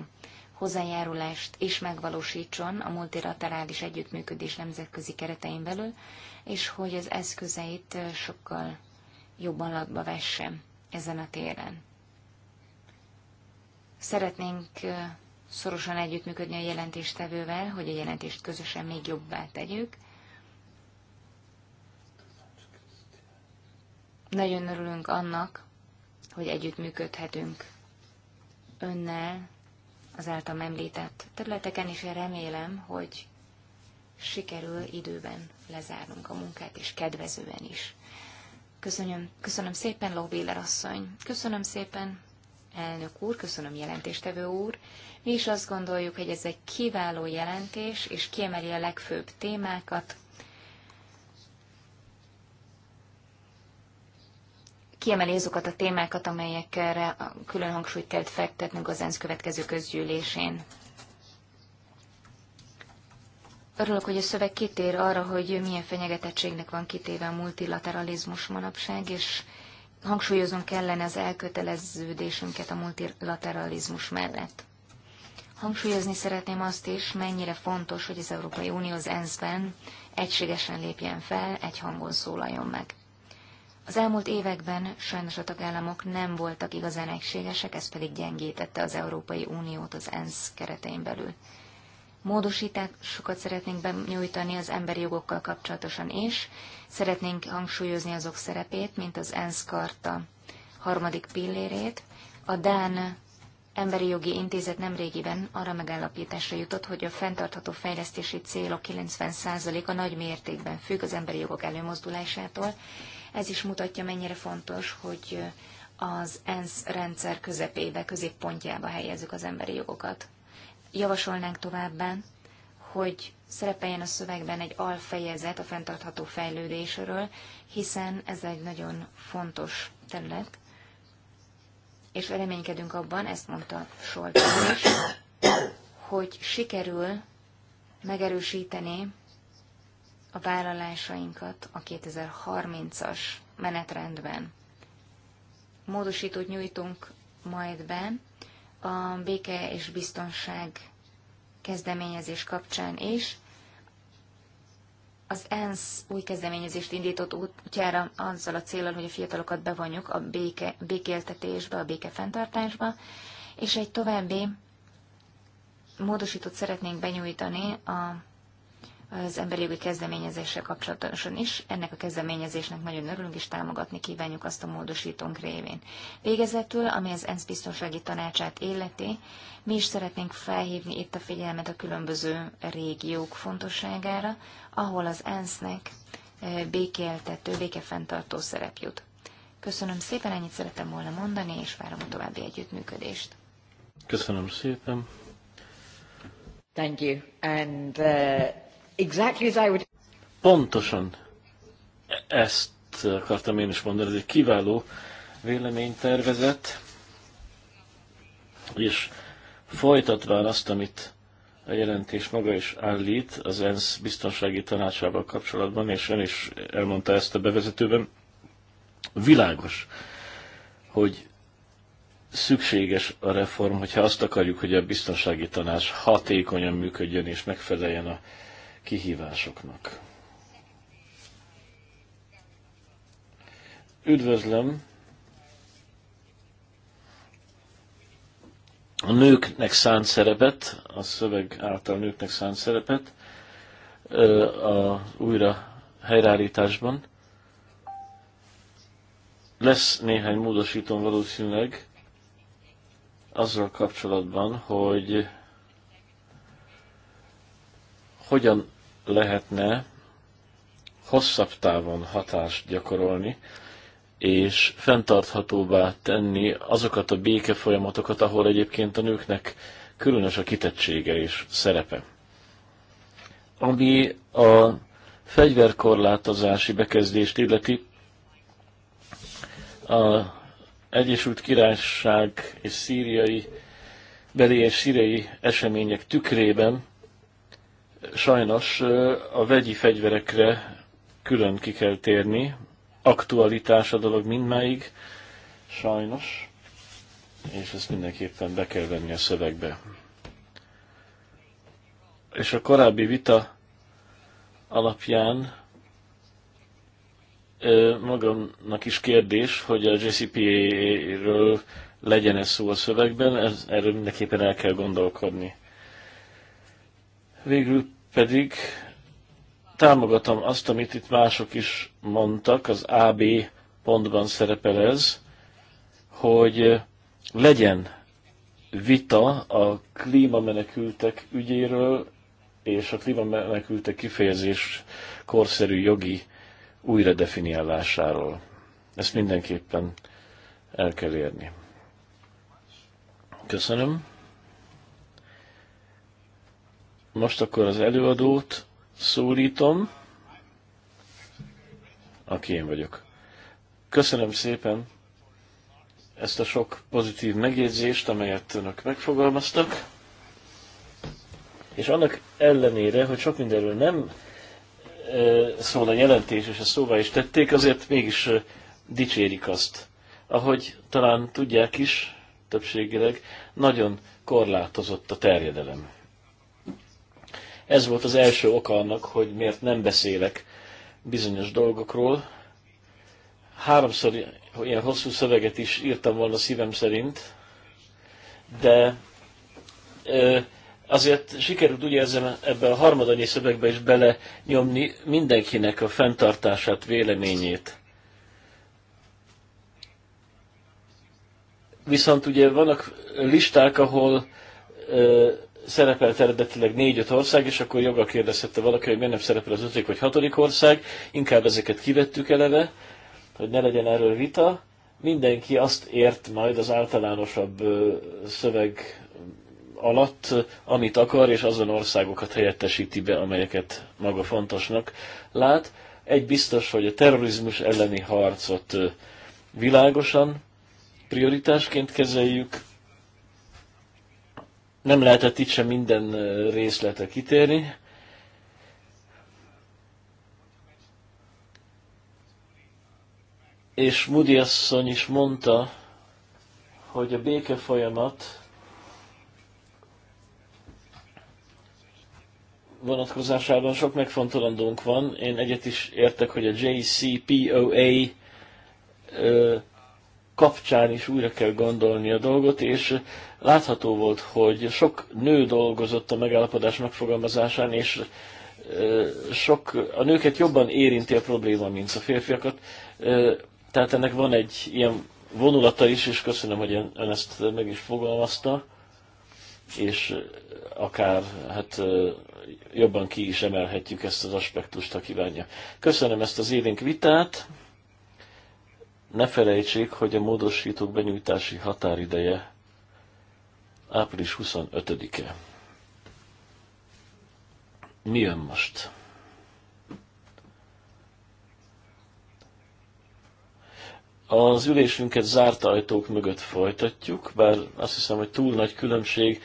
hozzájárulást is megvalósítson a multilaterális együttműködés nemzetközi keretein belül, és hogy az eszközeit sokkal jobban latba vesse ezen a téren. Szeretnénk szorosan együttműködni a jelentéstevővel, hogy a jelentést közösen még jobbá tegyük. Nagyon örülünk annak, hogy együttműködhetünk önnel az által említett területeken, és én remélem, hogy sikerül időben lezárnunk a munkát, és kedvezően is. Köszönöm, köszönöm szépen, Béler asszony. Köszönöm szépen, elnök úr, köszönöm jelentéstevő úr. Mi is azt gondoljuk, hogy ez egy kiváló jelentés, és kiemeli a legfőbb témákat, kiemeli azokat a témákat, amelyekre külön hangsúlyt kell fektetnünk az ENSZ következő közgyűlésén. Örülök, hogy a szöveg kitér arra, hogy milyen fenyegetettségnek van kitéve a multilateralizmus manapság, és hangsúlyozunk kellene az elköteleződésünket a multilateralizmus mellett. Hangsúlyozni szeretném azt is, mennyire fontos, hogy az Európai Unió az ENSZ-ben egységesen lépjen fel, egy hangon szólaljon meg. Az elmúlt években sajnos a tagállamok nem voltak igazán egységesek, ez pedig gyengítette az Európai Uniót az ENSZ keretein belül. Módosításokat szeretnénk benyújtani az emberi jogokkal kapcsolatosan is, szeretnénk hangsúlyozni azok szerepét, mint az ENSZ karta harmadik pillérét. A Dán Emberi Jogi Intézet nemrégiben arra megállapításra jutott, hogy a fenntartható fejlesztési célok 90%-a nagy mértékben függ az emberi jogok előmozdulásától, ez is mutatja, mennyire fontos, hogy az ENSZ rendszer közepébe, középpontjába helyezzük az emberi jogokat. Javasolnánk továbbá, hogy szerepeljen a szövegben egy alfejezet a fenntartható fejlődésről, hiszen ez egy nagyon fontos terület, és reménykedünk abban, ezt mondta Soltán is, hogy sikerül megerősíteni a vállalásainkat a 2030-as menetrendben. Módosítót nyújtunk majd be a béke és biztonság kezdeményezés kapcsán is. Az ENSZ új kezdeményezést indított útjára azzal a célral, hogy a fiatalokat bevonjuk a béke, békéltetésbe, a béke fenntartásba és egy további módosítót szeretnénk benyújtani a az emberi jogi kezdeményezéssel kapcsolatosan is. Ennek a kezdeményezésnek nagyon örülünk, és támogatni kívánjuk azt a módosítónk révén. Végezetül, ami az ENSZ biztonsági tanácsát életé, mi is szeretnénk felhívni itt a figyelmet a különböző régiók fontosságára, ahol az ENSZ-nek e, békéltető, békefenntartó szerep jut. Köszönöm szépen, ennyit szerettem volna mondani, és várom a további együttműködést. Köszönöm szépen. Thank you. And, uh... Pontosan ezt akartam én is mondani, ez egy kiváló véleménytervezet, és folytatván azt, amit a jelentés maga is állít az ENSZ biztonsági tanácsával kapcsolatban, és ön is elmondta ezt a bevezetőben, világos, hogy szükséges a reform, hogyha azt akarjuk, hogy a biztonsági tanács hatékonyan működjön és megfeleljen a kihívásoknak. Üdvözlöm a nőknek szánt szerepet, a szöveg által nőknek szánt szerepet a újra helyreállításban. Lesz néhány módosítom valószínűleg azzal kapcsolatban, hogy hogyan lehetne hosszabb távon hatást gyakorolni, és fenntarthatóbbá tenni azokat a béke folyamatokat, ahol egyébként a nőknek különös a kitettsége és szerepe. Ami a fegyverkorlátozási bekezdést illeti, a Egyesült Királyság és szíriai, beli és szíriai események tükrében sajnos a vegyi fegyverekre külön ki kell térni. Aktualitás a dolog mindmáig, sajnos, és ezt mindenképpen be kell venni a szövegbe. És a korábbi vita alapján magamnak is kérdés, hogy a JCPA-ről legyen ez szó a szövegben, ez, erről mindenképpen el kell gondolkodni. Végül pedig támogatom azt, amit itt mások is mondtak, az AB pontban szerepel ez, hogy legyen vita a klímamenekültek ügyéről és a klímamenekültek kifejezés korszerű jogi újradefiniálásáról. Ezt mindenképpen el kell érni. Köszönöm. Most akkor az előadót szólítom, aki én vagyok. Köszönöm szépen ezt a sok pozitív megjegyzést, amelyet önök megfogalmaztak, és annak ellenére, hogy sok mindenről nem szól a jelentés, és ezt szóvá is tették, azért mégis dicsérik azt. Ahogy talán tudják is, többségileg, nagyon korlátozott a terjedelem. Ez volt az első oka annak, hogy miért nem beszélek bizonyos dolgokról. Háromszor ilyen hosszú szöveget is írtam volna szívem szerint, de ö, azért sikerült úgy ezzel, ebben a harmadanyi szövegbe is bele nyomni mindenkinek a fenntartását, véleményét. Viszont ugye vannak listák, ahol ö, szerepelt eredetileg négy-öt ország, és akkor joga kérdezhette valaki, hogy miért nem szerepel az ötödik vagy hatodik ország, inkább ezeket kivettük eleve, hogy ne legyen erről vita. Mindenki azt ért majd az általánosabb szöveg alatt, amit akar, és azon országokat helyettesíti be, amelyeket maga fontosnak lát. Egy biztos, hogy a terrorizmus elleni harcot világosan prioritásként kezeljük, nem lehetett itt sem minden részlete kitérni. És Moody asszony is mondta, hogy a béke folyamat vonatkozásában sok megfontolandónk van. Én egyet is értek, hogy a JCPOA kapcsán is újra kell gondolni a dolgot, és látható volt, hogy sok nő dolgozott a megállapodás megfogalmazásán, és sok, a nőket jobban érinti a probléma, mint a férfiakat. Tehát ennek van egy ilyen vonulata is, és köszönöm, hogy ön ezt meg is fogalmazta, és akár hát jobban ki is emelhetjük ezt az aspektust, ha kívánja. Köszönöm ezt az élénk vitát. Ne felejtsék, hogy a módosítók benyújtási határideje április 25-e. Mi jön most? Az ülésünket zárt ajtók mögött folytatjuk, bár azt hiszem, hogy túl nagy különbség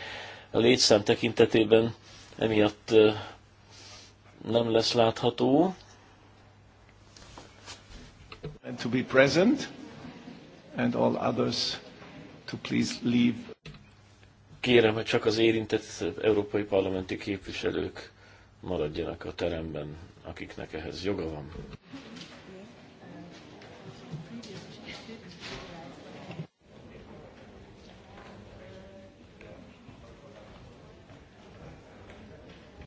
a létszám tekintetében emiatt nem lesz látható. And to be present, and all others to please leave kérem, hogy csak az érintett európai parlamenti képviselők maradjanak a teremben, akiknek ehhez joga van.